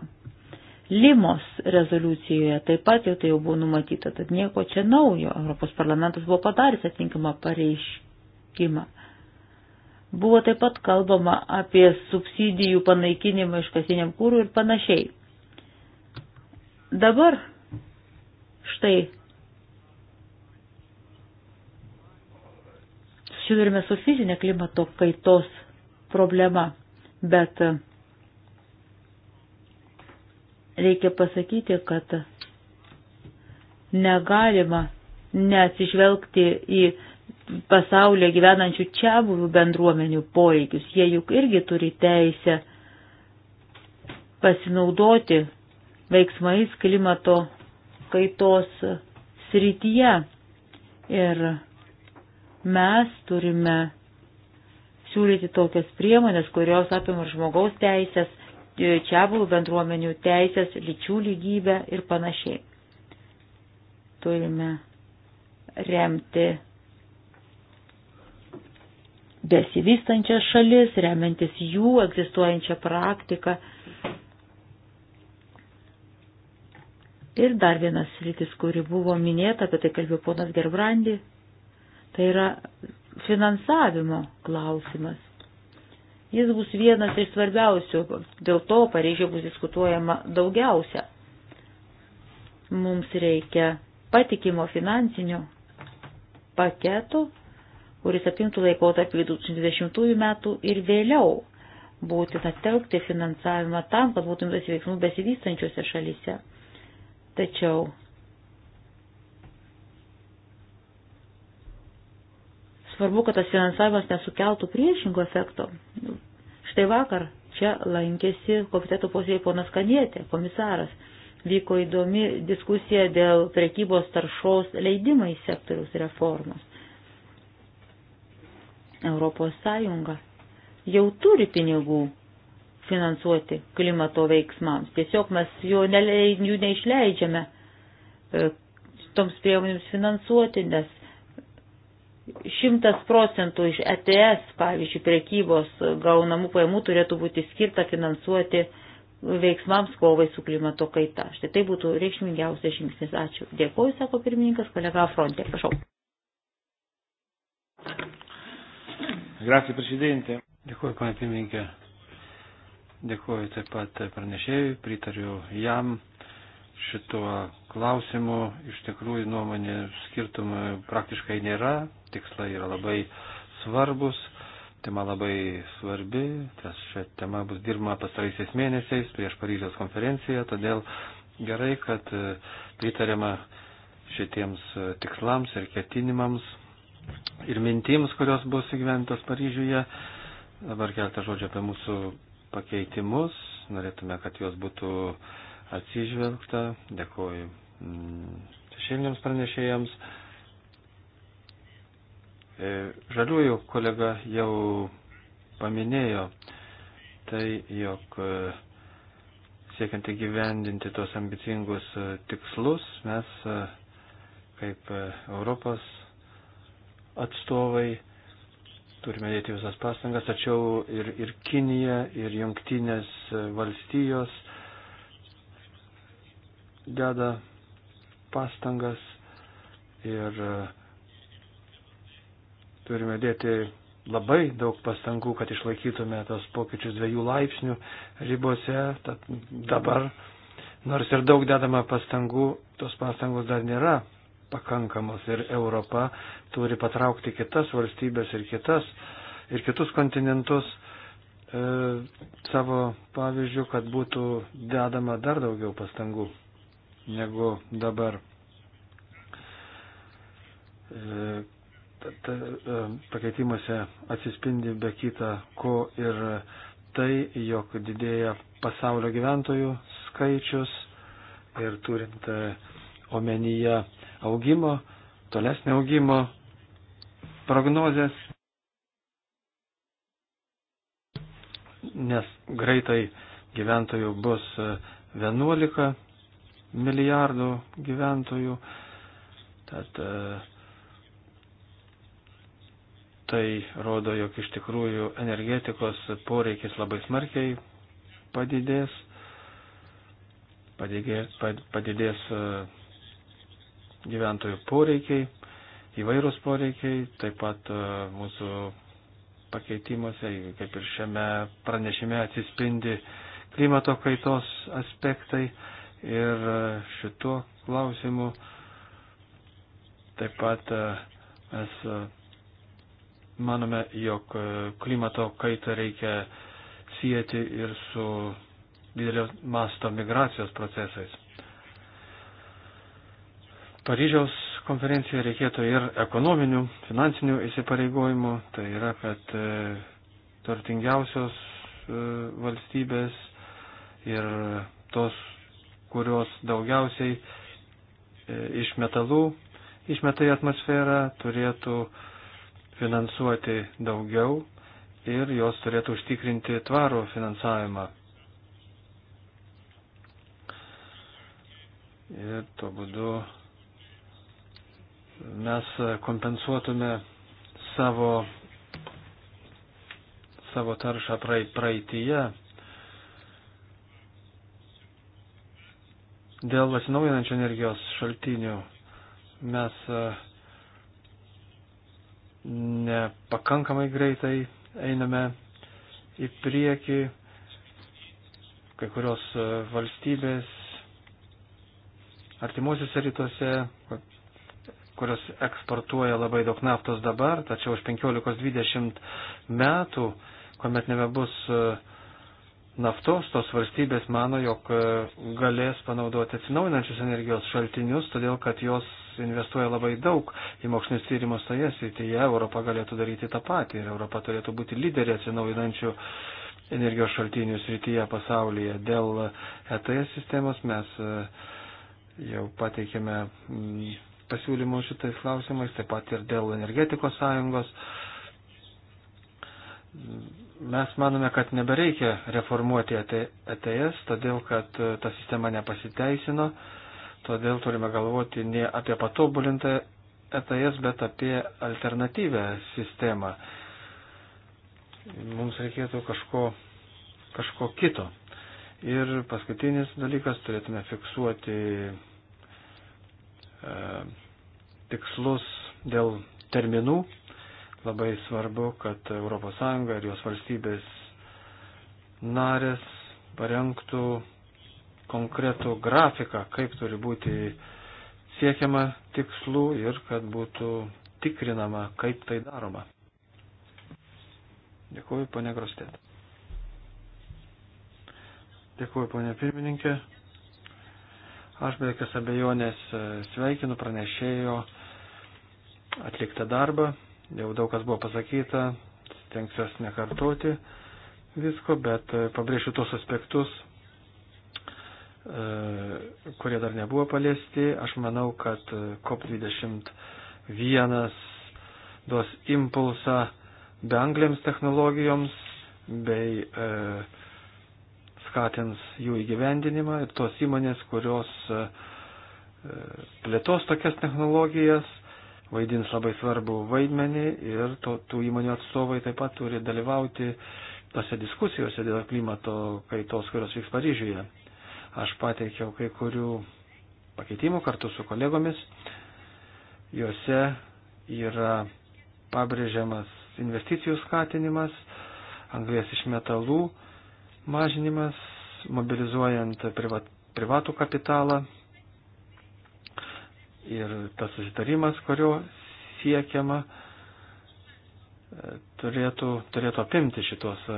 Limos rezoliucijoje taip pat jau tai jau buvo numatyta, tad nieko čia naujo. Europos parlamentas buvo padaręs atinkamą pareiškimą veikimą. Buvo taip pat kalbama apie subsidijų panaikinimą iškasiniam kūrų ir panašiai. Dabar štai susidurime su fizinė klimato kaitos problema, bet reikia pasakyti, kad negalima neatsižvelgti į pasaulyje gyvenančių čia buvų bendruomenių poreikius. Jie juk irgi turi teisę pasinaudoti veiksmais klimato kaitos srityje. Ir mes turime siūlyti tokias priemonės, kurios apima žmogaus teisės, čia buvų bendruomenių teisės, lyčių lygybę ir panašiai. Turime remti besivystančias šalis, remiantis jų egzistuojančią praktiką. Ir dar vienas rytis, kuri buvo minėta, apie tai kalbėjo ponas Gerbrandi, tai yra finansavimo klausimas. Jis bus vienas iš svarbiausių, dėl to Paryžiuje bus diskutuojama daugiausia. Mums reikia patikimo finansinio paketo kuris apimtų laikotarpį 2020 metų ir vėliau būtina telkti finansavimą tam, kad būtų imtas veiksmų besivystančiose šalyse. Tačiau svarbu, kad tas finansavimas nesukeltų priešingo efekto. Štai vakar čia lankėsi komiteto posėdėje ponas Kanietė, komisaras. Vyko įdomi diskusija dėl prekybos taršos leidimai sektoriaus reformos. Europos Sąjunga jau turi pinigų finansuoti klimato veiksmams. Tiesiog mes jo nelei, jų neišleidžiame e, toms priemonėms finansuoti, nes šimtas procentų iš ETS, pavyzdžiui, prekybos gaunamų pajamų turėtų būti skirta finansuoti veiksmams kovai su klimato kaita. Štai tai būtų reikšmingiausias žingsnis. Ačiū. Dėkuoju, sako pirmininkas, kolega Frontė. Prašau. Grazie, prezidente. Dėkuoju, pana pirmininkė. Dėkuoju taip pat pranešėjui, pritariu jam šituo klausimu. Iš tikrųjų nuomonė skirtumų praktiškai nėra, tikslai yra labai svarbus, tema labai svarbi, tas šią temą bus dirbama pastaraisiais mėnesiais prieš Paryžiaus konferenciją, todėl gerai, kad e, pritariama šitiems e, tikslams ir ketinimams ir mintims, kurios bus įgyventos Paryžiuje. Dabar keltą žodžią apie mūsų pakeitimus. Norėtume, kad juos būtų atsižvelgta. Dėkuoju mm, šešėliniams pranešėjams. E, žaliųjų kolega jau paminėjo tai, jog e, siekiant įgyvendinti tos ambicingus e, tikslus, mes kaip Europos atstovai. Turime dėti visas pastangas, tačiau ir, ir Kinija, ir jungtinės valstijos deda pastangas ir e, turime dėti labai daug pastangų, kad išlaikytume tos pokyčius dviejų laipsnių ribose. Tad dabar, nors ir daug dedama pastangų, tos pastangos dar nėra nepakankamos ir Europa turi patraukti kitas valstybės ir, kitas, ir kitus kontinentus e, savo pavyzdžių, kad būtų dedama dar daugiau pastangų negu dabar. E, e pakeitimuose atsispindi be kita ko ir tai, jog didėja pasaulio gyventojų skaičius ir turint e, omenyje augimo, tolesnio augimo prognozės, nes greitai gyventojų bus 11 e, milijardų gyventojų. Tad e, tai rodo, jog iš tikrųjų energetikos poreikis labai smarkiai padidės, padidės, padidės e, gyventojų poreikiai, įvairūs poreikiai, taip pat e, mūsų pakeitimuose, kaip ir šiame pranešime atsispindi klimato kaitos aspektai ir e, šituo klausimu taip pat e, mes manome, jog klimato kaitą reikia sieti ir su didelio masto migracijos procesais. Paryžiaus konferencijoje reikėtų ir ekonominių, finansinių įsipareigojimų, tai yra, kad e, turtingiausios e, valstybės ir tos, kurios daugiausiai e, iš metalų išmeta į atmosferą, turėtų finansuoti daugiau ir jos turėtų užtikrinti tvarų finansavimą. Ir tuo būdu mes kompensuotume savo, savo taršą praeityje. Dėl atsinaujinančių energijos šaltinių mes e, nepakankamai greitai einame į priekį. Kai kurios e, valstybės artimuosiuose rytuose kurios eksportuoja labai daug naftos dabar, tačiau už 15-20 metų, kuomet nebebus e, naftos, tos valstybės mano, jog e, galės panaudoti atsinaujinančius energijos šaltinius, todėl kad jos investuoja labai daug į mokslinius tyrimus toje srityje, Europa galėtų daryti tą patį ir Europa turėtų būti lyderė atsinaujinančių energijos šaltinių srityje pasaulyje. Dėl ETS sistemos mes e, jau pateikėme pasiūlymų šitais klausimais, taip pat ir dėl energetikos sąjungos. Mes manome, kad nebereikia reformuoti ETS, e todėl kad e, ta sistema nepasiteisino, todėl turime galvoti ne apie patobulintą ETS, bet apie alternatyvę sistemą. Mums reikėtų kažko, kažko kito. Ir paskutinis dalykas, turėtume fiksuoti e, tikslus dėl terminų. Labai svarbu, kad ES ir jos valstybės narės parengtų konkretų grafiką, kaip turi būti siekiama tikslų ir kad būtų tikrinama, kaip tai daroma. Dėkuoju, ponė Grostėt. Dėkuoju, ponė pirmininkė. Aš be jokios abejonės sveikinu pranešėjo atliktą darbą. Jau daug kas buvo pasakyta, stengsiuos nekartoti visko, bet e, pabrėšiu tos aspektus, e, kurie dar nebuvo paliesti. Aš manau, kad e, COP21 duos impulsą bengliams technologijoms bei e, skatins jų įgyvendinimą ir tos įmonės, kurios e, plėtos tokias technologijas, vaidins labai svarbu vaidmenį ir to, tų įmonių atstovai taip pat turi dalyvauti tose diskusijose dėl klimato kaitos, kurios vyks Paryžiuje. Aš pateikiau kai kurių pakeitimų kartu su kolegomis. Juose yra pabrėžiamas investicijų skatinimas, anglės iš metalų mažinimas, mobilizuojant privat, privatų kapitalą ir tas susitarimas, kurio siekiama, e, turėtų, turėtų apimti šitos e,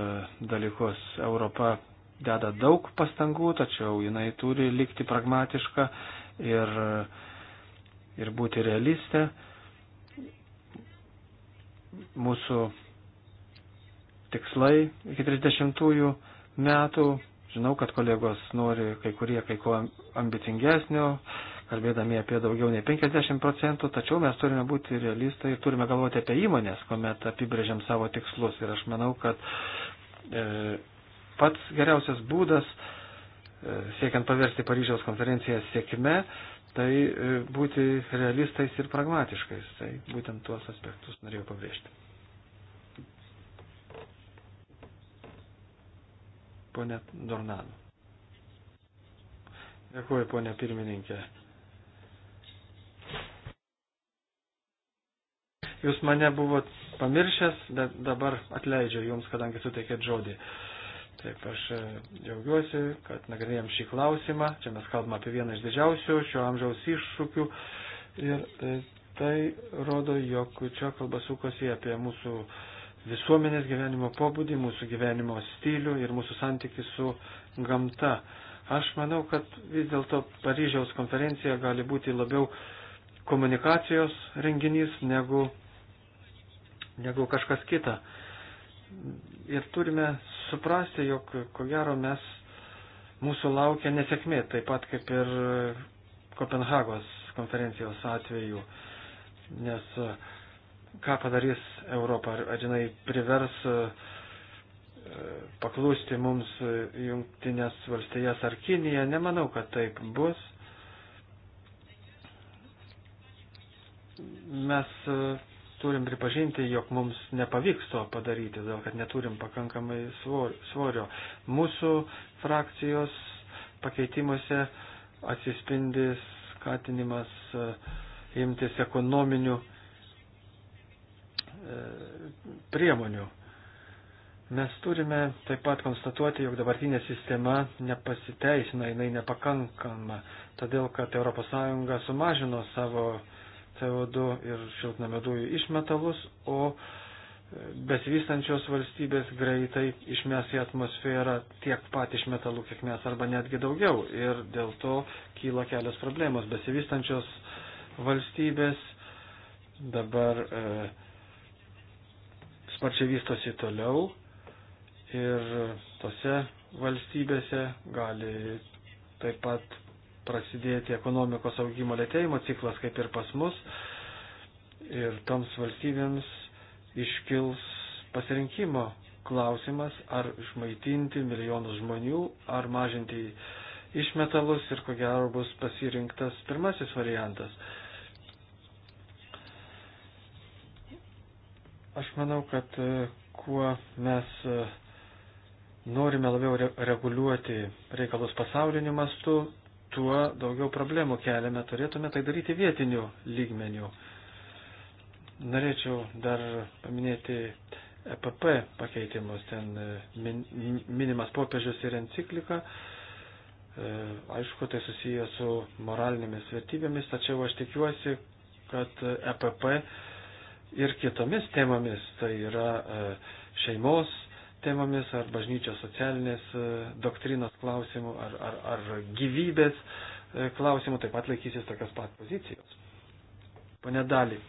dalykus. Europa deda daug pastangų, tačiau jinai turi likti pragmatiška ir, e, ir būti realistė. Mūsų tikslai iki 30 metų, žinau, kad kolegos nori kai kurie kai ko ambicingesnio, kalbėdami apie daugiau nei 50 procentų, tačiau mes turime būti realistai ir turime galvoti apie įmonės, kuomet apibrėžiam savo tikslus. Ir aš manau, kad e, pats geriausias būdas, e, siekiant paversti Paryžiaus konferenciją sėkme, tai e, būti realistais ir pragmatiškais. Tai būtent tuos aspektus norėjau pabrėžti. Pone Dornanu. Dėkuoju, ponė pirmininkė. jūs mane buvot pamiršęs, bet dabar atleidžiu jums, kadangi suteikėt žodį. Taip, aš e, džiaugiuosi, kad nagrinėjom šį klausimą. Čia mes kalbam apie vieną iš didžiausių šio amžiaus iššūkių. Ir e, tai rodo, jog čia kalba sukosi apie mūsų visuomenės gyvenimo pobūdį, mūsų gyvenimo stilių ir mūsų santykių su gamta. Aš manau, kad vis dėlto Paryžiaus konferencija gali būti labiau komunikacijos renginys negu negu kažkas kita. Ir turime suprasti, jog ko gero mes mūsų laukia nesėkmė, taip pat kaip ir Kopenhagos konferencijos atveju. Nes e, ką padarys Europą, ar, ar jinai privers e, paklusti mums jungtinės valstijas ar Kinija, nemanau, kad taip bus. Mes e, turim pripažinti, jog mums nepavyks to padaryti, dėl kad neturim pakankamai svorio. Mūsų frakcijos pakeitimuose atsispindi skatinimas e, imtis ekonominių e, priemonių. Mes turime taip pat konstatuoti, jog dabartinė sistema nepasiteisina, jinai nepakankama, todėl kad ES sumažino savo CO2 ir šiltnamio dujų išmetalus, o e, besivystančios valstybės greitai išmes į atmosferą tiek pat išmetalų, kiek mes, arba netgi daugiau. Ir dėl to kyla kelios problemos. Besivystančios valstybės dabar e, sparčiai vystosi toliau ir tose valstybėse gali taip pat prasidėti ekonomikos augimo lėtėjimo ciklas, kaip ir pas mus. Ir toms valstybėms iškils pasirinkimo klausimas, ar išmaitinti milijonus žmonių, ar mažinti išmetalus ir ko gero bus pasirinktas pirmasis variantas. Aš manau, kad e, kuo mes e, norime labiau reguliuoti reikalus pasauliniu mastu, tuo daugiau problemų keliame. Turėtume tai daryti vietiniu lygmeniu. Norėčiau dar paminėti EPP pakeitimus. Ten e, min, minimas popiežius ir enciklika. E, aišku, tai susiję su moralinėmis vertybėmis, tačiau aš tikiuosi, kad EPP ir kitomis temomis, tai yra e, šeimos temomis, ar bažnyčios socialinės e, doktrinos klausimų, ar, ar, ar gyvybės e, klausimų, taip pat laikysis tokios pat pozicijos. Pane Dali.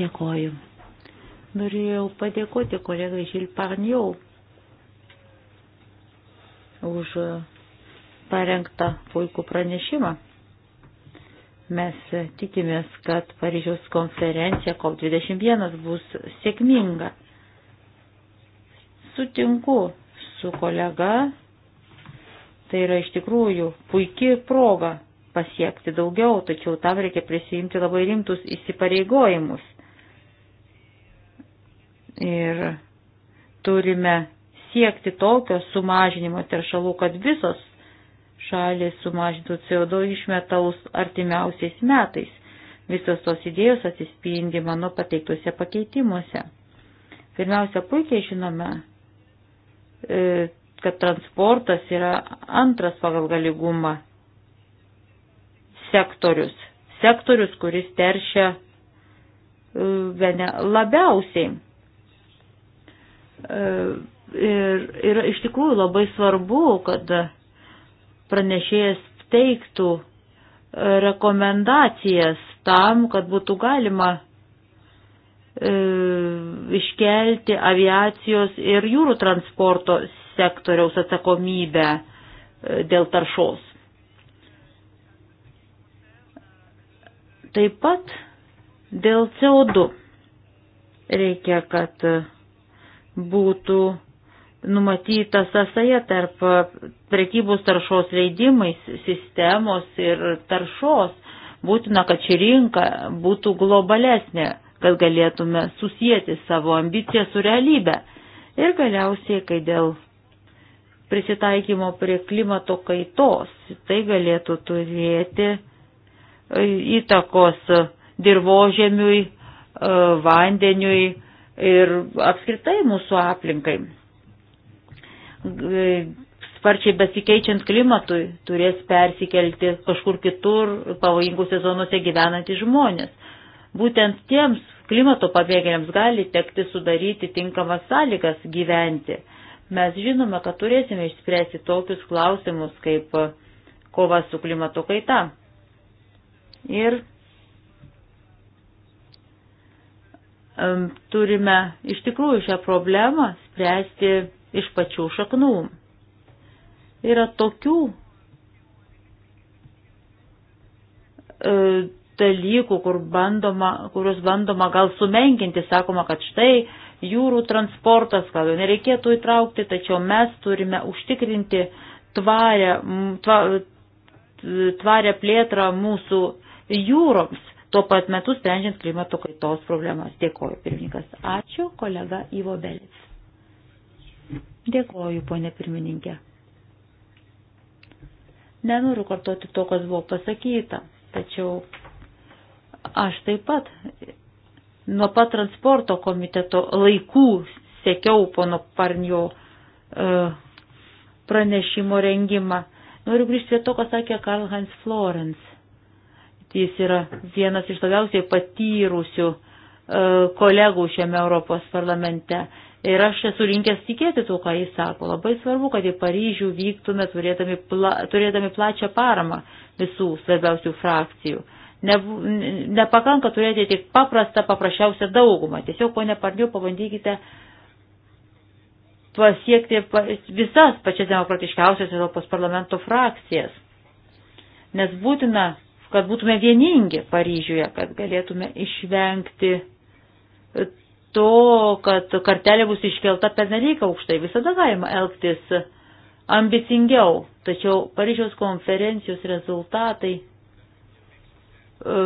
Dėkoju. Norėjau padėkoti kolegai Žilparniau už parengtą puikų pranešimą. Mes tikimės, kad Paryžiaus konferencija COP21 bus sėkminga. Sutinku su kolega, tai yra iš tikrųjų puikia proga pasiekti daugiau, tačiau tam reikia prisijimti labai rimtus įsipareigojimus. Ir turime siekti tokio sumažinimo teršalų, kad visos šalis sumažintų CO2 išmetaus artimiausiais metais. Visos tos idėjos atsispindi mano pateiktuose pakeitimuose. Pirmiausia, puikiai žinome, e, kad transportas yra antras pagal galigumą sektorius. Sektorius, kuris teršia e, bene labiausiai. E, ir, ir iš tikrųjų labai svarbu, kad pranešėjas teiktų e, rekomendacijas tam, kad būtų galima e, iškelti aviacijos ir jūrų transporto sektoriaus atsakomybę e, dėl taršos. Taip pat dėl CO2 reikia, kad e, būtų numatyta sąsaja tarp prekybos taršos leidimais sistemos ir taršos. Būtina, kad ši rinka būtų globalesnė, kad galėtume susijęti savo ambiciją su realybė. Ir galiausiai, kai dėl prisitaikymo prie klimato kaitos, tai galėtų turėti e, įtakos dirbožėmiui, e, vandeniui ir apskritai mūsų aplinkai. E, sparčiai besikeičiant klimatui turės persikelti kažkur kitur pavojingose zonose gyvenantys žmonės. Būtent tiems klimato pabėgėliams gali tekti sudaryti tinkamas sąlygas gyventi. Mes žinome, kad turėsime išspręsti tokius klausimus kaip kova su klimato kaita. Ir um, turime iš tikrųjų šią problemą spręsti iš pačių šaknų. Yra tokių e, dalykų, kur bandoma, kuriuos bandoma gal sumenkinti, sakoma, kad štai jūrų transportas gal jau nereikėtų įtraukti, tačiau mes turime užtikrinti tvarę, tva, tvarę plėtrą mūsų jūroms, tuo pat metu sprendžiant klimato kaitos problemas. Dėkoju, pirmininkas. Ačiū, kolega Ivo Belis. Dėkoju, ponė pirmininkė. Nenoriu kartoti to, kas buvo pasakyta, tačiau aš taip pat nuo pat transporto komiteto laikų sekiau pono Parnio e, pranešimo rengimą. Noriu grįžti prie to, ką sakė Karl Heinz Florence. Jis yra vienas iš labiausiai patyrusių e, kolegų šiame Europos parlamente. Ir aš esu linkęs tikėti tuo, ką jis sako. Labai svarbu, kad į Paryžių vyktume turėdami, pla, turėdami plačią paramą visų svarbiausių frakcijų. Ne, nepakanka turėti tik paprastą, paprasčiausią daugumą. Tiesiog, ponė Pardiu, pabandykite pasiekti visas pačias demokratiškiausias Europos parlamento frakcijas. Nes būtina, kad būtume vieningi Paryžiuje, kad galėtume išvengti to, kad kartelė bus iškelta per nereiką aukštai. Visada galima elgtis ambicingiau, tačiau Paryžiaus konferencijos rezultatai e,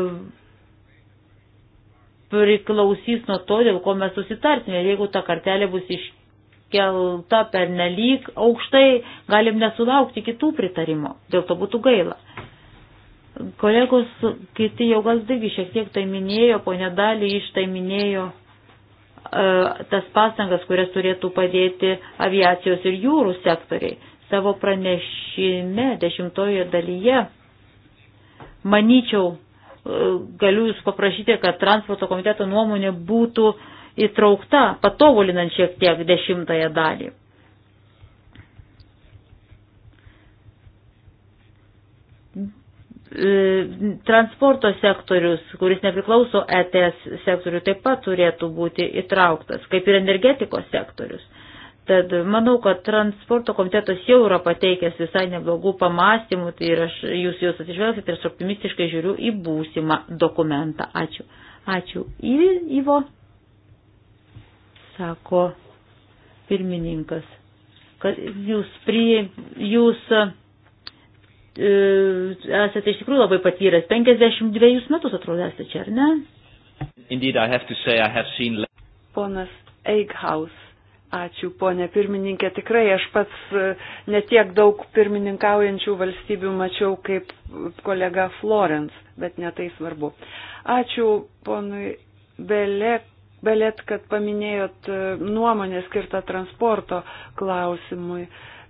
priklausys nuo to, dėl ko mes susitarsime. Jeigu ta kartelė bus iškelta per nelik aukštai, galim nesulaukti kitų pritarimo. Dėl to būtų gaila. Kolegos kiti jau gal irgi šiek tiek tai minėjo, ponė dalį iš tai minėjo E, tas pastangas, kurias turėtų padėti aviacijos ir jūrų sektoriai. Savo pranešime dešimtojo dalyje, manyčiau, e, galiu Jūs paprašyti, kad transporto komiteto nuomonė būtų įtraukta, patobulinant šiek tiek dešimtąją dalį. E, transporto sektorius, kuris nepriklauso ETS sektoriu, taip pat turėtų būti įtrauktas, kaip ir energetikos sektorius. Tad manau, kad transporto komitetas jau yra pateikęs visai neblogų pamastymų, tai ir aš jūs juos atsižvelgsite ir aš optimistiškai žiūriu į būsimą dokumentą. Ačiū. Ačiū. Įvo, sako pirmininkas, kad jūs prie, jūs E, esate iš tikrųjų labai patyręs. 52 metus atrodo esate čia, ar ne? Indeed, I have to say, I have seen... Ponas Eighaus. Ačiū, ponė pirmininkė. Tikrai aš pats e, netiek daug pirmininkaujančių valstybių mačiau kaip kolega Florence, bet netai svarbu. Ačiū ponui Belek Belėt, kad paminėjot e, nuomonę skirtą transporto klausimui.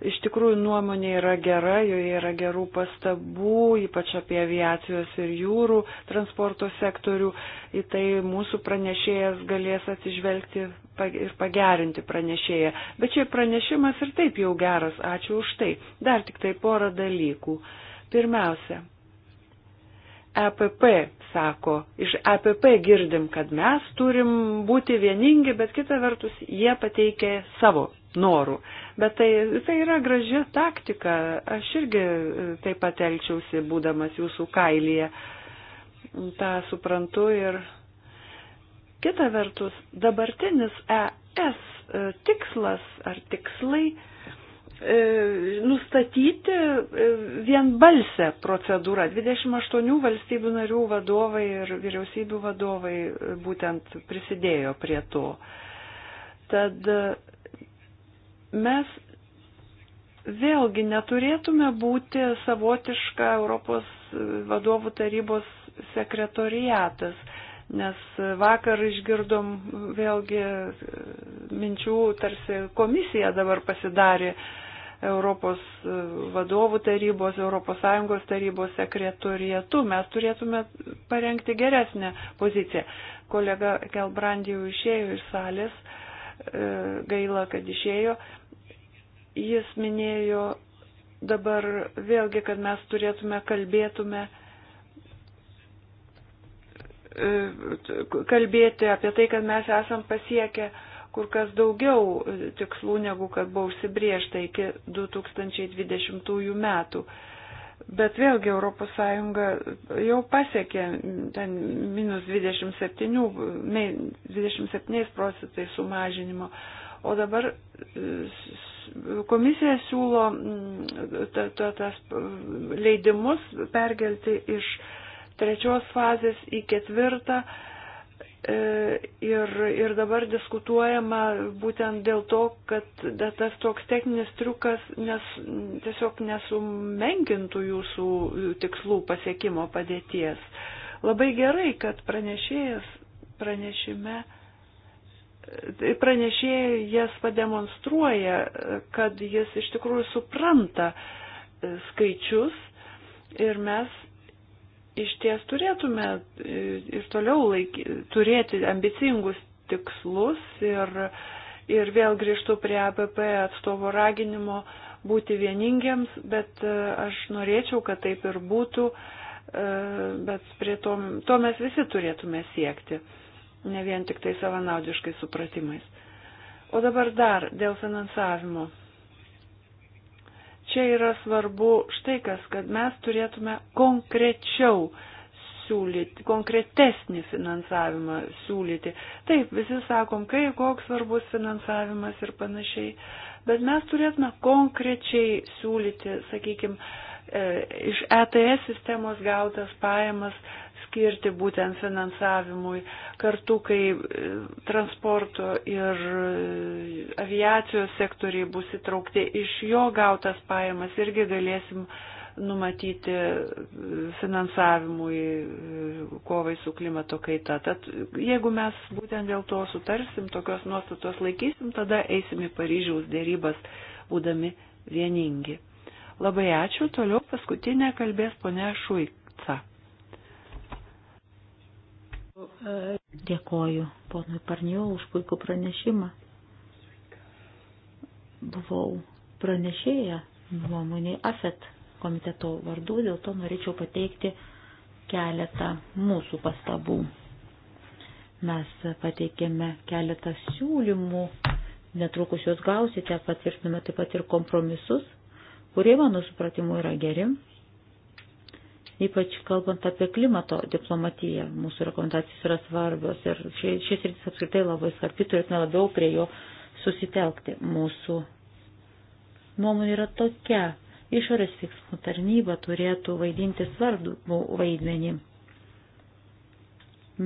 Iš tikrųjų nuomonė yra gera, joje yra gerų pastabų, ypač apie aviacijos ir jūrų transporto sektorių. Į tai mūsų pranešėjas galės atsižvelgti ir pagerinti pranešėją. Bet čia pranešimas ir taip jau geras, ačiū už tai. Dar tik tai porą dalykų. Pirmiausia, EPP sako, iš EPP girdim, kad mes turim būti vieningi, bet kita vertus jie pateikė savo norų. Bet tai, tai yra graži taktika. Aš irgi e, taip pat elčiausi, būdamas jūsų kailyje. Ta suprantu ir kita vertus, dabartinis ES e, tikslas ar tikslai e, nustatyti vienbalsę procedūrą. 28 valstybių narių vadovai ir vyriausybių vadovai būtent prisidėjo prie to. Tad mes vėlgi neturėtume būti savotiška Europos vadovų tarybos sekretoriatas, nes vakar išgirdom vėlgi minčių, tarsi komisija dabar pasidarė Europos vadovų tarybos, ES tarybos sekretorietu. Mes turėtume parengti geresnę poziciją. Kolega Kelbrandijų išėjo iš salės, e, gaila, kad išėjo jis minėjo dabar vėlgi, kad mes turėtume kalbėtume e, kalbėti apie tai, kad mes esam pasiekę kur kas daugiau tikslų, negu kad buvo užsibriežta iki 2020 metų. Bet vėlgi ES jau pasiekė ten minus 27, 27 procentai sumažinimo. O dabar komisija siūlo mm, tas mm, leidimus perkelti iš trečios fazės į ketvirtą e, ir, ir dabar diskutuojama būtent dėl to, kad tas toks techninis triukas nes, tiesiog nesumenkintų jūsų tikslų pasiekimo padėties. Labai gerai, kad pranešėjas pranešime pranešėjas pademonstruoja, kad jis iš tikrųjų supranta e, skaičius ir mes iš ties turėtume e, ir toliau laiky, turėti ambicingus tikslus ir, ir vėl grįžtu prie APP atstovo raginimo būti vieningiams, bet e, aš norėčiau, kad taip ir būtų, bet prie to, to mes visi turėtume siekti ne vien tik tai savanaudiškai supratimais. O dabar dar dėl finansavimo. Čia yra svarbu štai kas, kad mes turėtume konkrečiau siūlyti, konkretesnį finansavimą siūlyti. Taip, visi sakom, kai koks svarbus finansavimas ir panašiai, bet mes turėtume konkrečiai siūlyti, sakykime, iš ETS sistemos gautas pajamas skirti būtent finansavimui, kartu kai e, transporto ir e, aviacijos sektoriai bus įtraukti, iš jo gautas pajamas irgi galėsim numatyti e, finansavimui kovai su klimato kaita. Tad jeigu mes būtent dėl to sutarsim, tokios nuostatos laikysim, tada eisim į Paryžiaus dėrybas, būdami vieningi. Labai ačiū, toliau paskutinė kalbės ponia Šuik. Dėkoju ponui Parnio už puikų pranešimą. Buvau pranešėję nuomonį AFET komiteto vardu, dėl to norėčiau pateikti keletą mūsų pastabų. Mes pateikėme keletą siūlymų, netrukus juos gausite, patvirtiname taip pat ir kompromisus, kurie mano supratimu yra geri ypač kalbant apie klimato diplomatiją. Mūsų rekomendacijos yra svarbios ir šis rytis apskritai labai svarbi, turėtume labiau prie jo susitelkti. Mūsų nuomonė yra tokia. Išorės veiksmų tarnyba turėtų vaidinti svarbų vaidmenį.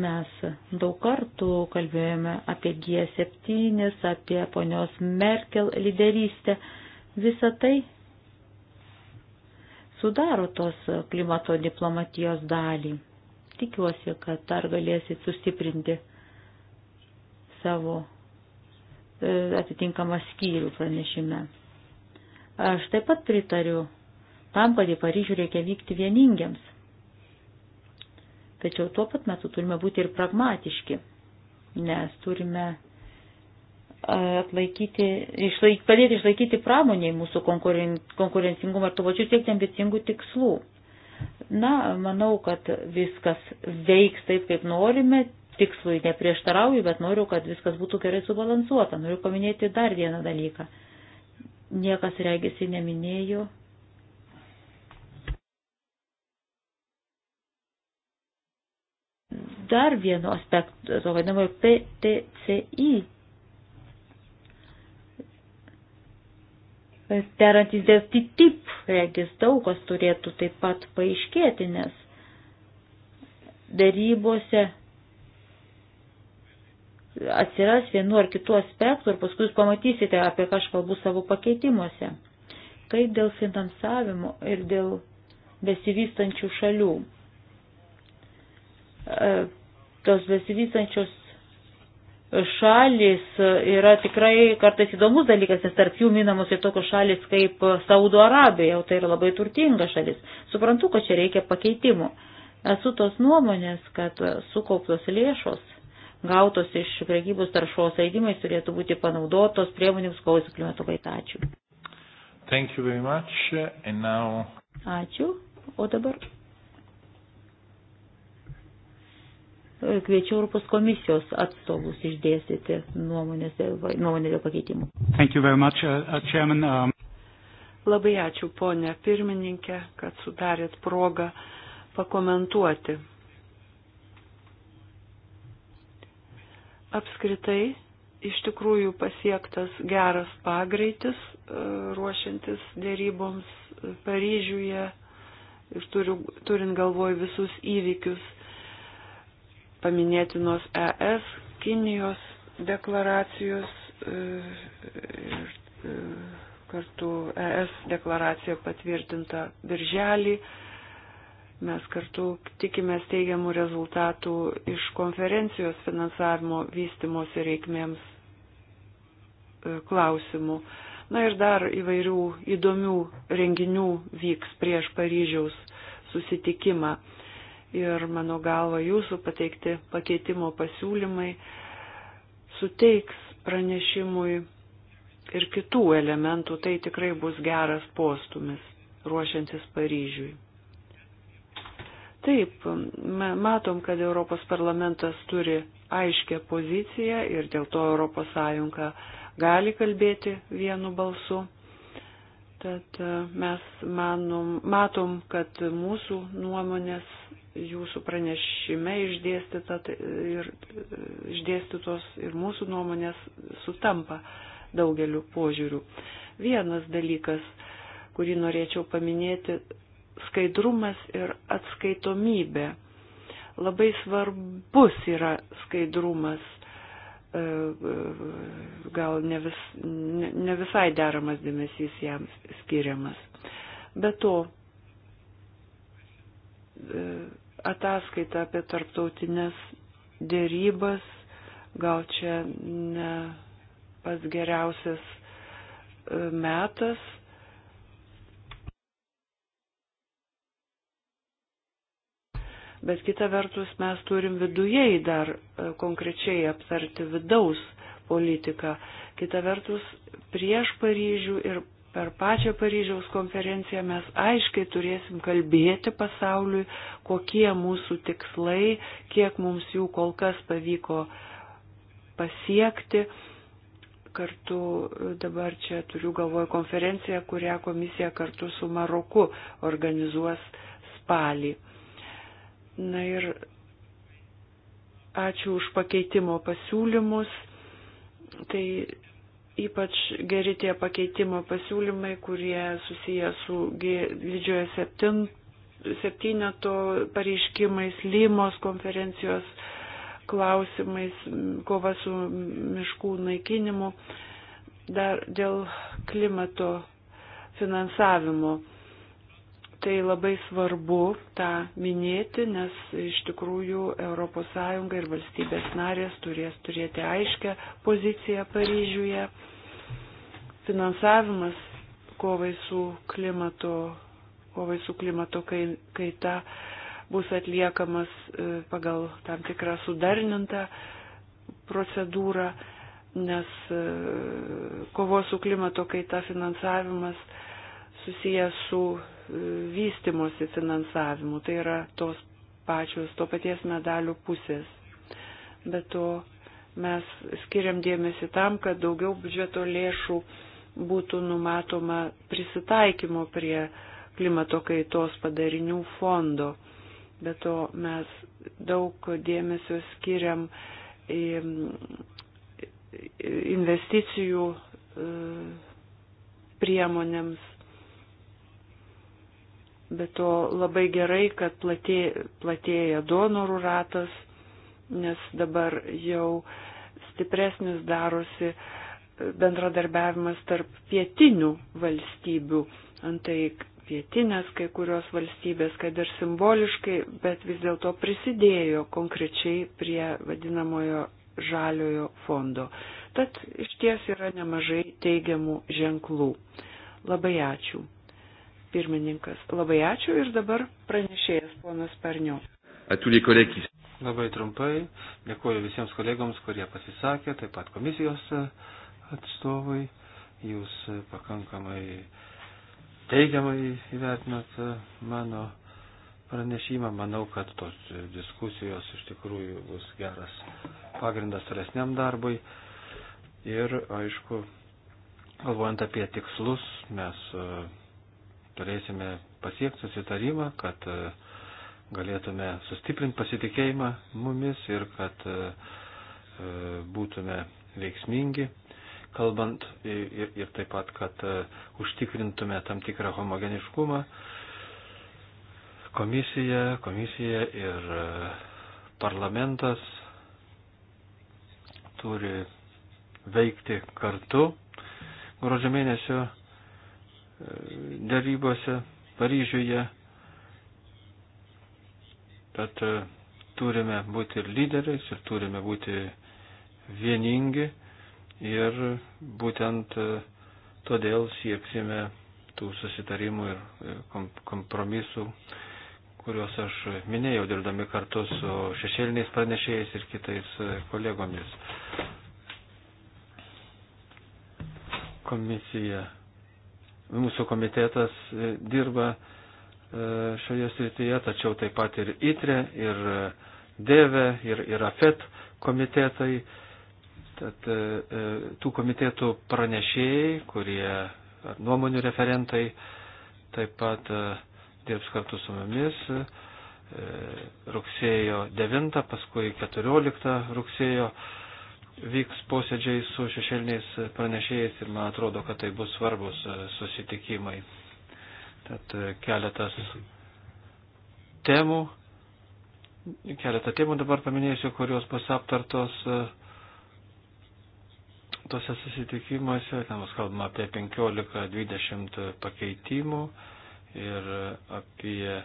Mes daug kartų kalbėjome apie G7, apie ponios Merkel lyderystę. Visą tai sudaro tos klimato diplomatijos dalį. Tikiuosi, kad dar galėsit sustiprinti savo e, atitinkamą skyrių pranešime. Aš taip pat pritariu tam, kad į Paryžių reikia vykti vieningiams. Tačiau tuo pat metu turime būti ir pragmatiški, nes turime atlaikyti, išlaik, padėti išlaikyti pramoniai mūsų konkuren, konkurencingumą ir tuo pačiu siekti ambicingų tikslų. Na, manau, kad viskas veiks taip, kaip norime, tikslui neprieštarauju, bet noriu, kad viskas būtų gerai subalansuota. Noriu paminėti dar vieną dalyką. Niekas regisi neminėjo. Dar vieno aspekto, vadinamojo PTCI Terantis dėl TTIP, regis daugas turėtų taip pat paaiškėti, nes darybose atsiras vienu ar kitu aspektu ir paskui jūs pamatysite, apie ką aš kalbu savo pakeitimuose. Kaip dėl finansavimo ir dėl besivystančių šalių. E, tos besivystančios šalis yra tikrai kartais įdomus dalykas, nes tarp jų minamos ir tokios šalis kaip Saudo Arabija, o tai yra labai turtinga šalis. Suprantu, kad čia reikia pakeitimų. Esu tos nuomonės, kad sukauptos lėšos gautos iš prekybos taršos leidimais turėtų būti panaudotos priemonėms kovai su klimato kaita. Ačiū. Now... Ačiū. O dabar kviečiu Europos komisijos atstovus išdėstyti nuomonę dėl pakeitimų. Much, uh, uh, chairman, um... Labai ačiū, ponė pirmininkė, kad sudarėt progą pakomentuoti. Apskritai, iš tikrųjų pasiektas geras pagreitis uh, ruošiantis dėryboms uh, Paryžiuje ir turiu, turint galvoj visus įvykius paminėtinos ES, Kinijos deklaracijos e, ir e, kartu ES deklaracija patvirtinta birželį. Mes kartu tikimės teigiamų rezultatų iš konferencijos finansavimo vystimosi reikmėms e, klausimų. Na ir dar įvairių įdomių renginių vyks prieš Paryžiaus susitikimą ir mano galva jūsų pateikti pakeitimo pasiūlymai suteiks pranešimui ir kitų elementų, tai tikrai bus geras postumis ruošiantis Paryžiui. Taip, matom, kad Europos parlamentas turi aiškę poziciją ir dėl to Europos Sąjunga gali kalbėti vienu balsu. Tad e, mes manom, matom, kad mūsų nuomonės jūsų pranešime išdėstyta tai ir, e, išdėstytos ir mūsų nuomonės sutampa daugeliu požiūrių. Vienas dalykas, kurį norėčiau paminėti, skaidrumas ir atskaitomybė. Labai svarbus yra skaidrumas, e, e, gal ne, vis, ne, ne visai deramas dėmesys jam skiriamas. Be to, E, ataskaitą apie tarptautinės dėrybas, gal čia ne pas geriausias e, metas. Bet kita vertus mes turim viduje dar e, konkrečiai aptarti vidaus politiką. Kita vertus prieš Paryžių ir per pačią Paryžiaus konferenciją mes aiškiai turėsim kalbėti pasauliui, kokie mūsų tikslai, kiek mums jų kol kas pavyko pasiekti. Kartu dabar čia turiu galvoj konferenciją, kurią komisija kartu su Maroku organizuos spalį. Na ir ačiū už pakeitimo pasiūlymus. Tai Ypač geri tie pakeitimo pasiūlymai, kurie susiję su didžiojo septinto septyneto pareiškimais, Lymos konferencijos klausimais, kova su miškų naikinimu, dar dėl klimato finansavimo tai labai svarbu tą minėti, nes iš tikrųjų ES ir valstybės narės turės turėti aiškę poziciją Paryžiuje. Finansavimas kovai su klimato, kovai su klimato kaita bus atliekamas e, pagal tam tikrą sudarnintą procedūrą, nes e, kovos su klimato kaita finansavimas susijęs su vystimosi finansavimu. Tai yra tos pačios, to paties medalio pusės. Be to mes skiriam dėmesį tam, kad daugiau biudžeto lėšų būtų numatoma prisitaikymo prie klimato kaitos padarinių fondo. Be to mes daug dėmesio skiriam investicijų e, priemonėms Bet to labai gerai, kad platėja, platėja donorų ratas, nes dabar jau stipresnis darosi bendradarbiavimas tarp pietinių valstybių. Antai pietinės kai kurios valstybės, kad ir simboliškai, bet vis dėlto prisidėjo konkrečiai prie vadinamojo žaliojo fondo. Tad iš ties yra nemažai teigiamų ženklų. Labai ačiū. Pirmininkas, labai ačiū ir dabar pranešėjas ponas Parniu. Labai trumpai, dėkuoju visiems kolegoms, kurie pasisakė, taip pat komisijos atstovai. Jūs pakankamai teigiamai įvertinat mano pranešimą. Manau, kad tos diskusijos iš tikrųjų bus geras pagrindas tolesniam darbui. Ir, aišku, galvojant apie tikslus, mes turėsime pasiekti susitarimą, kad e, galėtume sustiprinti pasitikėjimą mumis ir kad e, e, būtume veiksmingi, kalbant ir, ir taip pat, kad užtikrintume tam tikrą homogeniškumą. Komisija, komisija ir parlamentas turi veikti kartu gruodžio mėnesio darybose Paryžiuje. Tad e, turime būti ir lyderiais, ir turime būti vieningi. Ir būtent e, todėl sieksime tų susitarimų ir e, kompromisų, kuriuos aš minėjau, dirbdami kartu su šešėliniais pranešėjais ir kitais kolegomis. Komisija mūsų komitetas e, dirba e, šioje srityje, tačiau taip pat ir ITRE, ir e, DEVE, ir, ir AFET komitetai. Tad tų komitetų pranešėjai, kurie ar nuomonių referentai taip pat dirbs kartu su mumis rugsėjo 9, paskui 14 rugsėjo vyks posėdžiai su šešėliniais pranešėjais ir man atrodo, kad tai bus svarbus e, susitikimai. Tad e, keletas temų, keletą temų dabar paminėsiu, kurios bus aptartos e, tose susitikimuose. Ten bus kalbama apie 15-20 pakeitimų ir apie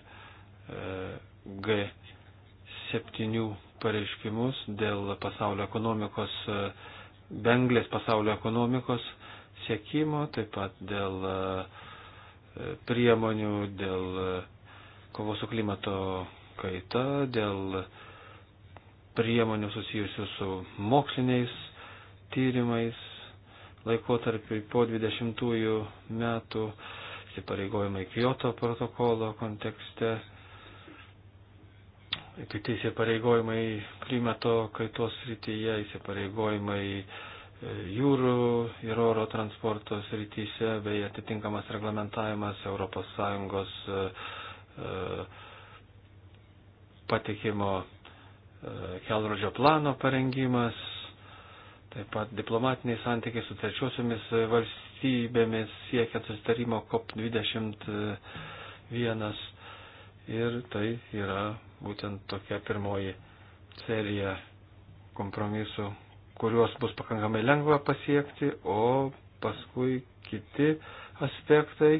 G7 pareiškimus dėl pasaulio ekonomikos, e, benglės pasaulio ekonomikos siekimo, taip pat dėl e, priemonių, dėl e, kovos su klimato kaita, dėl priemonių susijusių su moksliniais tyrimais laikotarpiai po 20 metų, įsipareigojimai Kyoto protokolo kontekste kiti įsipareigojimai klimato kaitos srityje, įsipareigojimai e, jūrų ir oro transporto srityse, bei atitinkamas reglamentavimas ES e, e, patikimo kelrodžio plano parengimas, taip pat diplomatiniai santykiai su trečiosiomis valstybėmis siekiant sustarimo COP21 ir tai yra būtent tokia pirmoji serija kompromisų, kuriuos bus pakankamai lengva pasiekti, o paskui kiti aspektai,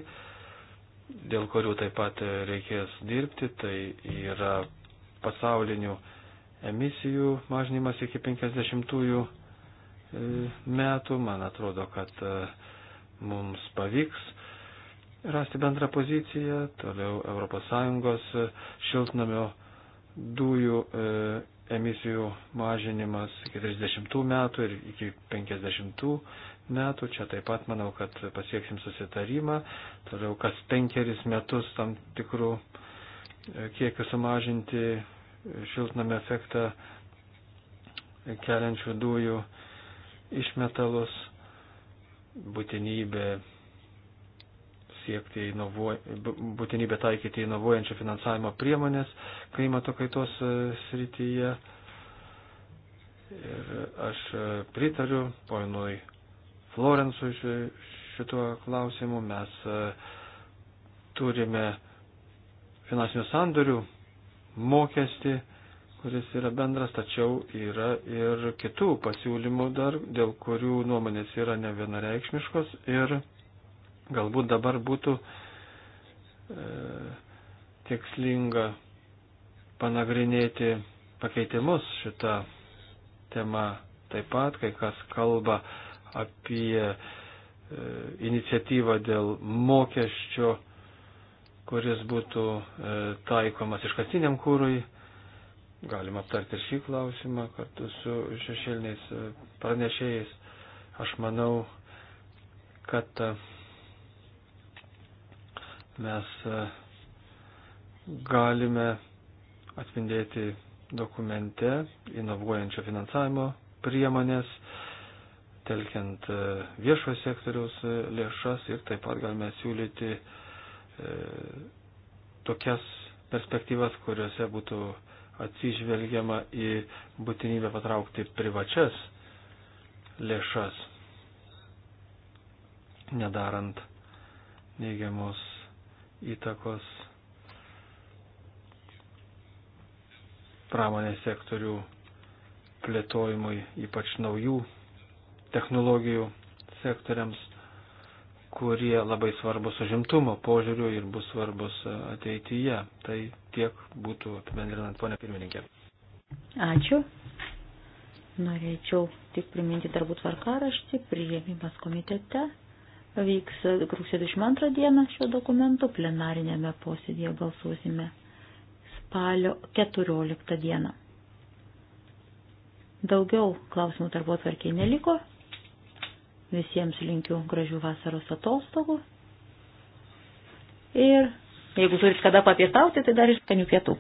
dėl kurių taip pat reikės dirbti, tai yra pasaulinių emisijų mažinimas iki 50-ųjų e, metų. Man atrodo, kad e, mums pavyks rasti bendrą poziciją, toliau ES šiltnamio dujų e, emisijų mažinimas iki 30 metų ir iki 50 metų. Čia taip pat manau, kad pasieksim susitarimą. Toliau kas penkeris metus tam tikrų e, kiekių sumažinti šiltnamio efektą keliančių dujų išmetalus būtinybė siekti inovuo, būtinybę taikyti inovuojančio finansavimo priemonės klimato kaitos e, srityje. Ir aš e, pritariu ponui Florensui šituo klausimu. Mes e, turime finansinių sandorių mokestį, kuris yra bendras, tačiau yra ir kitų pasiūlymų dar, dėl kurių nuomonės yra nevienareikšmiškos ir Galbūt dabar būtų e, tikslinga panagrinėti pakeitimus šitą temą taip pat, kai kas kalba apie e, iniciatyvą dėl mokesčio, kuris būtų e, taikomas iškastiniam kūrui. Galima aptarti ir šį klausimą kartu su šešėliniais e, pranešėjais. Aš manau, kad e, mes e, galime atspindėti dokumente inovuojančio finansavimo priemonės, telkiant e, viešo sektoriaus e, lėšas ir taip pat galime siūlyti e, tokias perspektyvas, kuriuose būtų atsižvelgiama į būtinybę patraukti privačias lėšas, nedarant neigiamos įtakos pramonės sektorių plėtojimui, ypač naujų technologijų sektoriams, kurie labai svarbus užimtumo požiūriu ir bus svarbus ateityje. Tai tiek būtų apibendrinant, ponė pirmininkė. Ačiū. Norėčiau tik priminti darbų tvarkaraštį, priėmimas komitete vyks rugsėjo 22 dieną šio dokumento, plenarinėme posėdėje balsuosime spalio 14 dieną. Daugiau klausimų darbo tvarkiai neliko. Visiems linkiu gražių vasaros atostogų. Ir jeigu turit kada papietauti, tai dar iš kanių pietų.